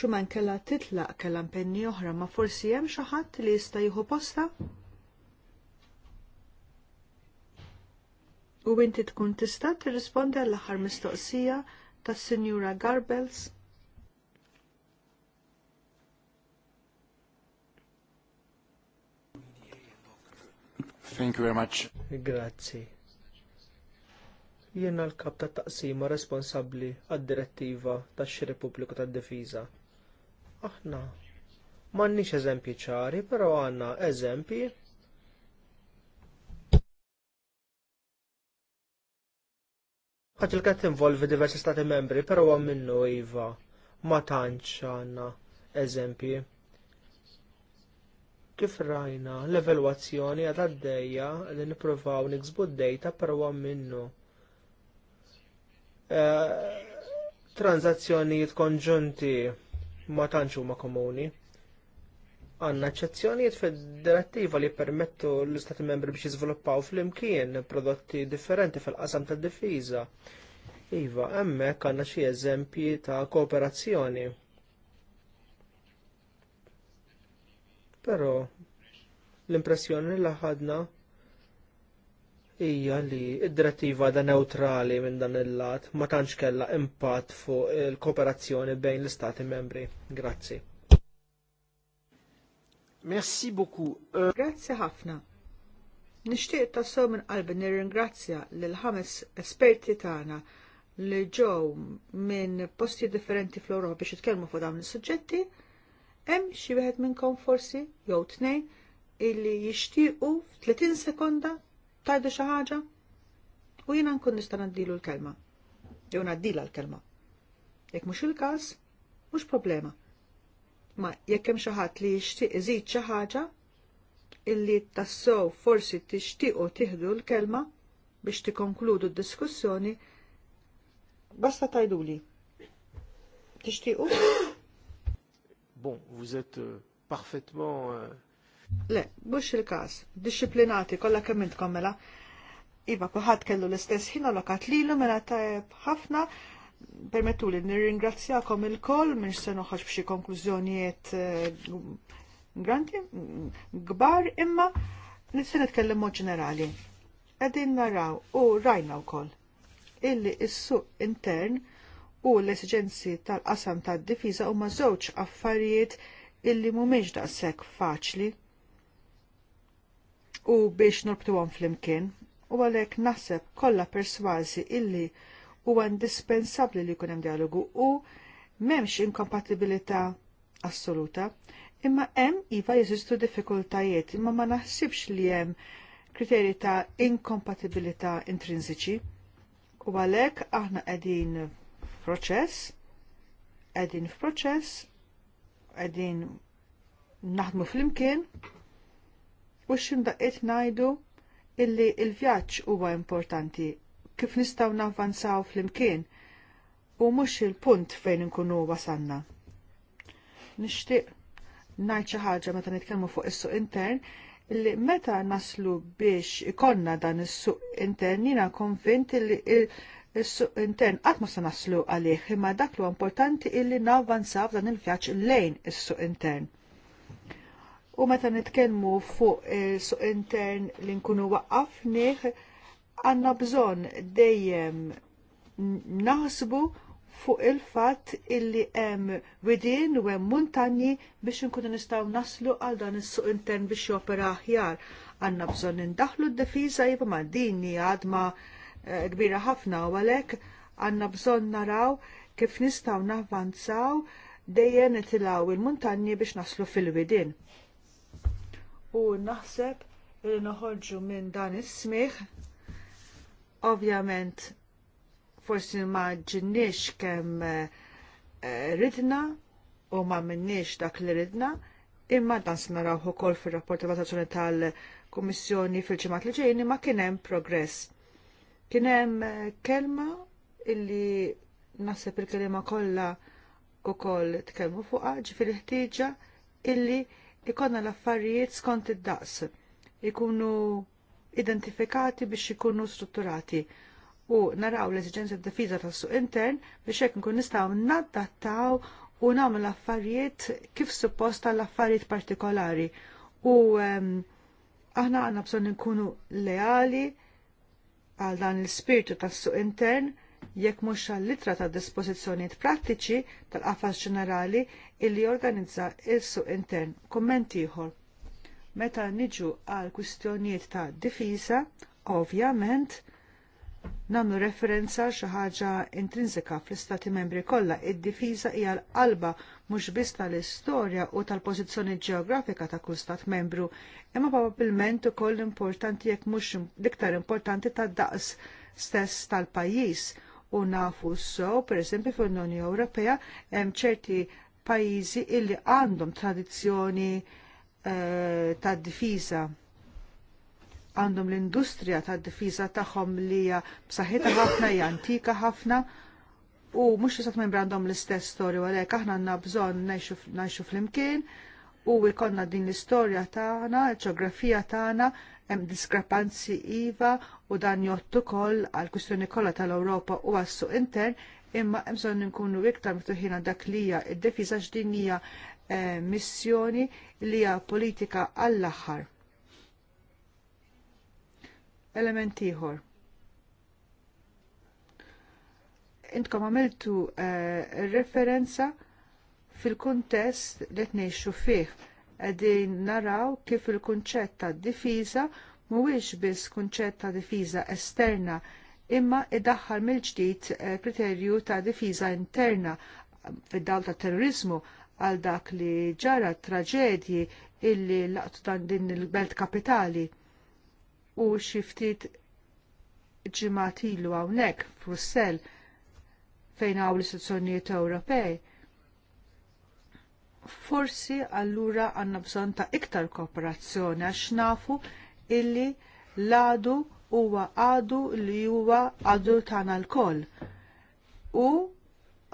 xuman eh, kella titlaq kella mpenni oħra ma forsi hemm xi ħadd li jista' jieħu posta? U inti tkun tista' tirrispondi għall-aħħar mistoqsija tas-Sinjura Garbels?
Thank you very much.
Grazzi. Jiena l-kap ta' taqsima responsabbli għad-direttiva tax xiri pubbliku tad-difiża. Aħna m'għandniex eżempji ċari, però għandna eżempji qed tinvolvi diversi stati membri, però għam minnu iva, ma tantx għandna eżempji. Kif rajna, l-evalwazzjoni għad għaddejja li nippruvaw niksbu d-dejta per minnu. E, Transazzjonijiet konġunti ma tantx huma komuni. Għandna eċċezzjonijiet fid-direttiva li permettu l-Istati membri biex jiżviluppaw flimkien prodotti differenti fil-qasam tad-difiża. Iva, hemmhekk għandna xi eżempji ta' kooperazzjoni Però l-impressjoni li ħadna hija li id-direttiva da neutrali minn dan il-lat ma tantx kellha impatt fuq il-kooperazzjoni bejn l-istati membri. Grazzi. Merci beaucoup. Euh, Grazzi ħafna.
Nixtieq tassew minn qalbi nirringrazzja lil ħames esperti tagħna li ġew minn posti differenti fl-Ewropa biex jitkellmu fuq dawn is-suġġetti Hemm xi wieħed minnkom forsi jew tnejn illi jixtiequ 30 sekonda tajdu xi ħaġa u jiena nkun nista' naddilu l-kelma. Jew ngħaddilha l-kelma. Jekk mhux il-każ, mhux problema. Ma jekk hemm xi ħadd li jixtieq iżid xi ħaġa illi tassew forsi tixtiequ tieħdu l-kelma biex tikkonkludu d-diskussjoni basta tajduli. Tixtiequ?
Bon, vous êtes euh, parfaitement. Euh,
Le, mhux il-każ, disciplinati kollha kemm intkom mela. Iva kulħadd kellu l-istess ħin allokat lilu mela tajjeb ħafna. Permettu li nirringrazzjakom il-koll minn se noħroġ b'xi konklużjonijiet eh, granti, gbar, imma nitsen nitkellem mod ġenerali. Qegħdin naraw u rajna wkoll illi issu suq intern u l-esigenzi tal-qasam tad-difiża huma żewġ affarijiet illi mhumiex daqshekk faċli u biex norbtuhom flimkien u għalhekk naħseb kollha persważi illi huwa indispensabbli li jkun hemm dialogu u m'hemmx inkompatibilità assoluta, imma hemm iva jeżistu diffikultajiet, imma ma naħsibx li hemm kriterji ta' inkompatibilità intrinsiċi. U għalhekk aħna qegħdin proċess, qegħdin f'proċess, qegħdin naħdmu fl-imkien u daqqet ngħidu illi il-vjaġġ huwa importanti kif nistgħu navvanzaw fl-imkien u mhux il-punt fejn inkunu wasanna. Nixtieq ngħid xi ħaġa meta nitkellmu fuq is-suq intern li meta naslu biex ikonna dan is-suq intern jiena konvint li is-suq intern qatt ma se naslu għalih imma dak huwa importanti illi navvanzaw dan il-vjaġġ lejn is-suq intern. U meta nitkellmu fuq is-suq eh, intern li nkunu waqqafnih għandna bżonn dejjem naħsbu fuq il-fatt illi hemm widien u hemm muntanji biex inkunu nistgħu naslu għal dan is-suq intern biex jopera aħjar. Għandna bżonn indaħlu d-defiża jibma' iva din għadma ma' Eh, kbira ħafna u għalhekk għandna bżonn naraw kif nistgħu navvanzaw dejjem nitilaw il-muntanji biex naslu fil-widin. U naħseb li noħorġu minn dan is-smigħ ovvjament forsi ma ġinniex kemm eh, ridna u ma minniex dak li ridna, imma dan se ukoll fir rapporti evalutazzjoni tal-Kummissjoni fil-ġimgħat li ġejjin ma kien hemm progress. Kien hemm eh, kelma illi naħseb il-kelima kollha ukoll tkellmu fuqha ġifieri ħtieġa illi ikonna l-affarijiet skont id-daqs ikunu identifikati biex ikunu strutturati u naraw l eżigenza d-difiża tas-suq intern biex jek nkun nistgħu naddattaw u nagħmlu l-affarijiet kif supposta l affarijiet partikolari. U ehm, aħna għandna bżonn nkunu leali għal dan l-spirtu tas-suq intern jekk mhux għall-litra ta' dispożizzjonijiet prattiċi tal-qafas ġenerali illi jorganizza il-suq intern. Kumment ieħor. Meta niġu għal kwistjonijiet ta' difiża, ovvjament namlu referenza xi ħaġa intrinsika fl-Istati membri kollha, id-difiża hija l-qalba mhux biss tal-istorja u tal-pożizzjoni ġeografika ta' kull stat membru, imma probabbilment ukoll importanti jekk mhux l-iktar importanti tad-daqs stess tal-pajjiż u nafu so, pereżempju fl-Unjoni Ewropea hemm ċerti pajjiżi illi għandhom tradizzjoni eh, tad-difiża għandhom l-industrija tad-difiża tagħhom li hija b'saħħitha ħafna hija antika ħafna u mhux isat minn għandhom l-istess storja għalhekk aħna għandna bżonn ngħixu flimkien u jkollna din l-istorja tagħna, l ġeografija tagħna hemm diskrepanzi iva u dan jottu ukoll għal kwistjoni kollha tal-Ewropa u għas-suq intern imma hemm bżonn inkunu iktar miftuħin dak li hija d difiża x'din hija eh, missjoni li hija politika għall-aħħar element ieħor. Intkom għamiltu eh, referenza fil-kuntest li tnejxu fih qegħdin naraw kif il-kunċett ta' difiża mhuwiex biss kunċett ta' difiża esterna imma iddaħħal mill-ġdid eh, kriterju ta' difiża interna fid-dawl ta' terrorizmu għal dak li ġara traġedji illi laqtu dan din il-belt kapitali u xi ftit ġimgħat ilu hawnhekk f'Russell fejn hawn l-istituzzjonijiet Ewropej. Forsi allura għandna bżonn ta' iktar kooperazzjoni għax nafu illi l-għadu huwa għadu li huwa għadu tagħna lkoll. U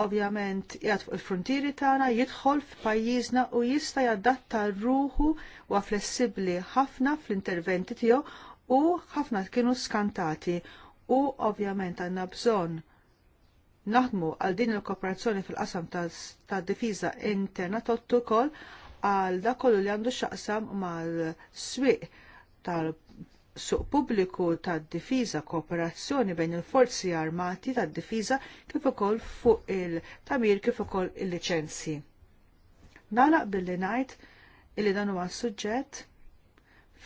ovvjament jgħat fuq il-frontieri tagħna jidħol f'pajjiżna u jista' jadatta ruħu u flessibbli ħafna fl-interventi tiegħu u ħafna kienu skantati u ovvjament għanna bżon naħdmu għal din il-kooperazzjoni fil-qasam ta' difiża interna tottu kol għal da kollu li għandu xaqsam mal-swiq tal-suq pubbliku tad difiża kooperazzjoni bejn il-forzi armati tad difiża kif ukoll fuq il-tamir kif ukoll il-liċenzji. Nalaq billi ngħid illi dan huwa suġġett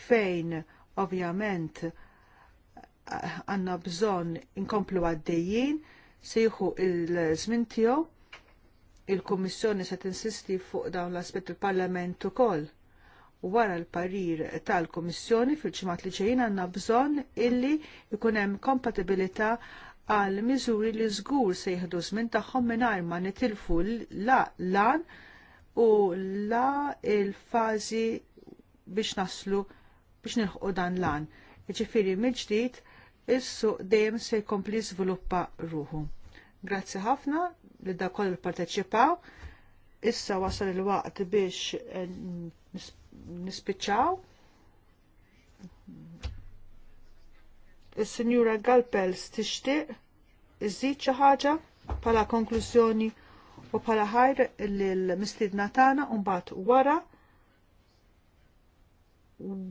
fejn Ovvjament għandna bżonn inkomplu għaddejjin sejħu il-żmien tiegħu il-Kummissjoni se tinsisti fuq dawn l-aspett il-Parlament ukoll. Wara l-parir tal-Kummissjoni fil-ġimgħat li ġejjin għandna bżonn illi jkun hemm kompatibilità għal miżuri li żgur se jieħdu żmien tagħhom mingħajr ma nitilfu la lan u la il-fażi biex naslu biex nilħqu dan lan. Ġifiri mill-ġdid, is-suq dejjem se jkompli żviluppa ruħu. Grazzi ħafna li da koll parteċipaw. Issa wasal il-waqt biex eh, nispiċċaw. Is-Sinjura Galpel tixtieq iżid xi ħaġa bħala konklużjoni u bħala ħajr lill mistiedna tagħna u mbagħad wara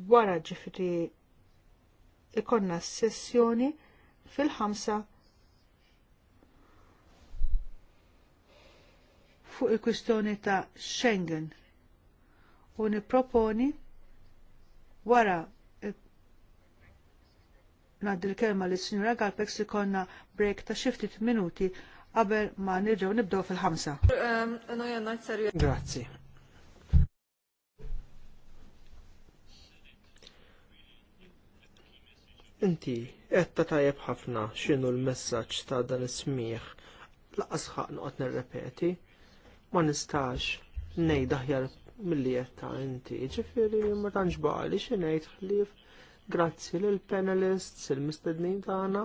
wara ġifri ikonna sessjoni fil-ħamsa fuq il-kwistjoni ta' Schengen u niproponi wara naddi l-kelma li s-Sinjura Galpex li konna break ta' xiftit minuti qabel ma nirġaw nibdow fil-ħamsa. Um, Grazzi.
Inti, qed tajjeb ħafna x'inhu l-messaġġ ta' dan is-smieħ laqas ħaq noqgħod nirrepeti, ma nistax ngħid aħjar milli qed ta' inti, ġifieri ma tantx baqali xi ngħid ħlief grazzi lill panelists il-mistednin tagħna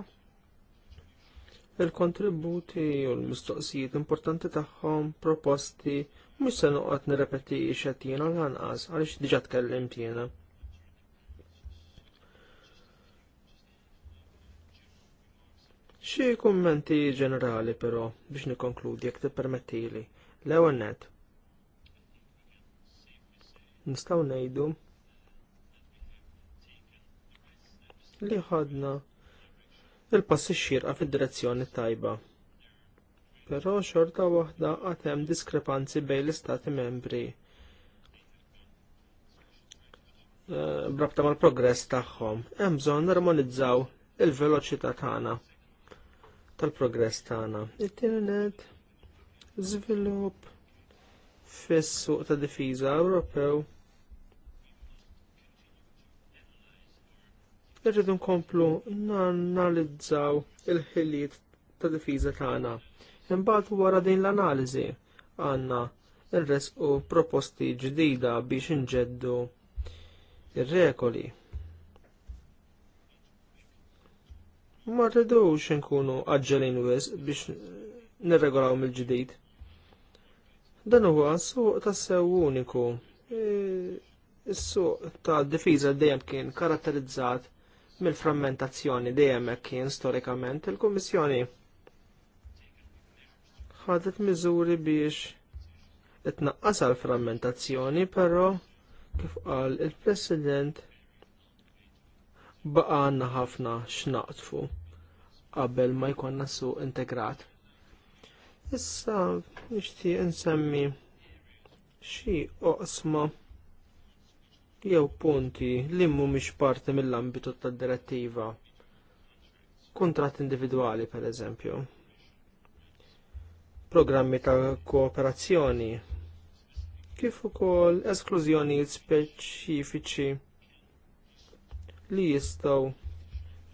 il-kontributi u l-mistoqsijiet importanti tagħhom proposti mhux se noqgħod nirrepetix qed jiena lanqas għaliex diġà tkellimt jiena. Xie kummenti ġenerali però biex nikkonkludi jekk tippermettili. L-ewwel net. Nistgħu ngħidu li ħadna il-passi xirqa fid-direzzjoni tajba. Però xorta waħda għad hemm diskrepanzi bejn l-istati membri eh, brabta mal progress tagħhom, hemm bżonn narmonizzaw il-veloċità tagħna tal-progress tagħna. It-tielet żvilupp fis-suq ta' difiża Ewropew irridu nkomplu nanalizzaw il-ħiliet ta' difiża tagħna. Imbagħad wara din l-analiżi għandna nresqu proposti ġdida biex inġeddu ir-regoli. ma rridux nkunu aġġelin wis biex nirregolaw mill-ġdid. Dan huwa suq ta sew uniku. Is-suq e, ta' difiża dejjem kien karatterizzat mill-frammentazzjoni dejjem hekk kien storikament il-Kummissjoni ħadet miżuri biex itnaqqas għal frammentazzjoni, però kif qal il-President baqa għanna ħafna x'naqtfu qabel ma jkollna suq integrat. Issa nixtieq insemmi xi oqsma jew punti li mhumiex parti mill-ambitu tad-direttiva. Kuntratt individwali pereżempju. Programmi ta' kooperazzjoni kif ukoll esklużjonijiet speċifiċi li jistgħu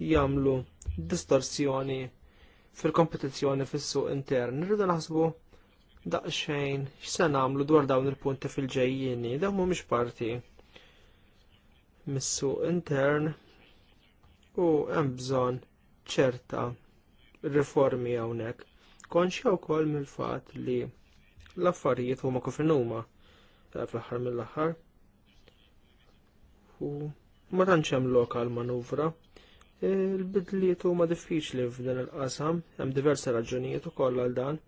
jagħmlu distorsjoni fil-kompetizzjoni fis-suq intern. Rridu naħsbu daqsxejn x'se nagħmlu dwar dawn il-punti fil ġejjini dawn mhumiex parti mis-suq intern u hemm bżonn ċerta riformi hawnhekk. Konxja wkoll mill-fatt li l-affarijiet huma kif huma fl-aħħar mill-aħħar. U ma tantx hemm lokal manuvra. Il-bidliet huma diffiċli f'dan il-qasam, hemm diversi raġunijiet ukoll għal dan.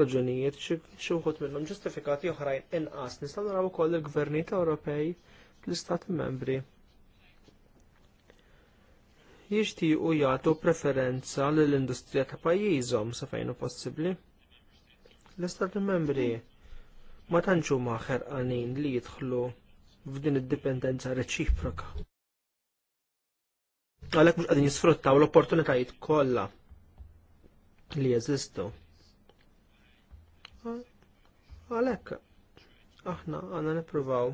Raġunijiet xi wħud minnhom ġustifikati oħrajn inqas nistgħu naraw ukoll il-gvernijiet Ewropej fl-istati membri jixtiequ jagħtu preferenza lill industrija ta' pajjiżhom sa fejn hu possibbli. L-Istati Membri ma tantx huma ħerqanin li jidħlu f'din id-dipendenza reċiproka. Għalhekk mhux qegħdin jisfruttaw l-opportunitajiet kollha li jeżistu. Għalhekk aħna għandna nippruvaw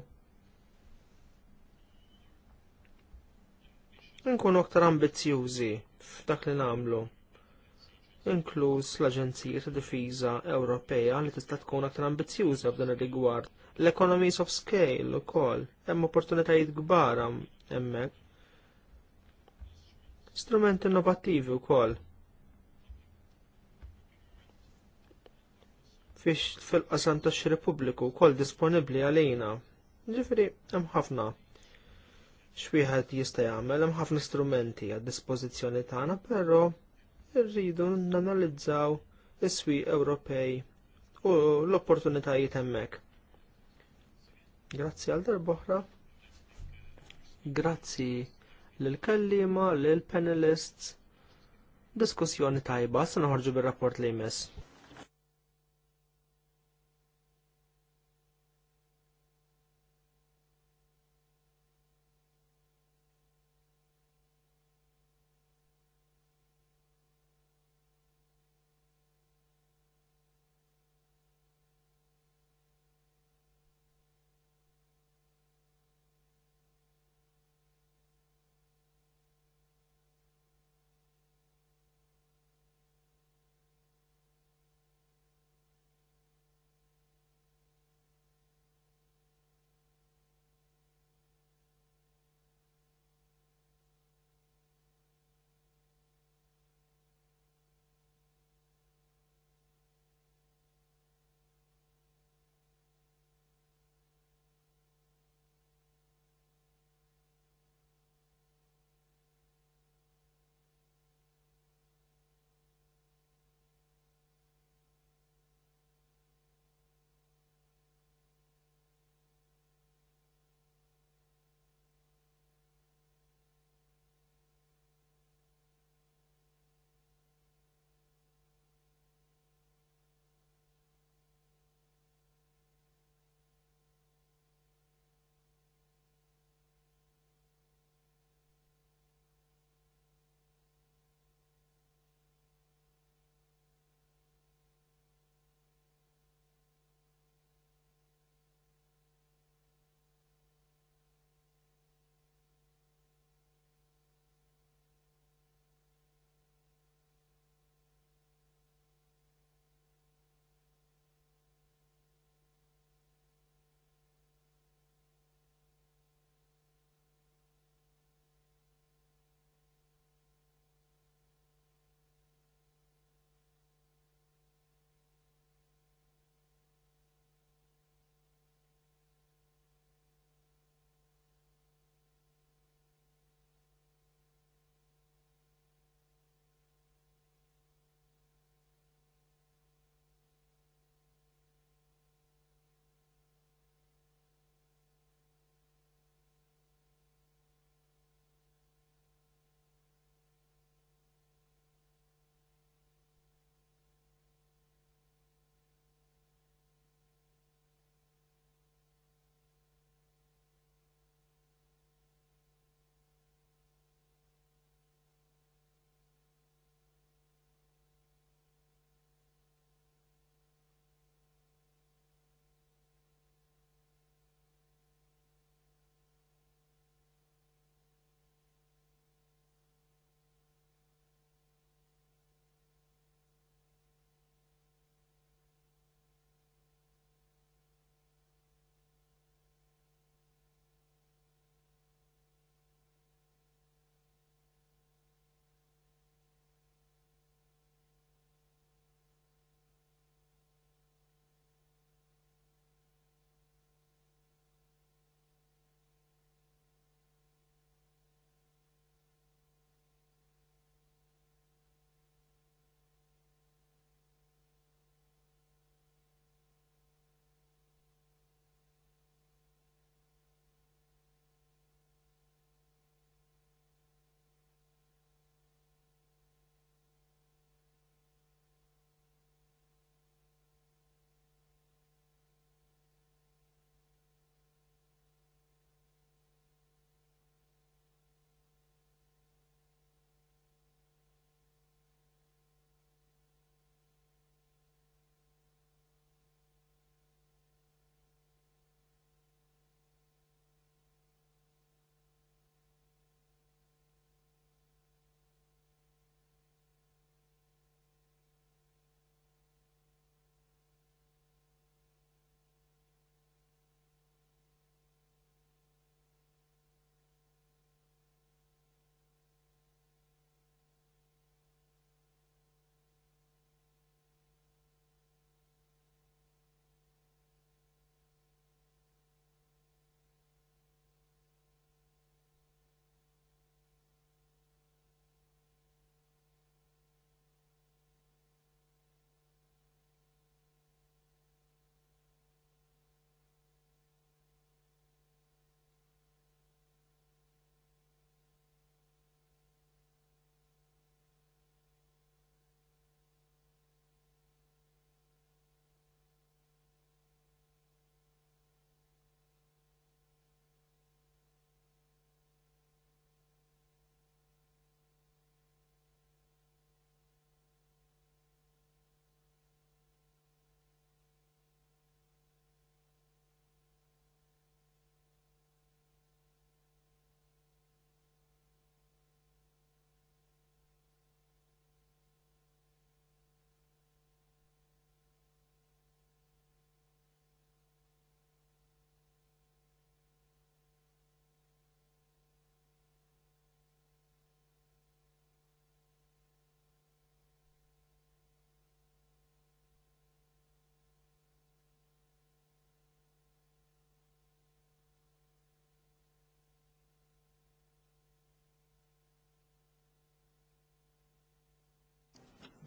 nkunu aktar ambizjużi f'dak li nagħmlu inkluż l-Aġenzija ta' Difiża Ewropea li tista' tkun aktar ambizzjuża f'dan ir-rigward l-economies of scale u kol, hemm opportunitajiet kbar hemmhekk. Strumenti innovattivi wkoll. Fiex fil-qasam tax Repubbliku wkoll disponibbli għalina. Ġifieri hemm ħafna xwieħed jista' jagħmel hemm ħafna strumenti għad dispożizzjoni tagħna, però rridu nanalizzaw is swi Ewropej u l-opportunitajiet hemmhekk. Grazzi għal darbohra. Grazzi l-kellima, l-panelists. Diskussjoni tajba, s-naħarġu bil-rapport li jmess.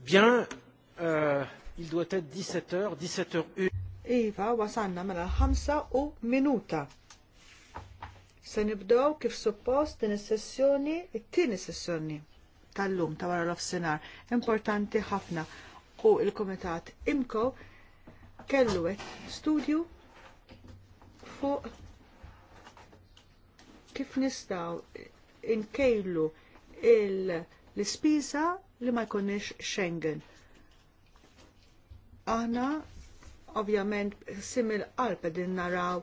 Bien, euh, il doit être 17h, 17h1. Iva, wasanna mela ħamsa u minuta. Se nibdow kif suppost din is-sessjoni, it-tieni sessjoni tal-lum ta' wara l offsenar importanti ħafna u il-Komitat Imko kellu studju fuq kif nistaw inkejlu l-ispiża li ma jkunniex Schengen. Aħna ovvjament simil qalb din naraw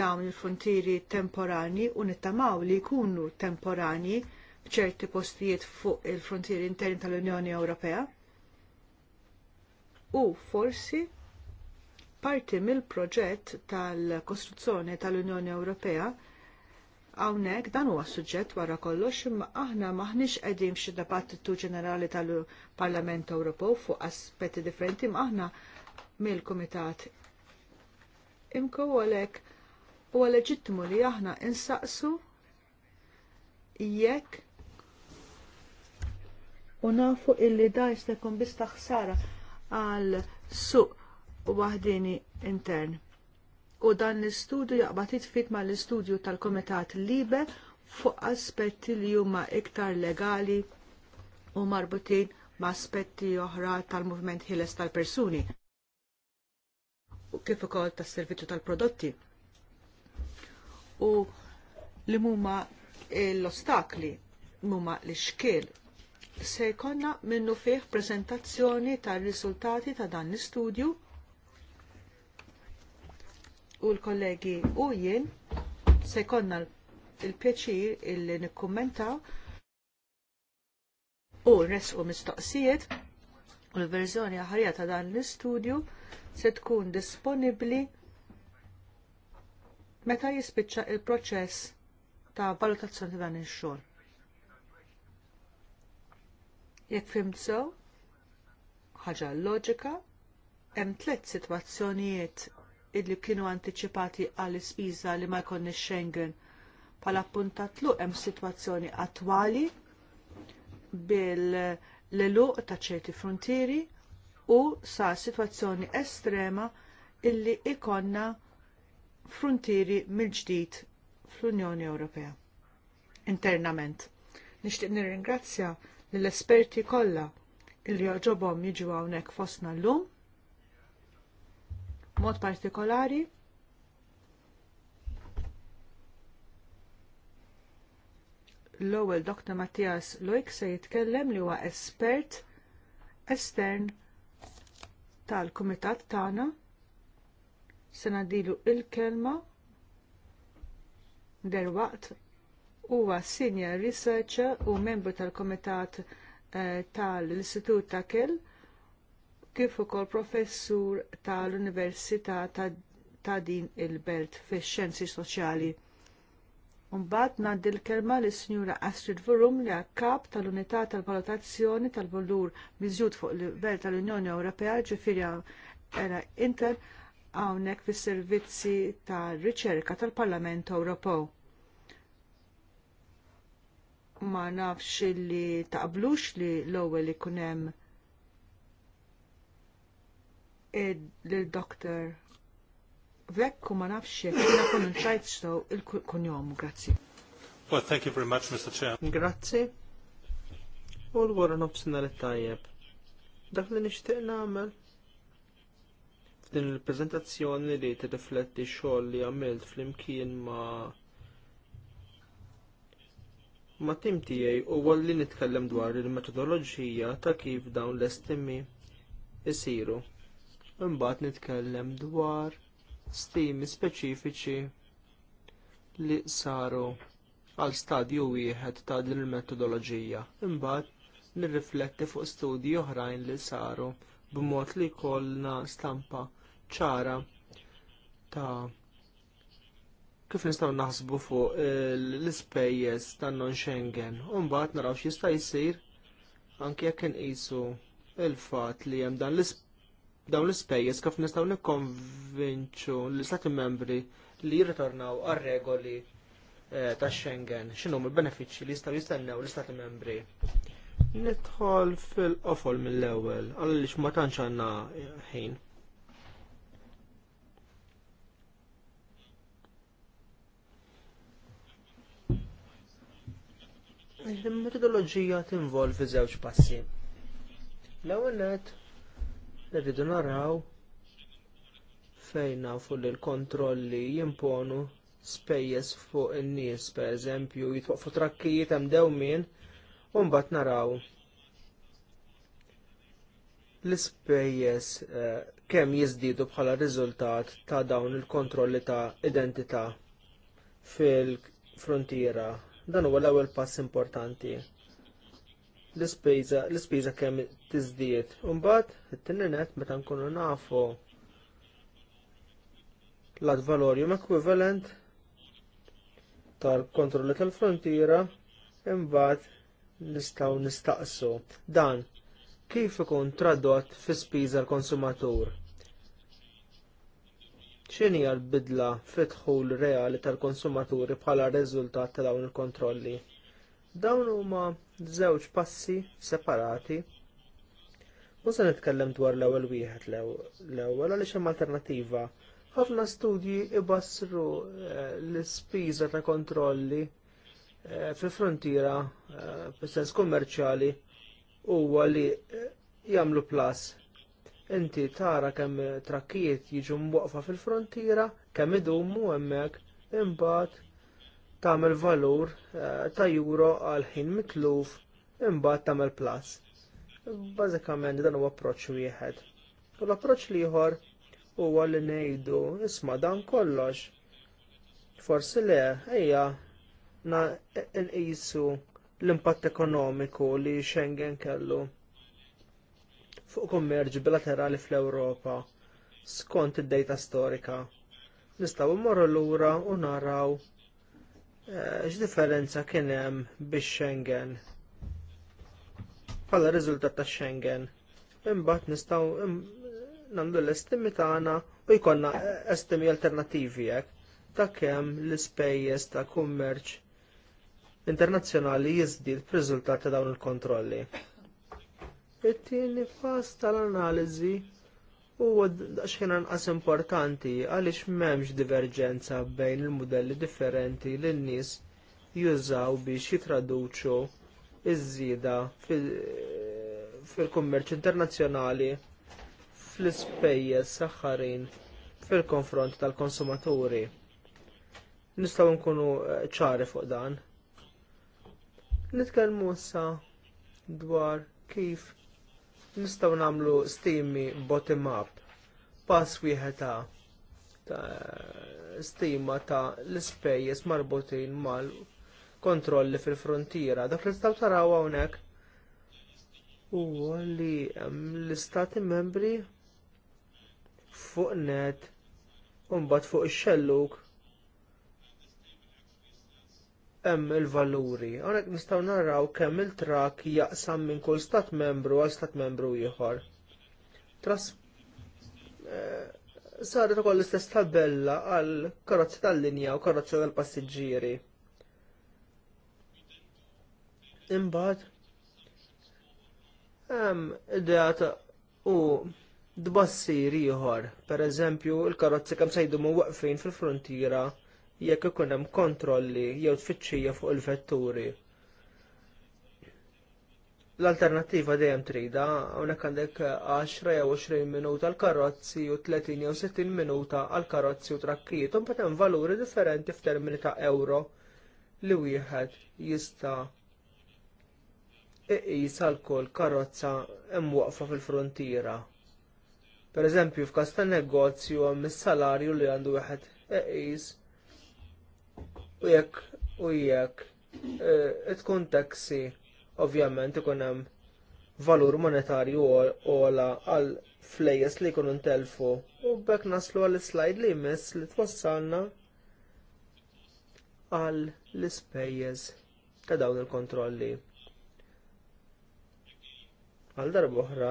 dawn il-frontieri temporani u nittamaw li jkunu temporani f'ċerti postijiet fuq il-frontieri interni tal-Unjoni Ewropea. U forsi parti mill-proġett tal-kostruzzjoni tal-Unjoni Ewropea Hawnhekk dan huwa suġġett wara kollox imma aħna maħniex qegħdin f'xi dibattitu ġenerali tal-Parlament Ewropew fuq aspetti differenti imma aħna mill-Kumitat imko għalhekk huwa leġittimu li aħna insaqsu jekk u nafu illi da bista ħsara għal suq waħdini intern u dan l-istudju jaqbad jitfit ma l-istudju tal-Komitat Libe fuq aspetti li huma iktar legali u marbutin ma' aspetti oħra tal-movement ħieles tal-persuni u kif ukoll tas-servizzu tal-prodotti u li huma l-ostakli huma l-xkiel se jkollna minnu fih prezentazzjoni tar-riżultati ta' dan l-istudju u l-kollegi u jien se jkollna l pjaċir illi nikkummentaw u nresqu mistoqsijiet u l-verżjoni ħarja ta' dan l-istudju se tkun disponibbli meta jispiċċa l proċess ta' valutazzjoni ta' dan ix-xogħol. Jekk fimt sew, ħaġa loġika, hemm tliet sitwazzjonijiet illi kienu antiċipati għall ispiża li ma jkollniex Schengen. Pala puntatlu hemm sitwazzjoni attwali bil-leluq ta' ċerti frontieri u sa' sitwazzjoni estrema illi ikonna frontieri mill-ġdid fl-Unjoni Ewropea. Internament. Nixtieq nirringrazzja lill esperti kollha illi joġobhom jiġu hawnhekk fostna llum mod partikolari l-ewwel Dr. Mattias Loik se jitkellem li huwa espert estern tal-kumitat tagħna se nadilu il-kelma derwaqt huwa senior researcher u membru tal-kumitat eh, tal-Istitut ta' Kell kif ukoll professur tal-Università ta', ta din il-Belt fix-Xjenzi Soċjali. Mbagħad ngħaddi l-kelma lis sinjura Astrid Vurum li kap tal-Unità tal-Valutazzjoni tal-Volur miżjud fuq il-Belt tal-Unjoni Ewropea ġifieri era Inter hawnhekk fis-servizzi tar-riċerka tal-Parlament Ewropew ma nafx li taqblux li l-ewwel ikun hemm il doktor Vekku ma nafxie, jina kon nċajt stow il-kunjomu, grazzi.
Well, thank you very much, Mr. Chair. Grazzi. U l-għora nofsina l tajjeb. Dak li nishtiq namel. F'din il-prezentazzjoni li t defletti xoll li għamilt fl-imkien ma ma tim tiegħi u li nitkellem dwar il-metodoloġija ta' kif dawn l-estimi isiru imbagħad nitkellem dwar stimi speċifiċi li saru għal stadju wieħed ta' din il-metodoloġija. Imbagħad nirrifletti fuq studji oħrajn li saru b'mod li jkollna stampa ċara ta' kif nistgħu naħsbu fuq l-ispejjeż tan non Schengen. u mbagħad naraw x'jista' jsir anke jekk inqisu il-fatt li hemm dan l-ispejjeż dawn l-ispejjeż kif nistgħu nikkonvinċu l-istati membri li jirritornaw għar-regoli eh, ta' Schengen, x'inhu l-benefiċċji li jistgħu jistennew l-istati membri. Nidħol fil-qofol mill-ewwel għaliex ma tantx għandna ħin. Il-metodoloġija tinvolvi żewġ passi. L-ewwel nett? Rridu naraw fejn nafu li l-kontrolli jimponu spejjeż fuq in-nies, pereżempju, jitwaqfu trakkijiet hemm min u mbagħad naraw l-ispejjeż eh, kemm jiżdiedu bħala riżultat ta' dawn il-kontrolli ta' identità fil-frontiera. Dan huwa l-ewwel pass importanti l-ispiża kemm tiżdied. Imbagħad it-tinnet meta nkunu nafu l-ad valorium ekwivalent tal-kontrolli tal-frontiera imbagħad nistgħu nistaqsu dan kif ikun tradott fi spiża l-konsumatur. X'inhi l-bidla fid dħul reali tal-konsumaturi bħala riżultat ta' dawn il-kontrolli? Dawn huma żewġ passi separati. Mhux se nitkellem dwar l-ewwel wieħed l-ewwel għaliex hemm alternattiva. Ħafna studji ibassru eh, l-ispiża ta' kontrolli eh, fil frontiera eh, fis-sens kummerċjali huwa li jagħmlu plas inti tara kemm trakkijiet jiġu mwaqfa fil-frontiera, kemm idumu hemmhekk, imbagħad tagħmel valur eh, ta' euro għal ħin mitluf imbagħad tagħmel plus. Bażikament dan huwa approċċ wieħed. U l-approċċ ieħor huwa li ngħidu isma' dan kollox. Forsi le ejja na nqisu l-impatt ekonomiku li Schengen kellu fuq kummerġ bilaterali fl-Ewropa skont id-dejta storika. Nistgħu mmorru lura u naraw Eh, x'differenza kien hemm bix Schengen? Bħala riżultat ta' Schengen. Imbagħad nistgħu nagħmlu l-estimi tagħna u jkollna eh, estimi alternattivi hekk ta' kemm l-ispejjeż ta' kummerċ internazzjonali jiżdied b'riżultat ta' dawn il-kontrolli. It-tieni fas tal-analiżi U xejn nqas importanti għaliex m'hemmx diverġenza bejn il-modelli differenti li n-nies jużaw biex jitraduċu iż-żieda fil-kummerċ internazzjonali fl-ispejjeż saħħarin fil-konfront tal-konsumaturi. Nistgħu nkunu eh, ċari fuq dan. Nitkellmu issa dwar kif nistgħu nagħmlu stimi bottom up pass wieħed ta' ta' stima ta' l-ispejjeż marbutin mal-kontrolli fil-frontiera. Dak li staw taraw hawnhekk huwa li l-istati membri fuq net u mbagħad fuq ix-xelluk hemm il-valuri. għalhekk nistgħu naraw kemm il-trak jaqsam minn kull stat membru għal stat membru ieħor. Tras eh, saret ukoll l-istess tabella għal karozzi tal-linja u karozza tal-passiġġieri. Imbagħad hemm ideat u dbassir ieħor, pereżempju l karozzi kemm se jdumu waqfin fil-frontiera jekk ikun hemm kontrolli jew tfittxija fuq il-vetturi. L-alternattiva dejjem trida, hawnhekk għandek 10 jew 20 minuta għal karozzi u 30 jew 60 minuta għall karozzi u trakkijiet, u mbagħad hemm valuri differenti f'termini ta' euro li wieħed jista' iqis għal kull karozza hemm waqfa fil-frontiera. Pereżempju f'każ ta' negozju hemm is-salarju li għandu wieħed iqis u jekk u jekk eh, tkun taksi ovvjament ikun hemm valur monetarju ola għal flejjes li jkunu ntelfu u bekk naslu għal slide li jmiss li twassalna għal l-ispejjeż ta' dawn il-kontrolli. Għal darba oħra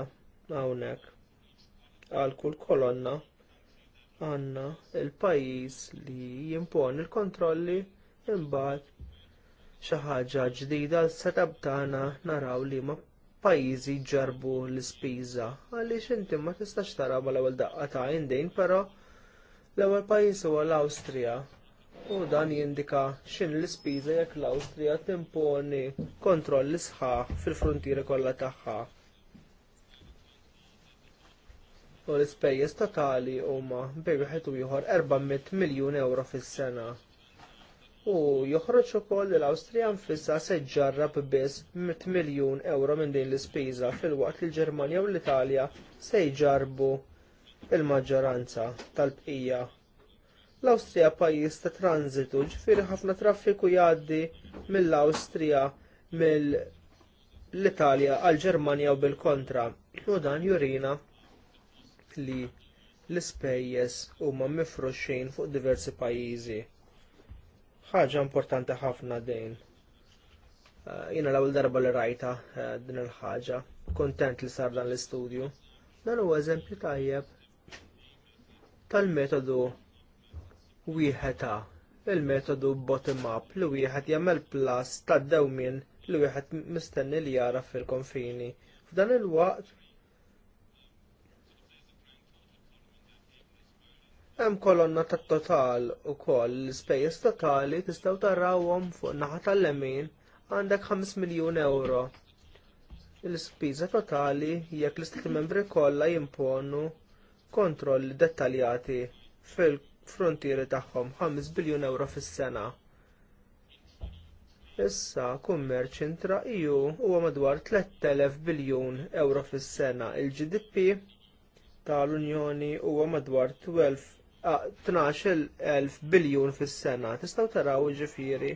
hawnhekk għal kull kolonna għandna il-pajjiż li jimpon il kontrolli imbagħad xi ħaġa ġdida l-setup tagħna naraw li ma pajjiżi ġarbu l-ispiża għaliex inti ma tistax tara mal ewwel daqqa ta' indejn però l-ewwel pajjiż huwa l-Awstrija u dan jindika x'in l-ispiża jekk l-Awstrija timponi kontroll sħaħ fil-frontieri kollha tagħha. U l-ispejjeż totali huma bejn wieħed u ieħor 400 miljun euro fis-sena u joħroġ ukoll li l-Awstrija nfissa se jġarrab biss 100 miljun euro minn din l-ispiża fil-waqt li l-Ġermanja u l-Italja se jġarbu il-maġġoranza tal-bqija. L-Awstrija pajjiż ta' transitu ġifieri ħafna traffiku jgħaddi mill-Awstrija mill-Italja għall-Ġermanja u bil-kontra. U dan jurina li l-ispejjeż huma mifruxin fuq diversi pajjiżi ħaġa importanti ħafna dejn. Eh, Jiena l-ewwel darba li rajta eh, din il-ħaġa, kuntent li sar dan l-istudju. Dan huwa eżempju tajjeb tal-metodu wieħed il-metodu bottom-up li wieħed jagħmel plus tad-dewmien li wieħed mistenni li jara fil-konfini. F'dan il-waqt Hemm kolonna tat-total ukoll l-ispejjeż totali tistgħu tarawhom fuq naħa tal-lemin għandek 5 miljun euro. L-ispiża totali jekk l-istati membri kollha jimponu kontrolli dettaljati fil-frontieri tagħhom 5 biljun euro fis-sena. Issa kummerċ intra EU huwa madwar 3000 biljun euro fis-sena. Il-GDP tal-Unjoni huwa madwar 12 12.000 biljun fis-sena. Tistgħu taraw ġifiri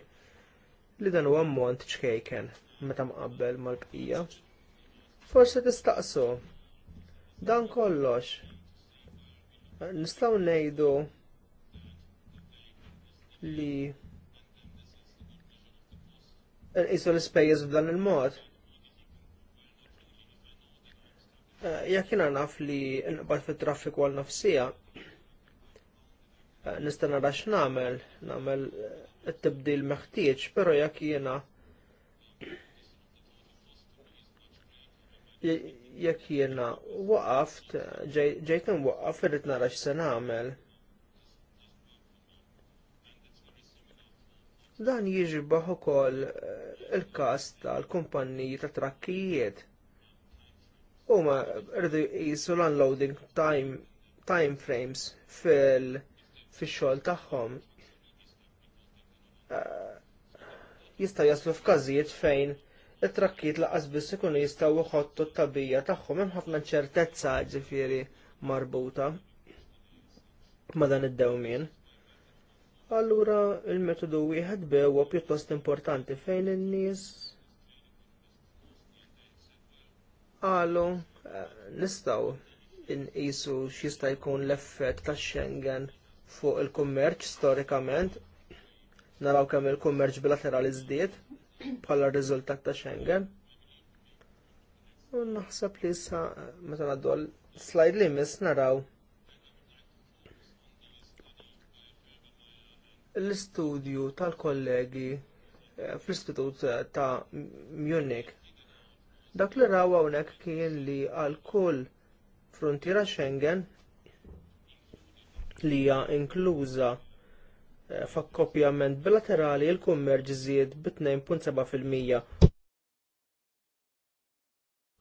li dan huwa ammont ċkejken meta mqabbel mal-bqija. Forsi tistaqsu dan kollox. Nistgħu ngħidu li nqisu l-ispejjeż b'dan il-mod. Eh, jekk jiena naf li nqbad fit-traffiku għal nofsija, Eh, nista' nara namel, nagħmel t eh, tibdil meħtieġ, però jekk jiena jekk jiena waqaft, ġejt waqaf irrit nara se nagħmel. Dan jiġbaħ kol eh, il-każ tal-kumpanniji ta' trakkijiet. Huma rridu jqisu l-unloading time, time frames fil- fix-xogħol tagħhom eh, jista' jaslu f'każijiet fejn it-trakkiet laqas biss ikunu jistgħu jħottu t-tabija tagħhom hemm ħafna ċertezza ġifieri marbuta ma' dan id-dewmien. Allura il-metodu wieħed huwa pjuttost importanti fejn in-nies qalu eh, nistgħu nqisu x'jista' jkun l-effett tax-Schengen fuq il-kummerċ storikament naraw kemm il-kummerċ bilaterali żdied bħala r-riżultat ta' Schengen. U naħseb li issa meta ngħaddu slide li miss naraw l-istudju tal-kollegi eh, fl-istitut eh, ta' Munich. Dak li raw hawnhekk kien li għal kull frontiera Schengen li hija inkluża eh, f'akkoppjament bilaterali l kummerġ żied bi 2.7%.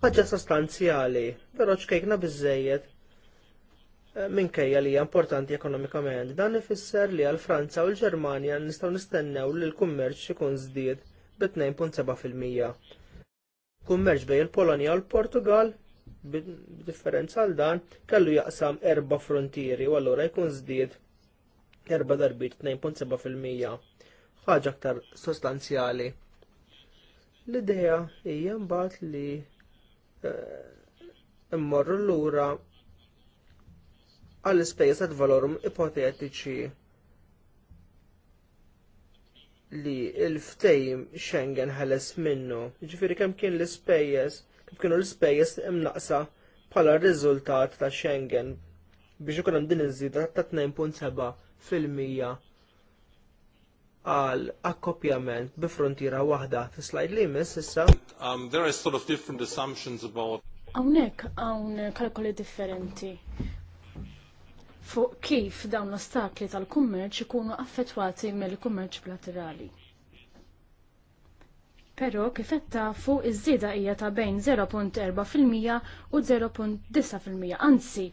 Ħaġa sostanzjali, però ċkejkna biżżejjed eh, minkejja li hija importanti ekonomikament. Dan ifisser li għal Franza u l-Ġermanja nistgħu nistennew li l-kummerċ ikun żdied bi 2.7%. Kummerċ bejn il-Polonja u l-Portugal b'differenza għal dan kellu jaqsam erba frontieri u allura jkun żdied erba darbit 2.7%. Ħaġa aktar sostanzjali. L-idea hija mbagħad li eh, immorru lura għall ispejjeż ta' valorum ipotetiċi li l ftejm Schengen ħeles minnu. Ġifieri kemm kien l ispejjeż kif kienu l-ispejjeż imnaqsa bħala r-riżultat ta' Schengen biex ikun hemm din iż-żieda ta' 2.7 fil-mija għal akkoppjament bi frontiera waħda fi slajd li jmiss issa. Um, there are sort of different assumptions about Hawnhekk hawn
kalkoli differenti fuq kif dawn l-ostakli tal-kummerċ ikunu affettwati mill-kummerċ bilaterali. Pero kif qed tafu iż-żieda hija ta' bejn 0.4% u 0.9%. Anzi,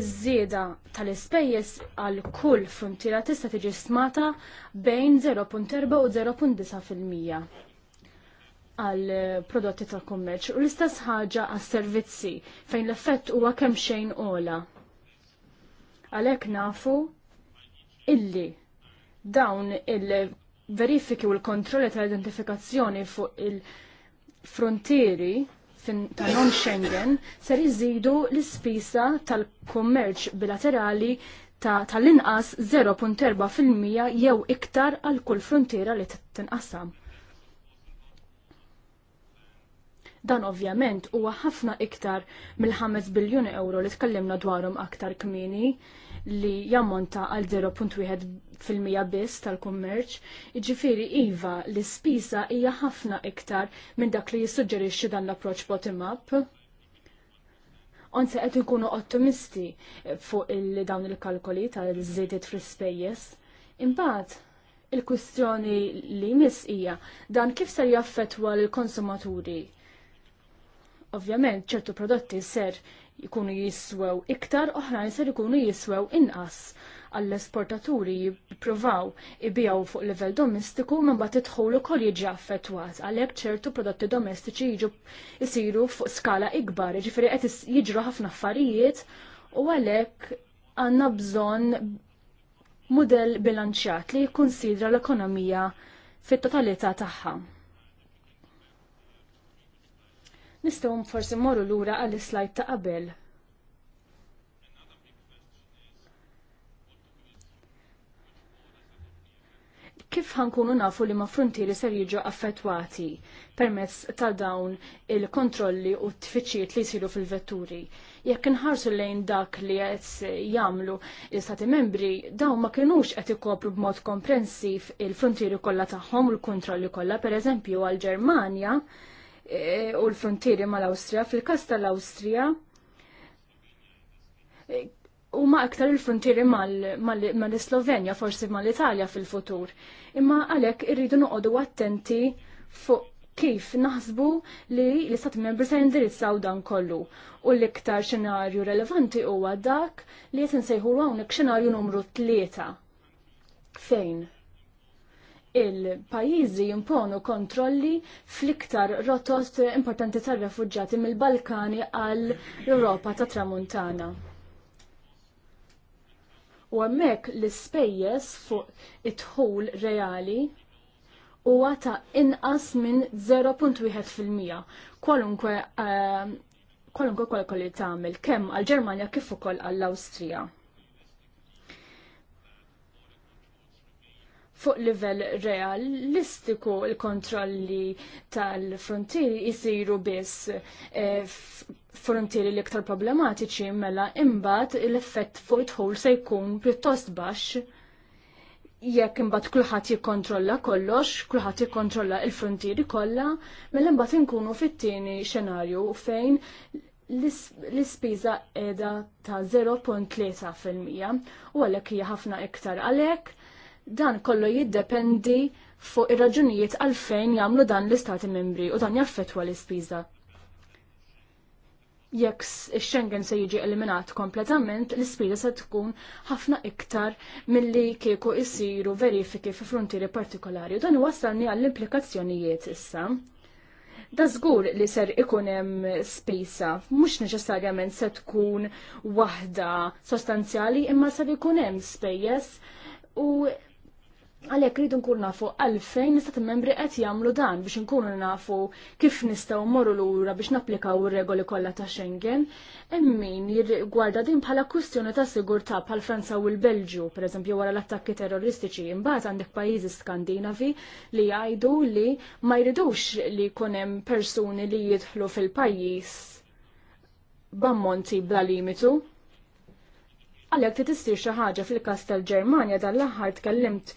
iż-żieda tal-ispejjeż għal kull fruntiera tista' tiġi smata bejn 0.4 u 0.9% għal prodotti tal-kummerċ u l-istess ħaġa għas servizzi fejn l-effett huwa kemm xejn ola. Għalhekk nafu illi dawn il verifiki u l-kontrolli tal-identifikazzjoni fuq il-frontieri ta' non-Schengen ser iżidu l-ispisa tal-kummerċ bilaterali ta' tal-inqas 0.4% jew iktar għal kull frontiera li tinqasam. Dan ovvjament huwa ħafna iktar mill-5 biljun euro li tkellimna dwarhom aktar kmini li jammonta għal 0.1% biss tal-kummerċ, iġifiri iva li spisa hija ħafna iktar minn dak li jissuġġerixxi dan l-approċ bottom up. Onse qed ikunu ottimisti fuq il dawn il-kalkoli tal żiedet fl-ispejjeż. Imbagħad, il-kwistjoni li miss hija dan kif ser jaffettwa l-konsumaturi. Ovvjament ċertu prodotti ser jkunu jiswew iktar, oħra jisar ikunu jiswew inqas għall-esportaturi jippruvaw ibijaw fuq livell domestiku minn bat idħol ukoll jiġi affettwat għalhekk ċertu prodotti domestiċi jiġu jsiru fuq skala ikbar, jiġifieri qed jiġru ħafna affarijiet u għalhekk għandna bżonn mudell bilanċjat li jikkunsidra l-ekonomija fit-totalità tagħha nistaw forsi morru lura għall slajt ta' qabel. Kif ħankunu nafu li ma frontieri ser jiġu affettwati permezz ta' dawn il-kontrolli u t-tfittxijiet li jsiru fil-vetturi? Jekk inħarsu lejn dak li qed jagħmlu l-Stati membri, dawn ma kinux qed ikopru b'mod komprensiv il-frontieri kollha tagħhom u l-kontrolli kollha, pereżempju għall-Ġermanja, Eh, u l-frontieri mal austria Fil-każ tal-Awstrija eh, huma aktar il-frontieri mal-Slovenja, forsi mal-Italja fil-futur. Imma għalhekk irridu noqogħdu attenti fuq kif naħsbu li l-istat membri se jindirizzaw dan kollu. U l-iktar xenarju relevanti huwa dak li qed sejħu hawnhekk xenarju numru tlieta. Fejn? il-pajizi jimponu kontrolli fl-iktar rotost importanti tal-refugġati mill-Balkani għal europa ta' tramuntana. U għemmek l-spejjes fuq it-ħul reali huwa ta' inqas minn 0.1% kwalunkwe eh, kwalunkwe kolli tagħmel kemm għall-Ġermanja kif ukoll għall-Awstrija. fuq livell realistiku il-kontrolli tal-frontieri jisiru biss e, frontieri l-iktar problematiċi mela imbat l-effett fuq it-ħol se jkun pjuttost baxx jekk imbagħad kulħadd jikkontrolla kollox, kulħadd jikkontrolla l-frontieri kollha, mela imbagħad inkunu fit-tieni xenarju fejn l-ispiża qiegħda ta' 0.3 fil-mija u għalhekk hija ħafna iktar għalhekk Dan kollu jiddependi fuq ir-raġunijiet għalfejn jagħmlu dan l-istati membri u dan jaffettwa l-ispiża. Jekk ix-Schengen se jiġi eliminat kompletament, l-ispiża se tkun ħafna iktar milli kieku jsiru verifiki fi frontieri partikolari u dan wasalni għall-implikazzjonijiet issa. Da żgur li ser ikun hemm spisa mhux neċessarjament se tkun waħda sostanzjali imma ser ikun hemm spejjeż u Għalhekk rridu nkunu nafu għalfejn nistat membri qed jagħmlu dan biex nkunu nafu kif nistgħu mmorru lura biex napplikaw ir-regoli kollha ta' Schengen, hemm min jirgwarda din bħala kwistjoni ta' sigurtà bħal Franza u l-Belġju, pereżempju wara l-attakki terroristiċi, imbagħad għandek pajjiżi skandinavi li jgħidu li ma jridux li jkun hemm persuni li jidħlu fil-pajjiż b'ammonti bla limitu. Għalhekk titissir xi ħaġa fil kastel ġermanja dan l-aħħar tkellimt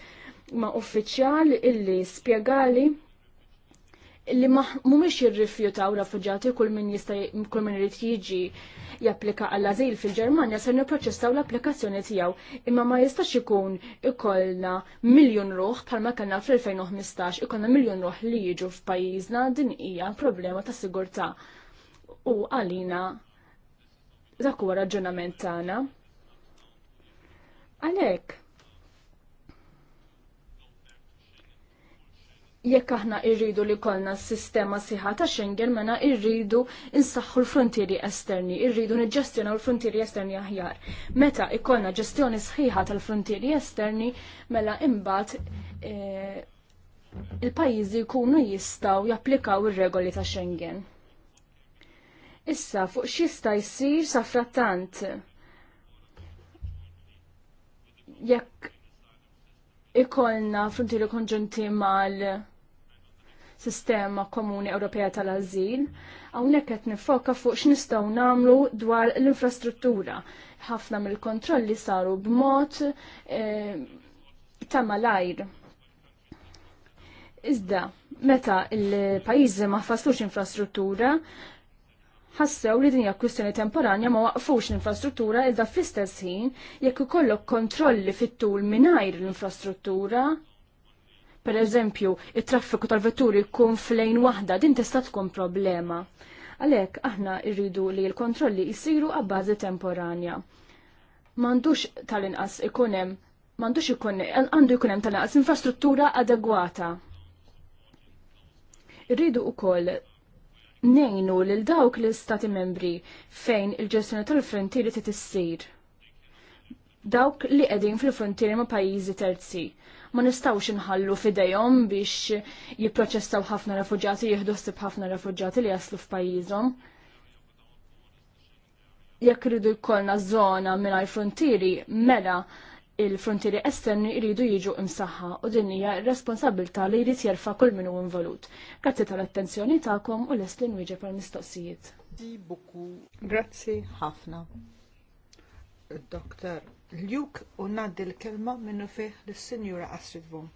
ma' uffiċjal illi spiegali illi mhumiex jirrifjutaw rafuġati kull min jista' kull min irid jiġi japplika għall ażil fil-Ġermanja se nipproċessaw l-applikazzjoni tiegħu imma ma jistax ikun ikollna miljun ruħ bħalma kellna fl-2015 ikollna miljun ruħ li jiġu f'pajjiżna din hija problema ta' sigurtà. U għalina dak huwa raġunament tagħna. Għalhekk, jekk aħna irridu li kollna s-sistema siħa ta' Schengen mena irridu insaħħu l-frontieri esterni, irridu niġġestjona l-frontieri esterni aħjar. Meta ikollna ġestjoni sħiħa tal-frontieri esterni, mela imbagħad e, il-pajjiżi jkunu jistgħu japplikaw ir-regoli ta' Schengen. Issa fuq xista jsir sa frattant jekk ikollna frontieri konġunti mal sistema komuni Ewropea tal-Azil, hawnhekk qed nifoka fuq x'nistgħu nagħmlu dwar l-infrastruttura. Ħafna mill-kontrolli saru b'mod eh, ta' malajr. Iżda, meta il-pajjiżi ma ħfastux infrastruttura, ħassew li dinja kwistjoni temporanja ma waqfux l-infrastruttura iżda fl-istess ħin jekk ikollok kontrolli fit-tul mingħajr l-infrastruttura, per eżempju, il traffiku tal-vetturi kun flejn waħda, din tista' tkun problema. Għalhekk aħna rridu li l-kontrolli jsiru għabbażi temporanja. M'għandux tal-inqas ikun hemm m'għandux ikun għandu jkun hemm tal-inqas infrastruttura adegwata. Irridu wkoll nejnu lil dawk l-istati membri fejn il-ġestjoni tal-frontieri t-tissir. Dawk li qegħdin fil-frontieri ma' pajjiżi terzi ma nistawx inħallu fidejhom biex jipproċessaw ħafna refuġjati, jieħdu ħsib ħafna refuġjati li jaslu f'pajjiżhom. Jekk iridu jkollna żona mingħajr frontieri, mela il-frontieri esterni jridu jiġu imsaħħa u din hija responsabilità li jrid jerfa' kull min hu involut. Grazzi tal-attenzjoni
tagħkom u lest li nwieġeb għal mistoqsijiet Grazzi ħafna. Dr. Luke u naddi l-kelma minnu fih l-Sinjura Astrid Um,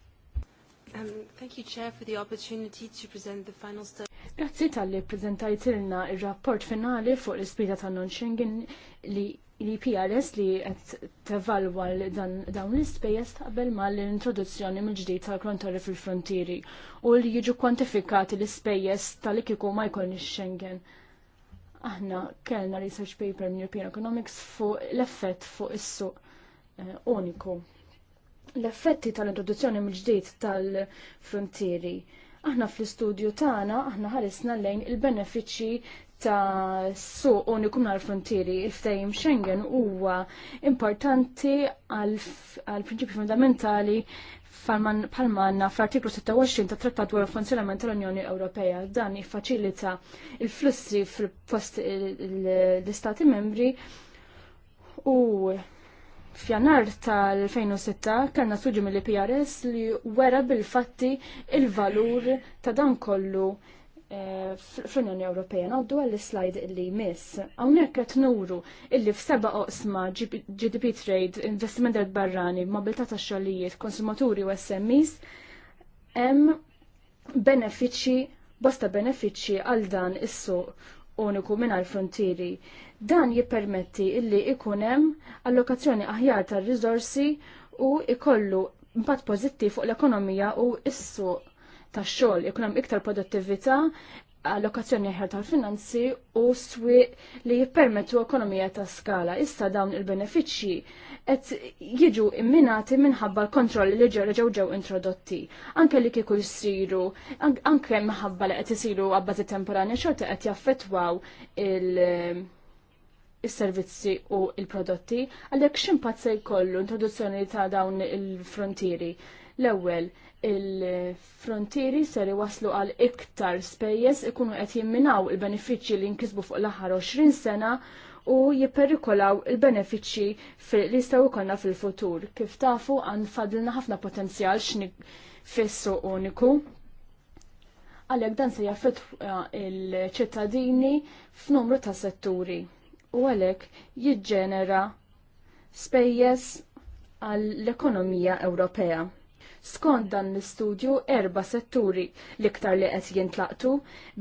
thank you, Chair, for the opportunity to present the final
study.
Grazzi tal-li prezentajt il-rapport finali fuq l-ispita ta' non-Schengen li li PRS li qed tevalwa dawn l-ispejjeż taqbel ma l-introduzzjoni mill-ġdid tal-kontrolli fil-frontieri u li jiġu kwantifikati l-ispejjeż tal kieku ma x Schengen. Aħna kellna research paper minn European Economics fuq l-effett fuq is-suq Eh, uniku. L-effetti tal-introduzzjoni mill-ġdid tal-frontieri. Aħna fl-istudju tagħna aħna ħarisna lejn il-benefiċċji ta' suq uniku mal frontieri il-ftajim Schengen huwa importanti għal prinċipju fundamentali palmanna fl-artiklu 26 ta' trattat dwar il-funzjonament tal-Unjoni Ewropea. Dan jiffaċilita il-flussi fil-post l-Istati membri u F'janar tal-2006 kellna suġu mill-PRS li wera bil-fatti il-valur ta' dan kollu eh, fl-Unjoni Ewropea għaddu għall-slide illi jmiss. Hawnhekk qed nuru illi f'seba' oqsma GDP trade, investiment barrani, mobilità tax-xogħlijiet, konsumaturi u SMEs hemm benefiċċji bosta benefiċċji għal dan is-suq uniku mingħajr frontieri. Dan jippermetti illi ikun hemm allokazzjoni aħjar tar rizorsi u ikollu impatt pożittiv fuq l-ekonomija u s-suq tax-xogħol ikun hemm iktar produttività, allokazzjoni ħar tal-finanzi u swi li jippermettu ekonomija ta' skala. Issa dawn il-benefiċċji qed jiġu imminati minħabba l-kontroll li ġew ġew introdotti. Anke li kieku jsiru, anke minħabba li qed isiru għabbażi temporani xorta qed jaffettwaw il- is-servizzi u il-prodotti, għalhekk x'impatt se jkollu introduzzjoni ta' dawn il-frontieri. L-ewwel, il-frontieri ser waslu għal iktar spejjeż ikunu qed jimminaw il-benefiċċji li nkisbu fuq l-aħħar 20 sena u jipperikolaw il-benefiċċji li jistgħu jkollna fil-futur. Kif tafu għan fadilna ħafna potenzjal x'nik fissu uniku għalhekk dan se jaffet eh, il-ċittadini f'numru ta' setturi u għalhekk jiġġenera spejjeż għall-ekonomija Ewropea. Skont dan l-istudju erba' setturi l-iktar li qed jintlaqtu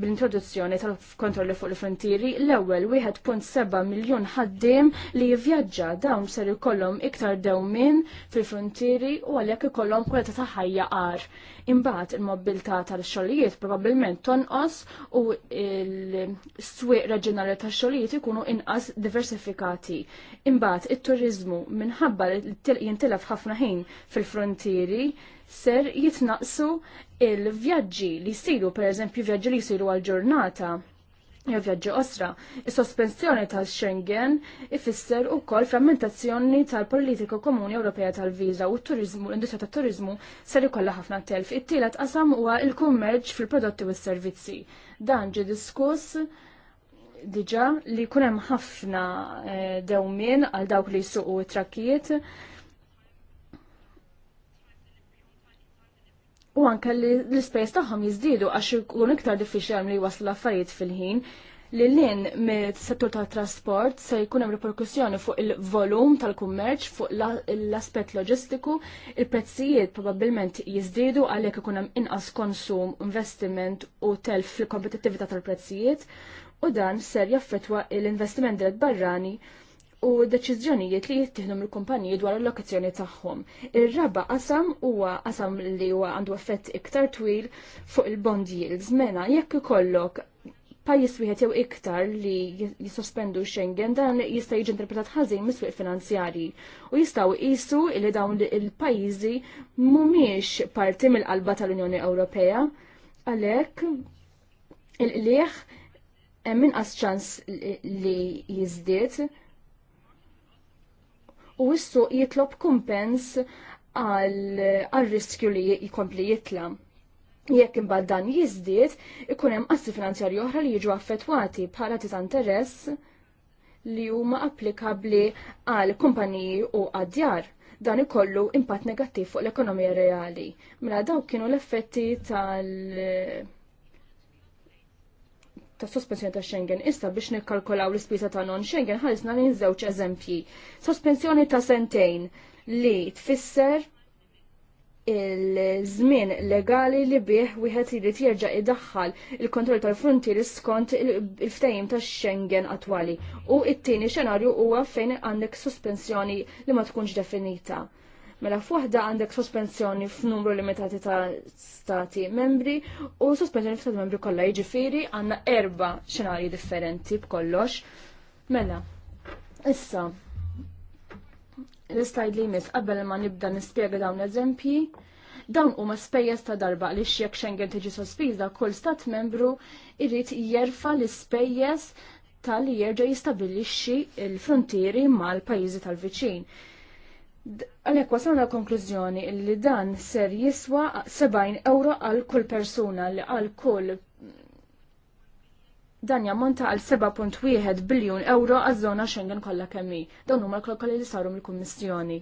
bl-introduzzjoni tal-kontrolli fuq il-frontieri l-ewwel 1.7 miljun ħaddiem li jivvjaġġa dawn ser ikollhom iktar dewmien fil-frontieri u għalhekk ikollhom kwalità ta' ħajja għar. Imbagħad il-mobilità tal-xogħlijiet probabbilment tonqos u l-swieq reġjonali tax-xogħlijiet ikunu inqas diversifikati. Imbagħad it-turiżmu minħabba li jintilef ħafna ħin fil-frontieri ser jitnaqsu il-vjaġġi li jsiru, per eżempju, vjaġġi li jsiru għal-ġurnata jew vjaġġi osra. Is-sospensjoni tal-Schengen ifisser ukoll frammentazzjoni tal-politika komuni Ewropea tal-viża u t-turizmu, l-industrija tat-turizmu ser ikollha ħafna telf. It-tielet qasam huwa il-kummerċ fil-prodotti u s-servizzi. Dan ġie diskuss diġa li kunem ħafna eh, dewmien għal dawk li suqu trakkiet. trakkijiet u anke li l-ispejs tagħhom jiżdiedu għax ikun iktar diffiċli għamlu jwaslu affarijiet fil-ħin li l-in mit-settur tat trasport se jkun hemm riperkussjoni fuq il-volum tal-kummerċ, fuq l-aspett loġistiku, il-prezzijiet probabbilment jiżdiedu għalhekk ikun hemm inqas konsum, investiment u telf fil-kompetittività tal-prezzijiet u dan ser jaffetwa l-investiment barrani u deċiżjonijiet li jittieħdu mill-kumpaniji dwar il-lokazzjoni tagħhom. Ir-raba qasam huwa qasam li huwa għandu effett iktar twil fuq il-bond yields mena jekk ikollok pajjiż wieħed jew iktar li jisospendu Schengen dan jista' jiġi interpretat ħażin mis-swieq finanzjarji u jistgħu jqisu li dawn il-pajjiżi mhumiex parti mill-qalba tal-Unjoni Ewropea għalhekk il-qlieħ hemm inqas ċans li jiżdied u issu jitlob kumpens għal riskju li jkompli jitla. Jekk imbagħad dan jiżdied, ikun hemm qassi finanzjarji oħra li jiġu affettwati bħala ta' interess li huma applikabbli għal kumpaniji u għad dan ikollu impatt negattiv fuq l-ekonomija reali. Mela daw kienu l-effetti tal- ta' sospensjoni ta' Schengen. Issa biex nikkalkolaw l-ispiża ta' non Schengen ħalisna li żewġ eżempji. Sospensjoni ta' sentejn li tfisser il-żmien legali li bih wieħed irid jerġa' idaħħal il-kontroll tal-frontier skont il-ftehim ta' Schengen attwali. U it-tieni xenarju huwa fejn għandek sospensjoni li ma tkunx definita. Mela waħda għandek sospensjoni f'numru limitati ta' stati membri u sospensjoni f'stati membri kollha jiġifieri għandna erba' xenarji differenti b'kollox. Mela, issa l-istajd li jmiss qabel ma nibda nispjega dawn eżempji, dawn huma spejjeż ta' darba li x'jekk Schengen tiġi sospiża kull stat membru jrid jerfa' l-ispejjeż tal-li jerġa' jistabilixxi l-frontieri mal-pajjiżi tal-viċin. Għalhekk wasalna konklużjoni li dan ser jiswa 70 euro għal kull persuna li għal kull dan jammonta għal 7.1 biljun euro għaż żona Schengen kollha kemmi. Dawn huma l-kalkoli li saru mill-Kummissjoni.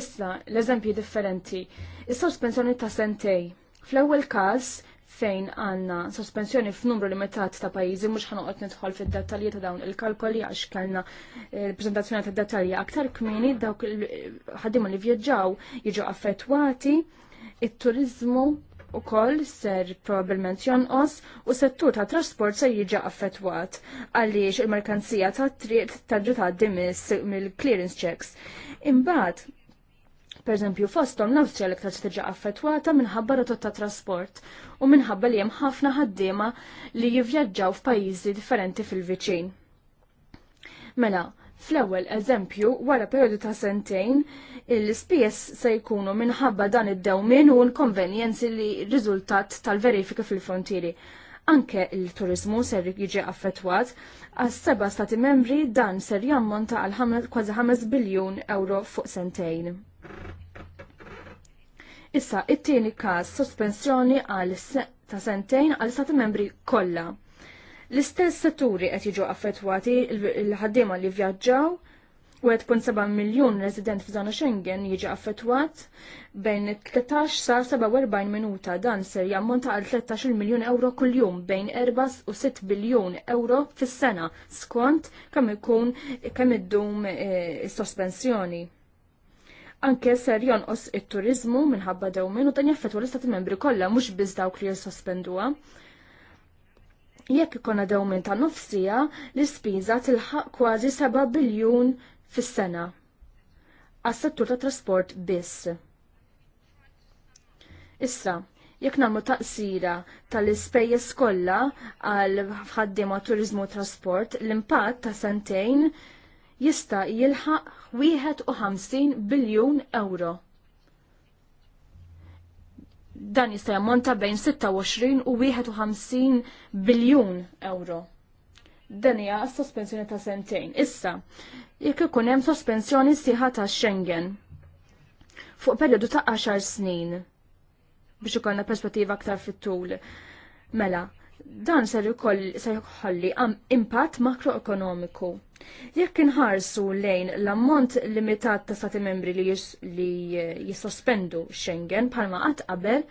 Issa, l-eżempji differenti. Is-sospensjoni ta' sentej. Fl-ewwel każ fejn għanna sospensjoni f'numru limitat ta' pajjiżi mhux ħanoqgħod nidħol fid-dettalji ta' dawn il-kalkoli għax kellna l-preżentazzjoni ta' dettalji aktar kmieni dawk il ħaddiema li vjaġġaw jiġu affettwati it-turizmu ukoll ser probabbilment jonqos u settur ta' trasport se jiġi affettwat għaliex il-merkanzija ta' triq tarġu tgħaddi mill-clearance checks. Imbagħad Per eżempju, fostom l-Awstrija li ktar tiġa affettwata minħabba rotot ta' trasport u minħabba li hemm ħafna ħaddiema li jivvjaġġaw f'pajjiżi differenti fil-viċin. Mela, fl-ewwel eżempju, wara perjodu ta' sentejn, l-ispiess se jkunu minħabba dan id-dewmien u l-konvenjenzi li riżultat tal-verifika fil-frontieri. Anke il-turizmu ser jiġi affettwat, għas seba stati membri dan ser jammonta għal kważi 5 biljun euro fuq sentejn. Issa, it-tieni każ sospensjoni għal ta' sentejn għal stati membri kollha. L-istess setturi qed jiġu affettwati l-ħaddiema li vjaġġaw 1.7 miljun resident f'żona Schengen jiġi affettwat bejn 13 sa 47 minuta dan se jammonta għal 13 miljun euro kuljum bejn 4 u 6 biljun euro fis-sena skont kemm ikun kemm iddum is-sospensjoni. Eh, anke ser jonqos it-turizmu minħabba dewmin u dan jaffetwa l-istati membri kollha mhux biss dawk li jissospenduha. Jekk ikonna dewmin ta' nofsija, l-ispiża tilħaq kważi 7 biljun fis-sena għas-settur ta' trasport biss. Issa, jekk nagħmlu taqsira tal-ispejjeż kollha għal ħaddiema turizmu u trasport, l-impatt ta' sentejn jista jilħaq 51 biljun euro. Dan jista jammonta bejn 26 u 51 biljun euro. Dan hija sospensjoni ta' sentejn. Issa, jekk ikun hemm sospensjoni sieħa ta' Schengen fuq perjodu ta' 10 snin biex ikollna perspettiva aktar fit-tul. Mela, dan ser jkolli impatt makroekonomiku Jekk inħarsu lejn l-ammont limitat ta' stati membri li, jis, li eh, jissospendu Schengen bħalma qatt qabel,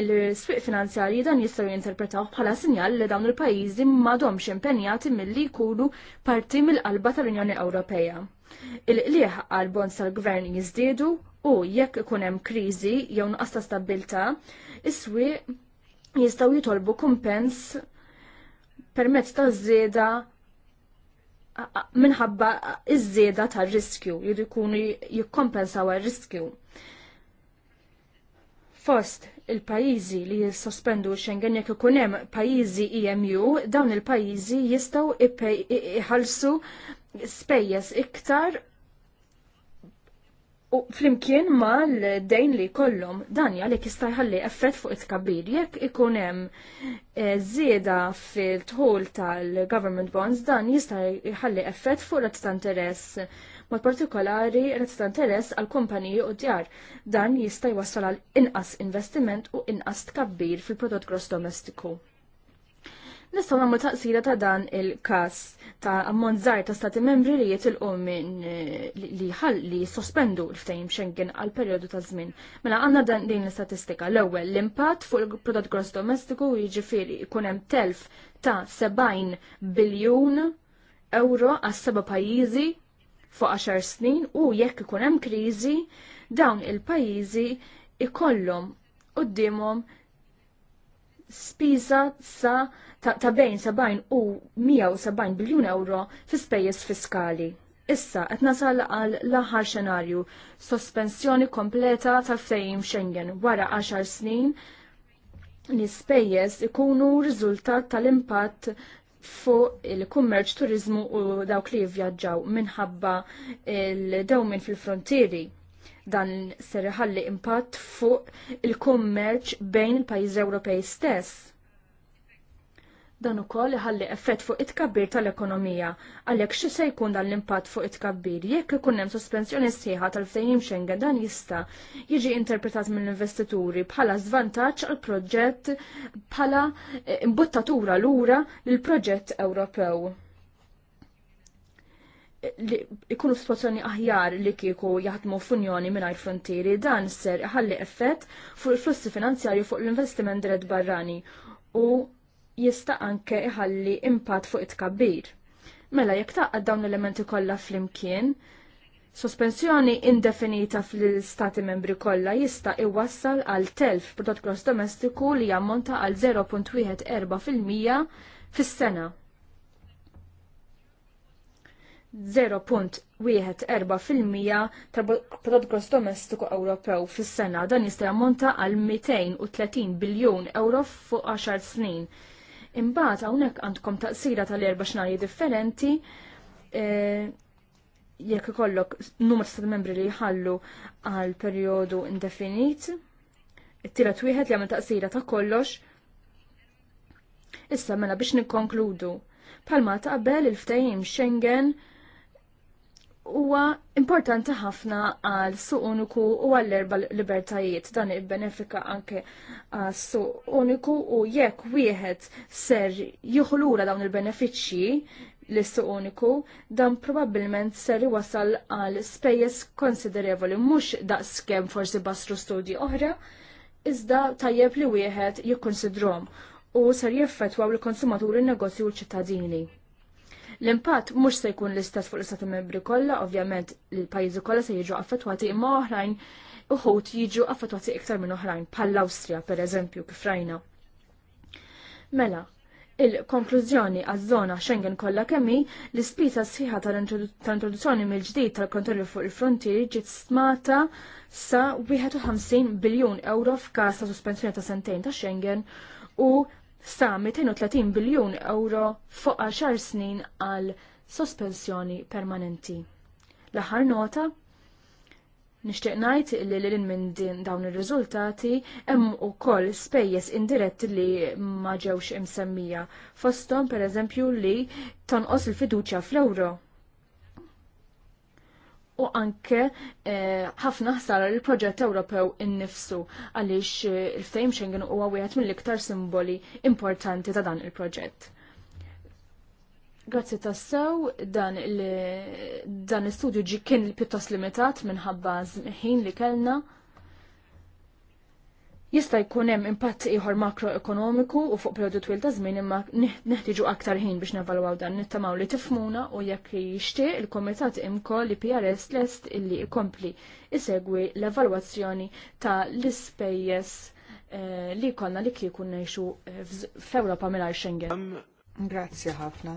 il-sfiq finanzjarji dan jistgħu jinterpretaw bħala sinjal li dawn il-pajjiżi m'għadhomx impenjati milli jkunu parti mill-qalba tal-Unjoni Ewropea. Il-qlieħ għal bonds tal-gvern jiżdiedu u jekk ikun hemm kriżi jew nqas ta' stabbiltà, is-swieq jistgħu jitolbu kumpens permezz ta' żieda minħabba iż-żieda tar-riskju, jridu jkunu jikkompensaw għar-riskju. Fost il-pajjiżi li jissospendu Schengen jekk ikun hemm pajjiżi EMU, dawn il-pajjiżi jistgħu iħallsu spejjeż iktar U flimkien ma l-dejn li kollum, dan jgħalik jistajħalli effett fuq it-kabir. Jekk ikun hemm eh, zieda fil-tħol tal-government bonds dan jista' jħalli effett fuq rett ta' interess mod partikolari rett ta' interess għal kumpaniji u djar. Dan jista' jwassal għal inqas investiment u inqas tkabbir fil-prodott gross domestiku. Nistgħu nagħmlu taqsira ta' dan il-każ ta' ammont żgħar ta' stati membri li jitilqu minn li ħalli sospendu l ftajim Schengen għal perjodu ta' żmien. Mela għandna dan din l-istatistika. L-ewwel l-impatt fuq il-prodott gross domestiku jiġifieri jkun hemm telf ta' 70 biljun euro għas seba' pajjiżi fuq 10 snin u jekk ikun hemm kriżi dawn il-pajjiżi ikollhom qudiemhom spiża sa' ta' bejn 70 u 170 biljun euro fi spejjeż fiskali. Issa qed nasal għal l-aħħar xenarju sospensjoni kompleta tal fejim Schengen wara 10 snin li spejjeż ikunu riżultat tal-impatt fuq il-kummerċ turizmu u dawk li jivvjaġġaw minħabba il-dawmin fil-frontieri. Dan ser impatt fuq il-kummerċ bejn il-pajjiżi Ewropej stess Dan ukoll iħalli effett fuq it-kabbir tal-ekonomija, għalhekk xi se jkun dan l-impatt fuq it-kabbir jekk ikun hemm sospensjoni sħiħa tal-ftehim Schengen dan jista' jiġi interpretat mill-investituri bħala żvantaġġ għal proġett bħala eh, imbuttatura lura lill proġett Ewropew eh, li ikunu situazzjoni aħjar li kieku jaħdmu f'unjoni mingħajr frontieri dan ser ħalli effett fuq il-flussi finanzjarji fuq l-investiment dret barrani u jista' anke iħalli impatt fuq it-kabbir. Mela jekk taqgħod dawn l-elementi kollha flimkien, sospensjoni indefinita fl-istati membri kollha jista' iwassal għal telf prodott gross domestiku li jammonta għal 0.14% fis-sena. 0.14% ta' prodott gross domestiku Ewropew fis-sena dan jista' jammonta għal 230 biljun euro fuq 10 snin. Imbagħad hawnhekk għandkom taqsira tal-erba' xnarji differenti e, jekk ikollok numru ta' membri li jħallu għal perjodu indefinit, it-tielet wieħed li għamil taqsira ta' kollox. Issa mela biex nikkonkludu. Palma ta' qabel il-ftehim Schengen huwa importanti ħafna għal suq uniku u għall erba libertajiet dan ibbenefika anke għas suq uniku u jekk wieħed ser juħlura dawn il-benefiċċji lis suq uniku dan probabbilment ser wasal għal spejjeż konsiderevoli mhux daqskemm forsi bastru studji oħra iżda tajjeb li wieħed jikkonsidrom u ser jiffetwaw il-konsumaturi, il-negozju u l-ċittadini. L-impatt mhux se jkun l-istess fuq l-istati membri kollha, ovvjament il-pajjiżi kollha se jiġu affettwati imma oħrajn uħut jiġu affettwati iktar minn oħrajn, bħall-Awstrija pereżempju kif rajna. Mela, il-konklużjoni għaż-żona Schengen kollha kemmi l ispiża sħiħa tal-introduzzjoni mill-ġdid tal-kontrolli fuq il-frontieri ġiet smata sa 51 biljun euro f'każ ta' sospensjoni ta' sentejn ta' Schengen u sa 230 biljun euro fuq 10 snin għal sospensjoni permanenti. L-aħħar nota Nixtieq ngħid li lil minn din dawn ir-riżultati hemm ukoll spejjeż indirett li ma ġewx imsemmija fosthom pereżempju li tonqos il-fiduċja fl-ewro u anke eh, ħafna ħsara l proġett Ewropew innifsu għaliex eh, il-ftehim Schengen huwa wieħed mill-iktar simboli importanti ta' dan il-proġett. Grazzi tassew, dan l-studju ġi kien pjuttost limitat minħabba ħin li kellna. Jista' jkun hemm impatt ieħor makroekonomiku u fuq periodu twil ta' żmien imma neħtieġu aktar ħin biex nevalwaw dan nittamaw li tifmuna u jekk jixtieq il-Kumitat imkoll li PRS lest illi jkompli isegwi l-evalwazzjoni ta' l-ispejjeż eh, li jkollna li kieku ngħixu eh,
f'Ewropa mingħajr Schengen. Um, Grazzi ħafna.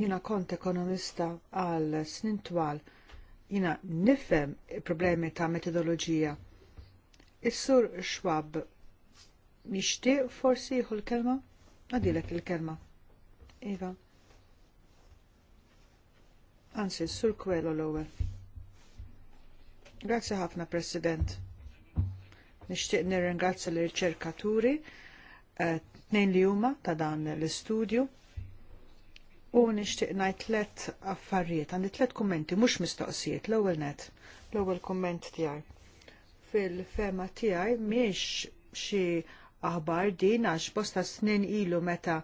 Jiena kont ekonomista għal snin twal jiena nifhem problemi ta' metodoloġija Is-sur Schwab mixtieq forsi jieħu l-kelma? Għadilek il-kelma. Iva. Anzi, s-sur Kwelo l-ewwel. Grazzi ħafna, President. Nixtieq nirringrazzja l-riċerkaturi eh, tnejn li huma ta' dan l-istudju u nixtieq najt tliet affarijiet, għandi tliet kommenti, mhux mistoqsijiet l-ewwel net, l-ewwel kumment tijaj fil-fema tiegħi miex xi aħbar din għax bosta snin ilu meta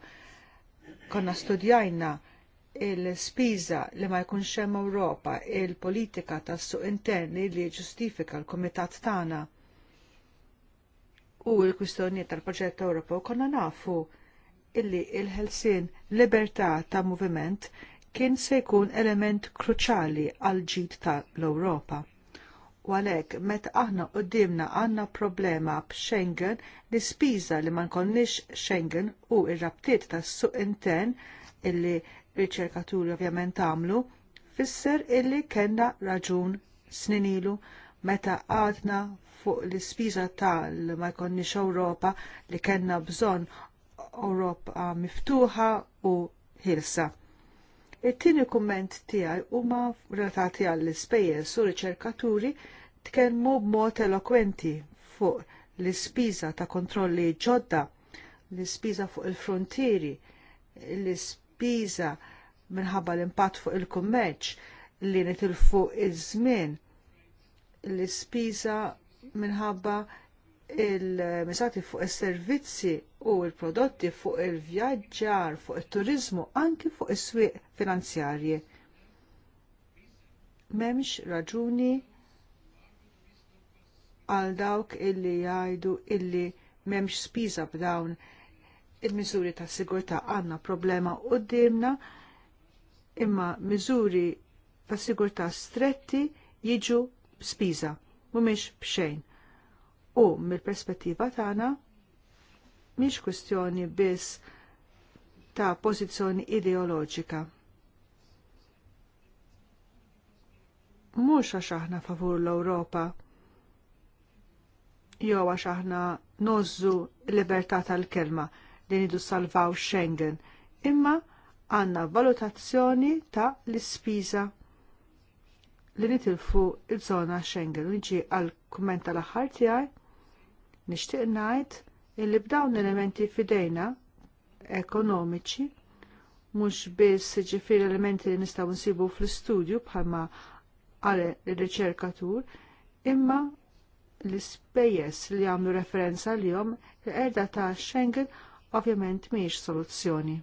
konna studjajna il-spiża li ma jkunx hemm Ewropa, il-politika tas-suq interni li ġustifika l-Kumitat tagħna. U l-kwistjonijiet tal-proġett Ewropew konna nafu illi il-ħelsien libertà ta' moviment kien se jkun element kruċali għal ġid tal-Ewropa. U għalhekk meta aħna qoddimna għandna problema b'Schengen, l-ispiża li ma nkollniex Schengen u r-rabtiet tas-suq intern illi riċerkaturi ovvjament għamlu, fisser illi kellna raġun sninilu meta għadna fuq l-ispiża tal ma jkollniex Ewropa li kellna bżonn Ewropa miftuħa u ħilsa It-tieni kumment tiegħi huma relatati għall ispejjeż u riċerkaturi tkellmu b'mod elokwenti fuq l-ispiża ta' kontrolli ġodda, l-ispiża fuq il-frontieri, l-ispiża minħabba l-impatt fuq il-kummerċ li nitilfu iż-żmien, l-ispiża minħabba il-misati fuq is servizzi u l prodotti fuq il-vjaġġar, fuq it turiżmu anki fuq is-swieq finanzjarji. M'hemmx raġuni għal dawk illi jgħidu illi m'hemmx spiża b'dawn il-miżuri ta' sigurtà għandna problema qudiemna imma miżuri ta' sigurtà stretti jiġu spiża mhumiex b'xejn. U mill-perspettiva tagħna mhix kwistjoni biss ta' pożizzjoni ideoloġika. Mhux għax aħna favur l-Ewropa jew għax aħna nożżu l-libertà tal-kelma li nidu salvaw Schengen, imma għanna valutazzjoni ta' l-ispiża li nitilfu il-żona Schengen. Niġi għal kumment tal-aħħar tiegħi Nixtieq ngħid illi b'dawn elementi fidejna ekonomiċi mhux biss ġifieri elementi li nistgħu nsibu fl-istudju bħalma għal ir-riċerkatur, imma l-ispejjeż li għamlu referenza għalihom l-erda ta' Schengen ovvjament mhijiex soluzzjoni.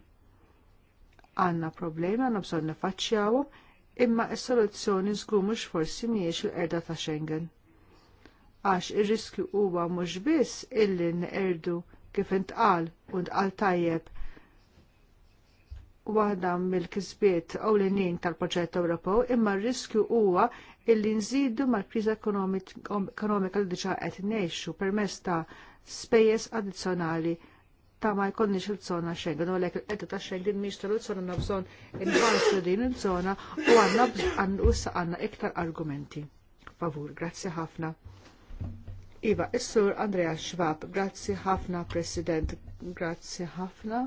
Għandna problemi għandna bżonn nifaċċjawhom imma s-soluzzjoni żgur mhux forsi mhijiex l-qerda ta' Schengen għax ir-riskju huwa mhux biss illi nqerdu kif intqal u ntqal tajjeb waħda mill-kisbiet ewlenin tal-proġett Ewropew, imma r-riskju huwa illi nżidu mal-kriża ekonomika li diġà qed ngħixu permezz ta' spejjeż addizzjonali ta' ma jkollniex il-żona Schengen, u għalhekk il-qedda ta' Schengen mhix tal-uzzona għandna bżonn inħarsu din il-żona u għandna bżonn għandna iktar argumenti. Favur, grazzi ħafna. Iva, is-sur Andrea Schwab, grazzi ħafna President, grazzi ħafna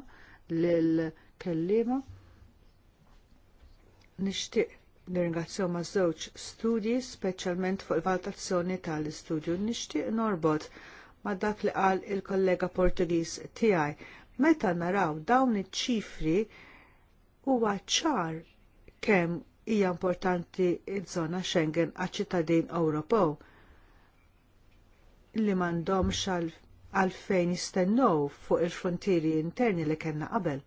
lil-kellima. Nixtieq nirringrazzjaw ma' żewġ studji, speċjalment fuq il-valutazzjoni tal-istudju. Nixtieq norbot ma' dak li qal il-kollega Portugiż tiegħi. Meta naraw dawn iċ-ċifri huwa ċar kemm hija importanti ż żona Schengen għaċ-ċittadin Ewropew li m'għandhomx għalfejn jistennew fuq il-frontieri interni li kellna qabel.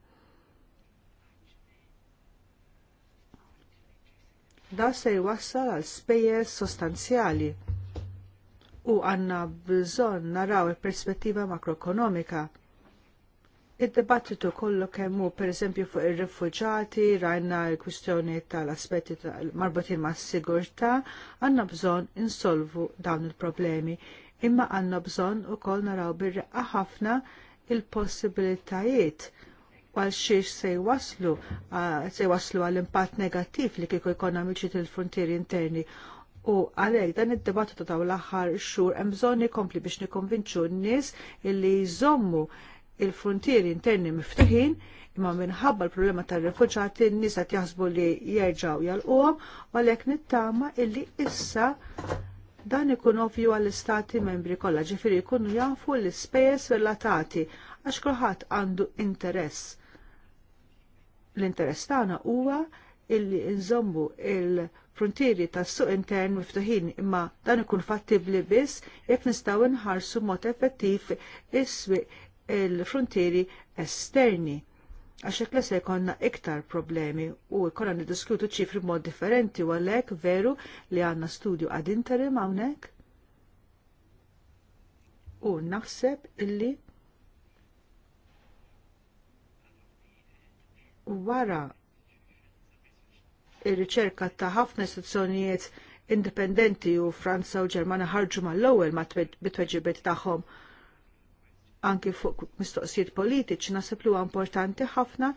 Da se jwassal għal spejjeż sostanzjali u għanna bżonn naraw il-perspettiva makroekonomika. id debattitu kollu kemmu per eżempju fuq ir-refuġati, rajna l-kwistjoni tal-aspetti marbutin ma' sigurta, għanna bżon insolvu dawn il-problemi imma għandna bżonn ukoll naraw bir ħafna il-possibilitajiet għal xiex se jwaslu, se waslu għall impatt negattiv li kieku ekonomiċi tal-frontieri interni. U għalhekk dan id debattu ta' l-aħħar xhur hemm bżonn ikompli biex nikkonvinċu n-nies illi jżommu il-frontieri interni miftuħin imma minħabba l-problema tal-refuġati n-nies qed jaħsbu li jerġgħu jalquhom u għalhekk nittama illi issa Dan ikun ovvju għall-istati membri kollha ġifiri jkunu jafu l-ispejjeż relatati għax kulħadd għandu interess. L-interess tagħna huwa illi nżommu il-frontieri tas-suq intern miftuħin imma dan ikun fattibli biss jekk nistgħu nħarsu mod effettiv is-swieq il-frontieri esterni Għaxek hekk se jkollna iktar problemi u jkollna niddiskutu ċifri b'mod differenti u għalhekk veru li għandna studju ad interim hawnhekk. U naħseb illi wara il riċerka ta' ħafna istituzzjonijiet indipendenti u Franza u Ġermana ħarġu mal-ewwel ma' bit-tweġibiet tagħhom anki fuq mistoqsijiet politiċi nasib li huwa importanti ħafna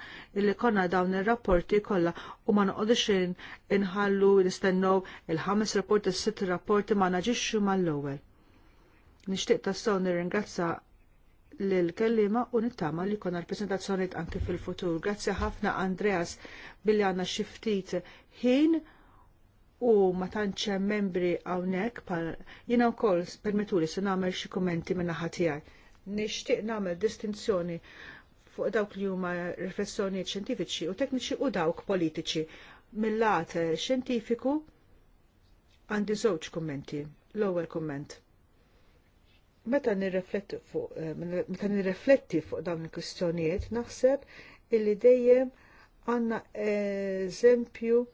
li konna dawn ir-rapporti kollha u ma noqogħdux inħallu nistennew il-ħames rapport is-sitt rapporti ma naġixxu mal-ewwel. Nixtieq tassew nirringrazza lil kellima u nittama li konna l anki fil-futur. Grazzi ħafna Andreas billi għandna xi ftit ħin u ma tantx membri hawnhekk jiena wkoll permetturi se nagħmel xi kummenti minn naħa tiegħi nixtieq nagħmel distinzjoni fuq dawk li huma riflessjonijiet xjentifiċi u tekniċi u dawk politiċi. Mill-lat eh, xjentifiku għandi żewġ kummenti. L-ewwel kumment. Meta nirrifletti fuq eh, meta nirrifletti fuq dawn il-kwistjonijiet naħseb illi dejjem għandna eżempju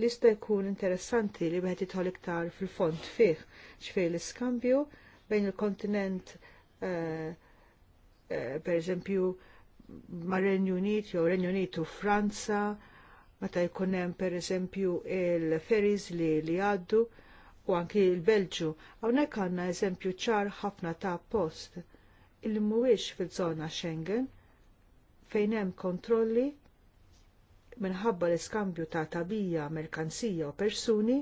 li jista' jkun interessanti li wieħed jitħol iktar fil-fond fih ċfej l-iskambju bejn il-kontinent Eh, eh, per eżempju ma' Renju Unit jew Renju Unit u Franza, meta jkun hemm pereżempju l ferries li li għaddu u anki l-Belġu. Hawnhekk għandna eżempju ċar ħafna ta' post il mhuwiex fil żona Schengen fejn hemm kontrolli minħabba l-iskambju ta' tabija, merkanzija u persuni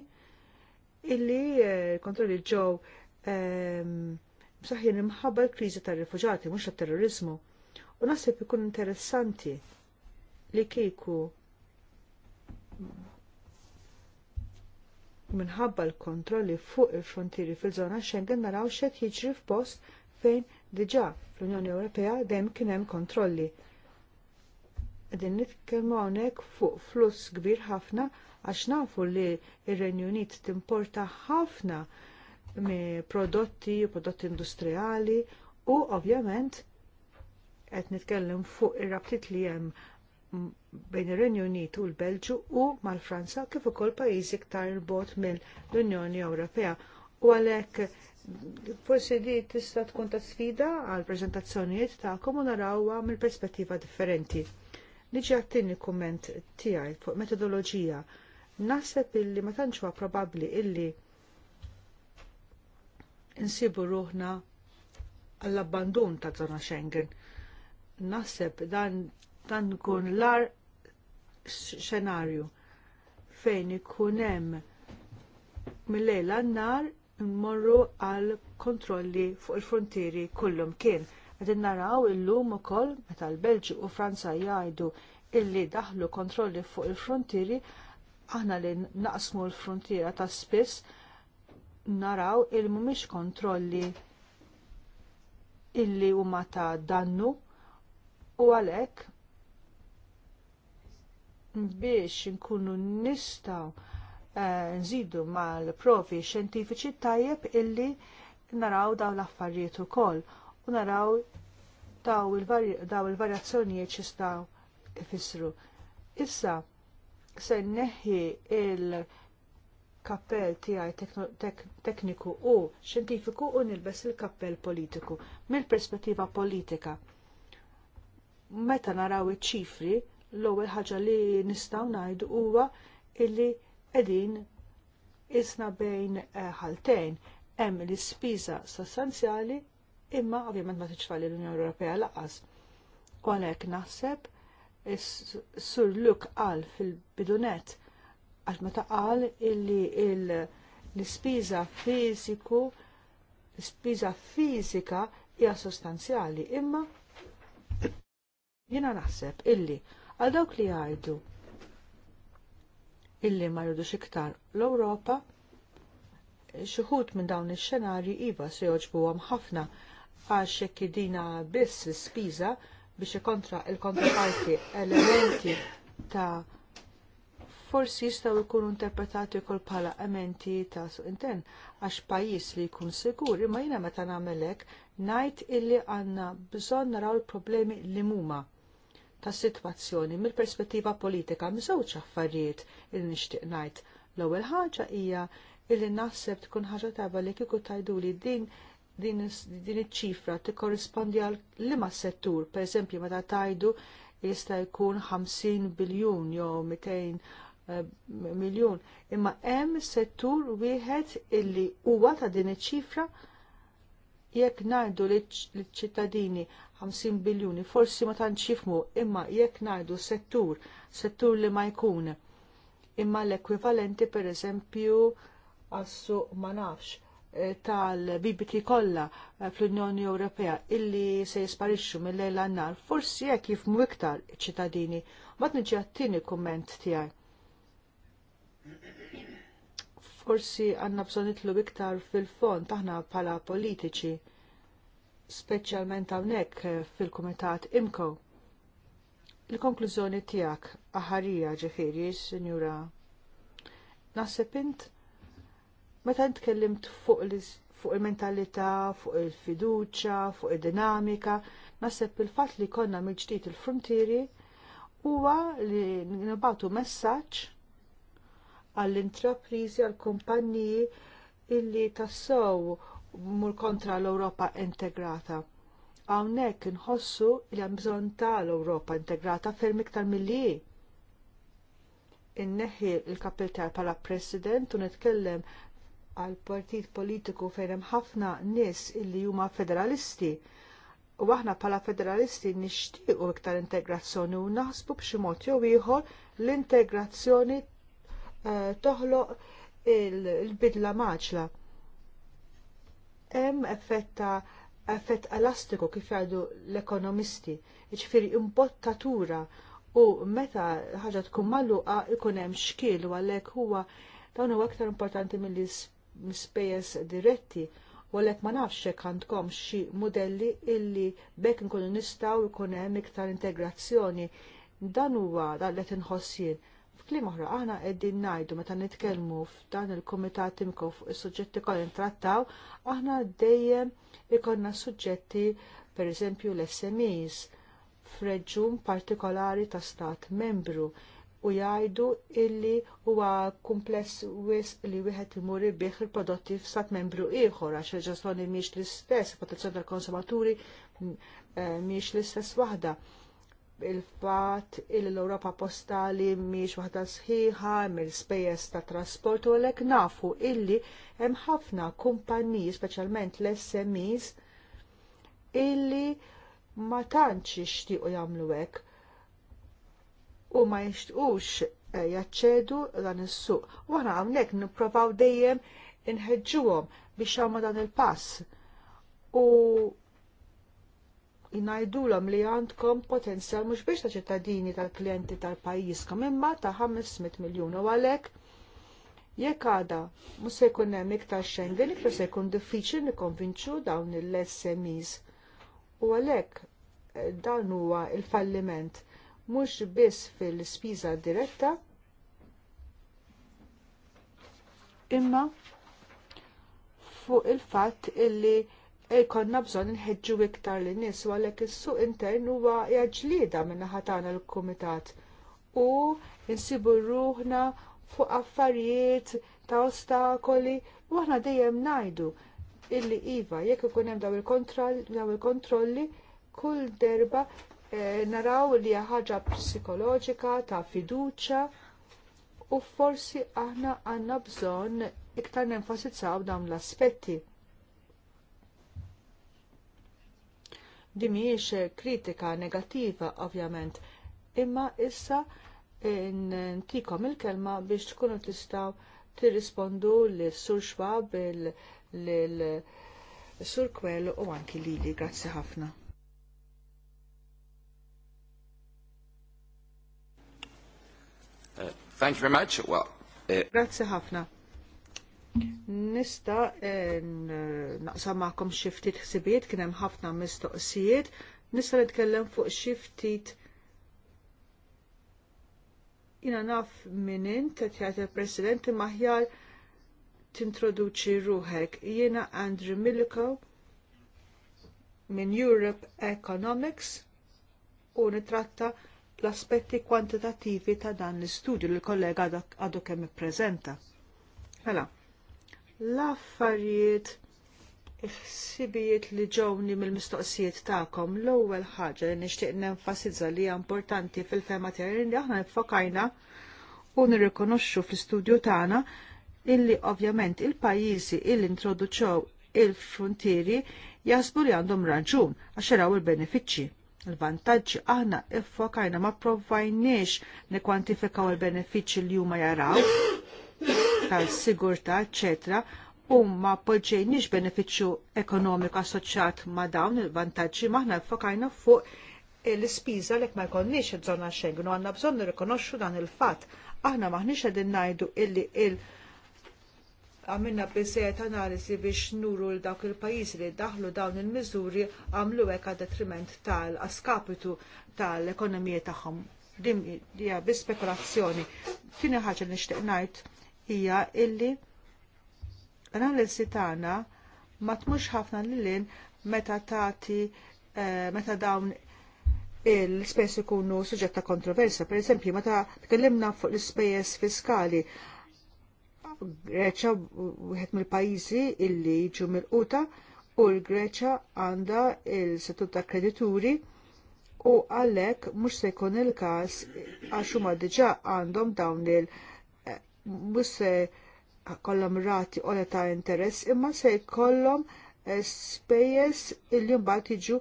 illi eh, kontrolli ġew ehm, b'saħħin imħabba l-kriżi tar-rifuġati mhux tat-terrorizmu. U naħseb ikun interessanti li kieku minħabba l-kontrolli fuq il-frontieri fil-żona Schengen naraw xed jiġri f'post fejn diġà fl-Unjoni Ewropea dejjem kien hemm kontrolli. Din nitkellmu hawnhekk fuq fluss kbir ħafna għax nafu li r-Renju Unit timporta ħafna me prodotti u prodotti industrijali u ovvjament qed nitkellem fuq ir-rabtiet li hemm bejn ir-Renju Unit u l-Belġu u mal-Franza kif ukoll pajjiżi iktar il-bot mill-Unjoni Ewropea. U għalhekk forsi di tista' tkun ta' sfida għal preżentazzjonijiet tagħkom u narawha mill-perspettiva differenti. Niġi għattini komment tiegħi fuq metodoloġija. Naħseb illi ma tantx huwa probabbli illi insibu ruħna għall-abbandun ta' zona Schengen. Naħseb dan dan kun l xenarju fejn ikun hemm mill-lejla n-nar mmorru għal kontrolli fuq il-frontieri kullum kien. Għedin naraw illum ukoll meta l belġi u Franza jgħidu illi daħlu kontrolli fuq il-frontieri aħna li naqsmu l-frontiera ta' spiss naraw il mhumiex kontrolli illi huma ta' dannu u għalhekk biex inkunu nistgħu eh, nżidu mal-provi xjentifiċi tajjeb illi naraw daw l-affarijiet ukoll u naraw daw il-varjazzjonijiet x'istgħu ifissru. Issa se neħi il- kappell tiegħi tekniku u xjentifiku u nilbes il-kappell politiku mill-perspettiva politika. Meta naraw iċ-ċifri, l-ewwel ħaġa li nistgħu ngħidu huwa illi qegħdin isna bejn eh, ħaltejn hemm l-ispiża sostanzjali imma ovvjament ma tiċfalli l-Unjoni Ewropea laqas. U għalhekk naħseb Sur Luk qal fil-bidunet għax meta qal illi l-ispiża fiżiku l-ispiża fiżika hija sostanzjali imma jiena naħseb illi għal dawk li jgħidu illi ma jridux iktar l-Ewropa xi wħud minn dawn ix-xenarji iva se għam ħafna għax hekk biss l-ispiża biex ikontra il-kontraparti elementi ta' forsi jistgħu jkunu interpretati wkoll bħala amenti ta' suq intern għax pajjiż li jkun sigur, imma jiena meta nagħmel hekk ngħid illi għandna bżonn naraw il-problemi li huma tas sitwazzjoni mill-perspettiva politika miżewġ affarijiet li nixtieq ngħid. L-ewwel ħaġa hija illi naħseb tkun ħaġa tajba li kieku tgħiduli din din iċ-ċifra tikkorrispondi għal liema settur, pereżempju meta tajdu jista' jkun 50 biljun jew Eh, miljun. Imma hemm settur wieħed illi huwa ta' din iċ-ċifra jekk ngħidu liċ-ċittadini 50 biljuni forsi ma tantx jifhmu imma jekk ngħidu settur, settur li ma jkun. Imma l-ekwivalenti pereżempju għassu ma nafx eh, tal-BBT kollha eh, fl-Unjoni Ewropea illi se jisparixxu mill lejla nar forsi jekk jifmu iktar iċ-ċittadini. Ma tniġi għattini kumment tijaj. Forsi għanna bżon itlu iktar fil-fond taħna pala politiċi, speċjalment hawnhekk fil-Kumitat Imko. Il-konklużjoni tiegħek aħarija ġifieri, Sinjura. Naħseb int meta tkellimt fuq fuq il-mentalità, fuq il-fiduċa, fuq il-dinamika, nasib il-fat li konna mill-ġdid il-frontieri, huwa li nabatu messaġġ għall-intraprizi, għall-kumpanniji illi tassew mur kontra l-Europa integrata. Hawnhekk inħossu li hemm bżonn tal-Ewropa integrata ferm iktar milli. Inneħi l-kapital bħala president u nitkellem għal partit politiku fejn hemm ħafna nies illi huma federalisti. U aħna bħala federalisti nixtiequ iktar integrazzjoni u naħsbu b'xi mod jew ieħor l-integrazzjoni Eh, toħloq il-bidla maċla. Hemm effetta effett elastiku kif jgħidu l-ekonomisti, ġifiri imbottatura u meta ħaġa tkun malluqa ikun hemm xkiel u għalhekk huwa dawn huwa aktar importanti mill spejjeż diretti u għalhekk ma nafx hekk għandkom xi mudelli illi bekk nkunu nistgħu jkun hemm iktar integrazzjoni dan huwa dan qed inħossjien F'kliem oħra, aħna qegħdin ngħidu meta nitkellmu f'dan il-kumitat imkom fuq is-suġġetti kollha ntrattaw, aħna dejjem ikonna suġġetti pereżempju l-SMEs f'reġjun partikolari ta' stat membru u jgħidu illi huwa kumpless wisq li wieħed imur bih il-prodotti f'stat membru ieħor għax il-ġasoni mhix l-istess, protezzjoni tal-konsumaturi eh, mhix l-istess waħda il-fat il l-Europa postali miex waħda sħiħa mill-spejjeż ta' trasport u għalhekk nafu illi hemm ħafna kumpaniji speċjalment l-SMEs illi ma tantx jixtiequ jagħmlu hekk u ma jixtiequx eh, jaċċedu dan is-suq. U aħna hawnhekk nipprovaw dejjem inħeġġuhom biex jagħmlu dan il-pass. U jnajdulhom li għandkom potenzjal mhux biex ta' ċittadini tal-klijenti tal-pajjiżkom imma ta' 500 miljun u għalhekk jekk għada mhux se jkun hemm iktar xengen iktar se jkun diffiċli nikkonvinċu dawn il-SMEs. U għalhekk eh, dan huwa l falliment mhux biss fil-spiża diretta imma fuq il-fatt illi konna bżonn inħeġġu iktar lin nies u għalhekk is-suq intern huwa jaġlieda min-naħa tagħna l-kumitat u insibu ruħna fuq affarijiet ta' ostakoli u aħna dejjem ngħidu illi iva jekk ikun hemm daw il-kontrolli kull derba eh, naraw li hija ħaġa psikoloġika ta' fiduċja u forsi aħna għandna bżonn iktar nenfasizzaw dawn l-aspetti Di miex kritika negattiva ovvjament, imma issa ntikom il-kelma biex tkunu tistaw tirrispondu lis sur Schwab il-Sur Kwell u anki lili. Grazzi ħafna. Uh,
thank you very much. Well, uh...
Grazie ħafna. Nista eh, naqsa ma'kom xi ftit ħsibiet kien hemm ħafna mistoqsijiet, nista' nitkellem fuq xi ftit naf minin, int qed jagħti president maħjar tintroduċi ruħek. Jiena Andrew Miliko minn Europe Economics u nitratta l-aspetti kwantitativi ta' dan l-istudju li kollega għadu kemm ippreżenta. Mela, l-affarijiet il-ħsibijiet li ġewni mill-mistoqsijiet tagħkom l-ewwel ħaġa li nixtieq nenfasizza li hija importanti fil-tema tiegħi li aħna nfokajna u nirrikonoxxu fl-istudju tagħna illi ovvjament il-pajjiżi illi introduċew il-frontieri jasbu li għandhom raġun għax il-benefiċċji. Il-vantaġġi aħna iffokajna ma provajniex nikkwantifikaw il-benefiċċji li huma jaraw tal-sigurtà, eċetera, u ma poġġejniex benefiċċju ekonomiku assoċjat ma' dawn il-vantaġġi maħna fokajna fuq l-ispiża lek ma jkollniex iż-żona Schengen għandna bżonn nirrikonoxxu dan il-fatt. Aħna maħniex qegħdin ngħidu illi il għamilna biżejjed analiżi biex nuru l dawk il-pajjiżi li daħlu dawn il-miżuri għamlu hekk għad detriment tal-askapitu tal-ekonomija tagħhom. Dim hija bispekulazzjoni. spekulazzjoni. Tieni ħaġa nixtieq ngħid hija illi l-analisi tagħna ma tmux ħafna lilin meta tagħti eh, meta dawn l-ispejjeż ikunu suġġett ta' kontroversja. pereżempju meta tkellimna fuq l-ispejjeż fiskali, Greċa wieħed mill-pajjiżi illi jiġu mill-quta u l-Greċa għandha il-setut ta' kredituri u għalhekk mhux se jkun il-każ għax huma diġà għandhom dawn il- mhux kollom rati ola ta' interess imma se jkollhom eh, spejjeż illi mbagħad jiġu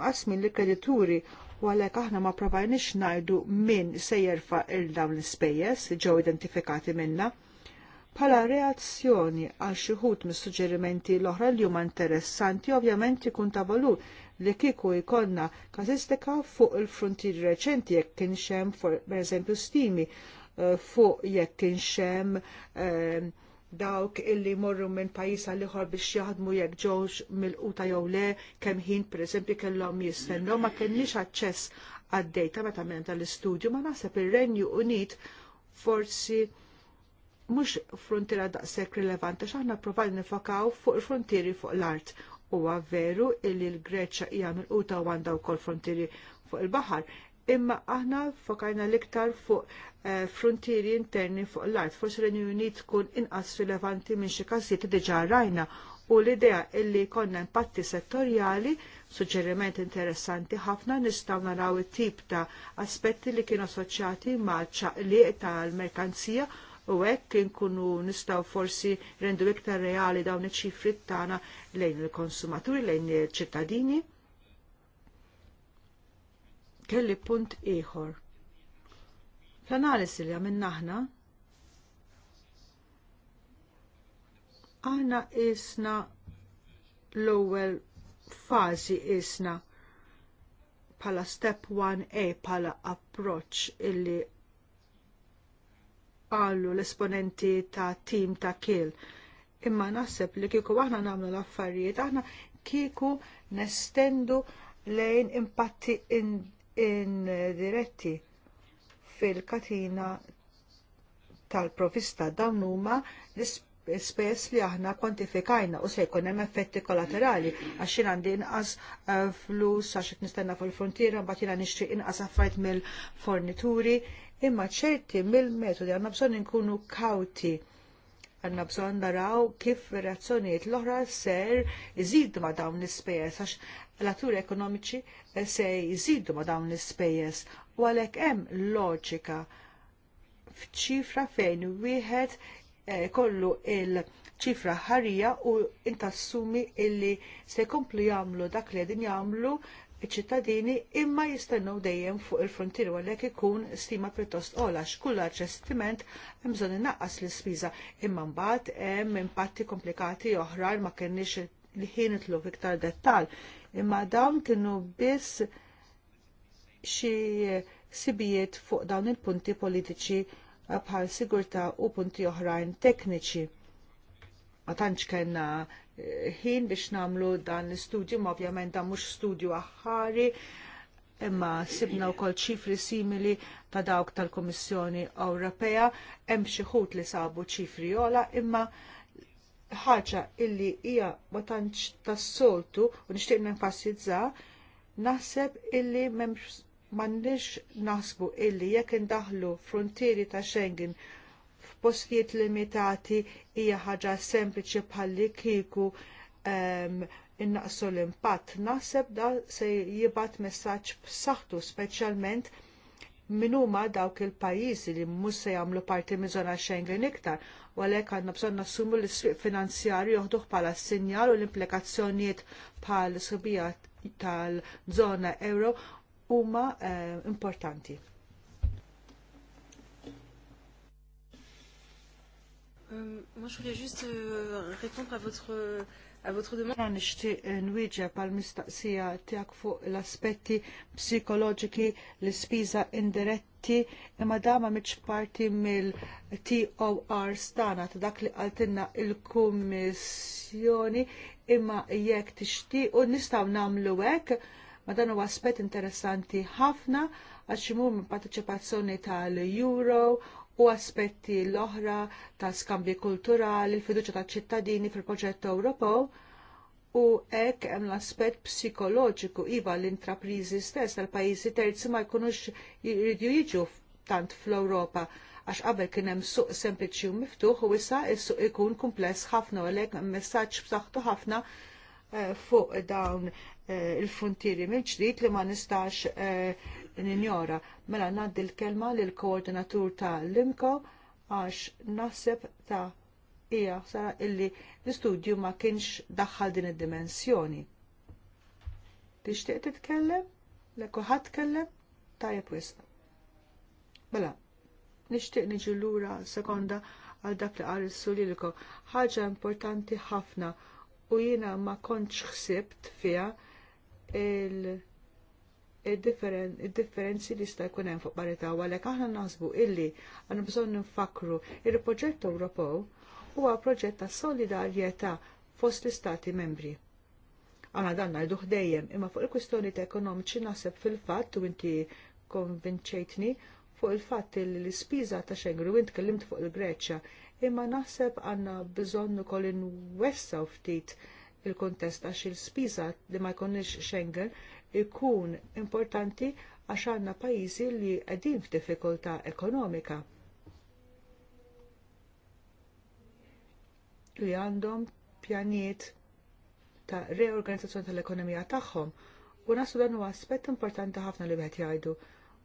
mqasmin li kredituri u għalhekk aħna ma provajniex ngħidu min se jerfa' il dawn l-ispejjeż ġew identifikati minna. Bħala reazzjoni għal xi wħud mis-suġġerimenti l-oħra li huma interessanti ovvjament ikun ta' valur li kieku jkollna kazistika fuq il-frontieri reċenti jekk kien xem per pereżempju stimi Eh, fuq jekk inxem eh, dawk illi morru minn pajisa għal ieħor biex jaħdmu jekk ġewx mil quta jew le kemm ħin pereżempju kellhom jistennu, ma kenniex aċċess għad-dejta meta minn tal-istudju ma naħseb ir-Renju Unit forsi mhux frontiera daqshekk rilevanti x'aħna provajna nifakaw fuq il-frontieri fuq l-art huwa veru illi l-Greċja hija milquta u għandha wkoll frontieri fuq il-baħar, imma aħna fokajna l-iktar fuq eh, frontieri interni fuq l-art. Forse l-Unjoni tkun inqas rilevanti minn xi każijiet diġà rajna u l-idea illi konna impatti settorjali, suġġeriment interessanti ħafna nistgħu naraw it-tip ta' aspetti li kienu assoċjati maċ ċaqliq tal-merkanzija u hekk inkunu nistgħu forsi rendu iktar reali dawn iċ-ċifri tagħna lejn il-konsumaturi, lejn il-ċittadini kelli punt ieħor. L-analisi li għamilna aħna aħna isna l-ewwel fażi isna bħala step 1A bħala approach illi għallu l-esponenti ta' tim ta' kiel. Imma naħseb li kieku aħna nagħmlu l-affarijiet, aħna kieku nestendu lejn impatti In diretti fil-katina tal-provista dawn huma l-ispess li aħna kwantifikajna u se jkun hemm effetti kollaterali għax jien għandi inqas eh, flus għax qed nistenna fil-frontiera mbagħad jiena nixtieq inqas affarijiet mill-fornituri imma ċerti mill-metodi għandna bżonn inkunu kawti għanna bżon naraw kif reazzjonijiet l-oħra ser jżidu ma dawn l-ispejjeż għax l-atturi ekonomiċi se jżidu ma dawn l-ispejjeż u għalhekk hemm loġika f'ċifra fejn wieħed eh, kollu il- ċifra ħarija u intassumi illi se jkomplu jagħmlu dak li qegħdin jagħmlu iċ-ċittadini imma jistennew dejjem fuq il-frontier u għalhekk ikun stima pjuttost għola x'kull aċċestiment hemm bżonn innaqqas l-ispiża imma mbagħad hemm impatti komplikati oħrajn ma kenniex li ħin itlu iktar dettal imma dawn kienu biss xi sibijiet fuq dawn il-punti politiċi bħal sigurtà u punti oħrajn tekniċi. Ma tantx kellna ħin biex namlu dan l istudju ma ovvjament dan mhux studju aħħari, imma sibna wkoll ċifri simili ta' dawk tal-Kummissjoni Ewropea, hemm xi ħut li sabu ċifri ola, imma ħaġa illi hija ma tantx tas-soltu u nixtieq nenfasizza, naħseb illi m'għandniex naħsbu illi jekk indaħlu frontieri ta' Schengen postijiet limitati hija ħaġa sempliċi bħalli kieku um, innaqsu l-impatt. Naħseb da se jibat messaġġ b'saħħtu speċjalment min huma dawk il-pajjiżi li mhux se jagħmlu parti minn żona Schengen iktar, u għalhekk għandna bżonn nassumu l isfiq finanzjarju joħduh bħala sinjal u l-implikazzjonijiet bħal subija tal-żona euro huma eh, importanti. Euh, moi, je voulais juste euh, répondre à votre à votre demande. Nixtieq euh, nwieġeb għal mistaqsija tiegħek fuq l-aspetti psikoloġiki l-ispiża indiretti imma dama mitx parti mill-TOR stana ta' dak li qaltilna il-Kummissjoni imma jekk tixtiequ nistgħu nagħmlu hekk ma dan huwa aspett interessanti ħafna għax imur minn partiċipazzjoni tal-Euro u aspetti l-oħra ta' skambji kulturali, l-fiduċa ta' ċittadini fil-proġett Ewropew u hekk hemm l-aspett psikoloġiku iva l-intrapriżi stess tal-pajjiżi terzi ma jkunux jridu jiġu tant fl-Ewropa għax qabel kien hemm suq sempliċi u miftuħ u issa s-suq ikun kumpless ħafna u għalhekk hemm messaġġ b'saħħtu ħafna eh, fuq dawn eh, il-funtieri mill-ġdid li ma nistax eh, ninjora. Mela ngħaddi l-kelma lill koordinatur ta' l-imko għax naħseb ta' hija sara illi l-istudju ma kienx daħħal din id-dimensjoni. Tixtieq titkellem? Le kulħadd tkellem? Tajjeb wisq. Mela, nixtieq niġi lura sekonda għal dak li qal is-suliliko. Ħaġa importanti ħafna u jiena ma kontx ħsibt fiha il- id-differenzi li sta' jkun hemm fuq parità u għalhekk aħna naħsbu illi għandna bżonn nfakru il-proġett Ewropew huwa proġett ta' solidarjetà fost l-istati membri. Għana dan najdu dejjem, imma fuq il-kwistjoni ta' ekonomiċi naħseb fil-fatt u inti konvinċejtni fuq il-fatt li l-ispiża ta' xengru u kellimt fuq il greċja imma naħseb għanna bżonn ukoll inwessaw ftit il-kontest għax il-spiża li ma jkunniex Schengen ikun importanti għax għandna pajjiżi li qegħdin f'diffikultà ekonomika. Li għandhom pjanijiet ta' reorganizzazzjoni tal-ekonomija tagħhom u nasu dan huwa aspett importanti ħafna li wieħed jgħidu.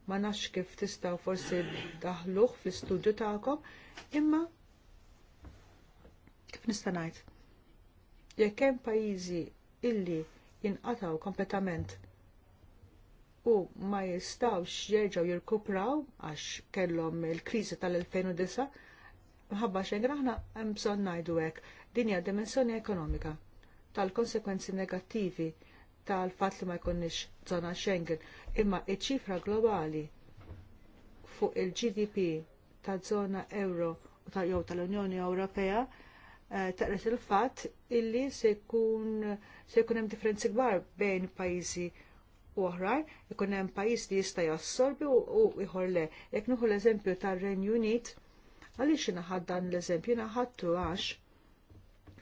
Ma nafx kif tistgħu forsi daħluh fl-istudju tagħkom imma kif nista' ngħid. Jekk hemm pajjiżi illi jinqataw kompletament u ma jistawx jerġgħu jirkupraw għax kellhom il-kriżi tal-2009 minħabba xejn aħna hemm bżonn ngħidu hekk din hija dimensjoni ekonomika tal-konsekwenzi negattivi tal-fatt li ma jkunniex żona Schengen imma iċ-ċifra globali fuq il-GDP taż żona euro u jew tal-Unjoni Ewropea eh, taqret il-fatt illi se jkun hemm differenzi kbar bejn pajjiżi u oħrajn ikun hemm pajjiż li jista' jassorbi u ieħor le. Jekk nieħu l-eżempju tar-Renju Unit, għaliex inaħad dan l-eżempju naħadtu għax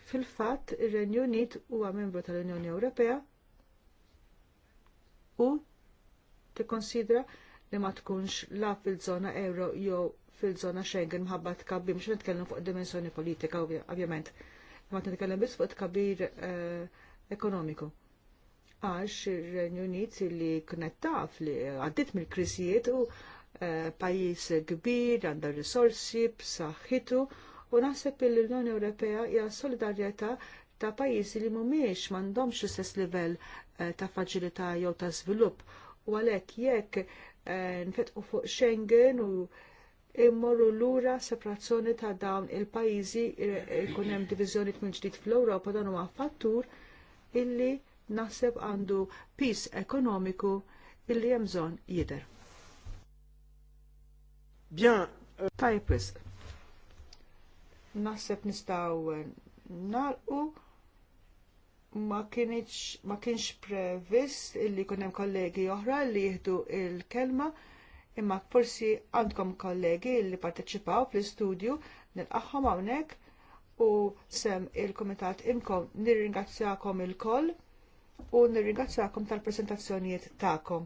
fil-fatt ir-Renju Unit huwa membru tal-Unjoni Ewropea u tikkonsidra li ma tkunx la fil-żona euro jew fil-żona Schengen mħabba tkabbi mhux nitkellmu fuq dimensjoni politika ovvjament. Ma nitkellem biss fuq tkabbir eh, ekonomiku għax ir-Renju Unit li kienet taf li għaddit mill-krisijiet u eh, pajjiż kbir għandha risorsi b'saħħitu u naħseb li l-Unjoni Ewropea hija solidarjetà ta' pajjiżi li mhumiex m'għandhomx l-istess livell eh, ta' faċilità jew ta' żvilupp u għalhekk jekk eh, nfetqu fuq Schengen u immorru lura separazzjoni ta' dawn il-pajjiżi jkun hemm diviżjoni minn ġdid fl-Ewropa dan huwa fattur illi naħseb għandu pis ekonomiku illi hemm bżonn jidher. Bien. Euh, Tajpis. Naħseb nistgħu euh, narqu ma kienx previst illi jkun hemm kollegi oħra li jieħdu l kelma imma forsi għandkom kollegi li parteċipaw fl-istudju nilqaħħom hawnhekk u sem il kumitat imkom nirringrazzjakom il-koll u nirringrazzjakom tal-presentazzjonijiet tagħkom.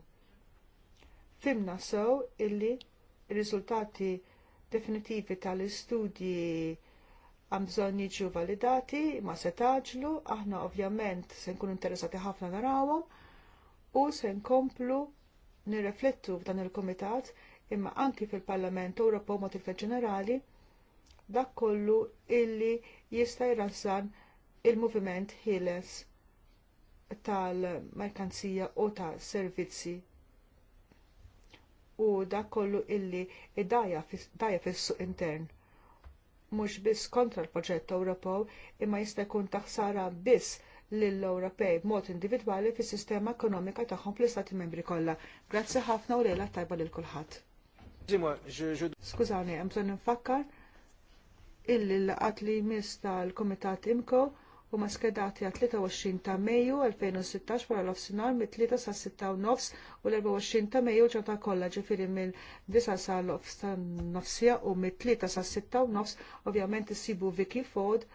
Fimna sew illi r-riżultati definitivi tal-istudji għam bżonn jiġu validati ma se taġlu, aħna ovvjament se nkunu interessati ħafna narawhom u se nkomplu nirreflettu f'dan il-Kumitat imma anki fil-Parlament Ewropew mod ġenerali dak kollu illi jista' jrassan il-moviment ħieles tal-merkanzija u tas servizzi u dak kollu illi dajja fis-suq intern. Mhux biss kontra l-proġett Ewropew imma jista' jkun taħsara biss lill-Ewropej b'mod individwali fis-sistema ekonomika tagħhom fl-istati membri kollha. Grazzi ħafna u lejla tajba lil kulħadd. Skużawni, hemm bżonn infakkar illi l li jmiss tal-Kumitat Imko huma skedati għat 23 ta' Mejju 2016 wara l-ofsinar mit-3 sa' 6 nofs u l-24 ta' Mejju ġata kollha ġifieri mill-9 sa' l-ofs ta' nofsija u mit-3 sa' 6 u nofs ovvjament isibu Vicky Ford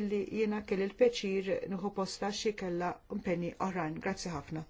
illi jiena kelli l-peċir nħu posta xi kellha impenni oħrajn. Grazzi ħafna.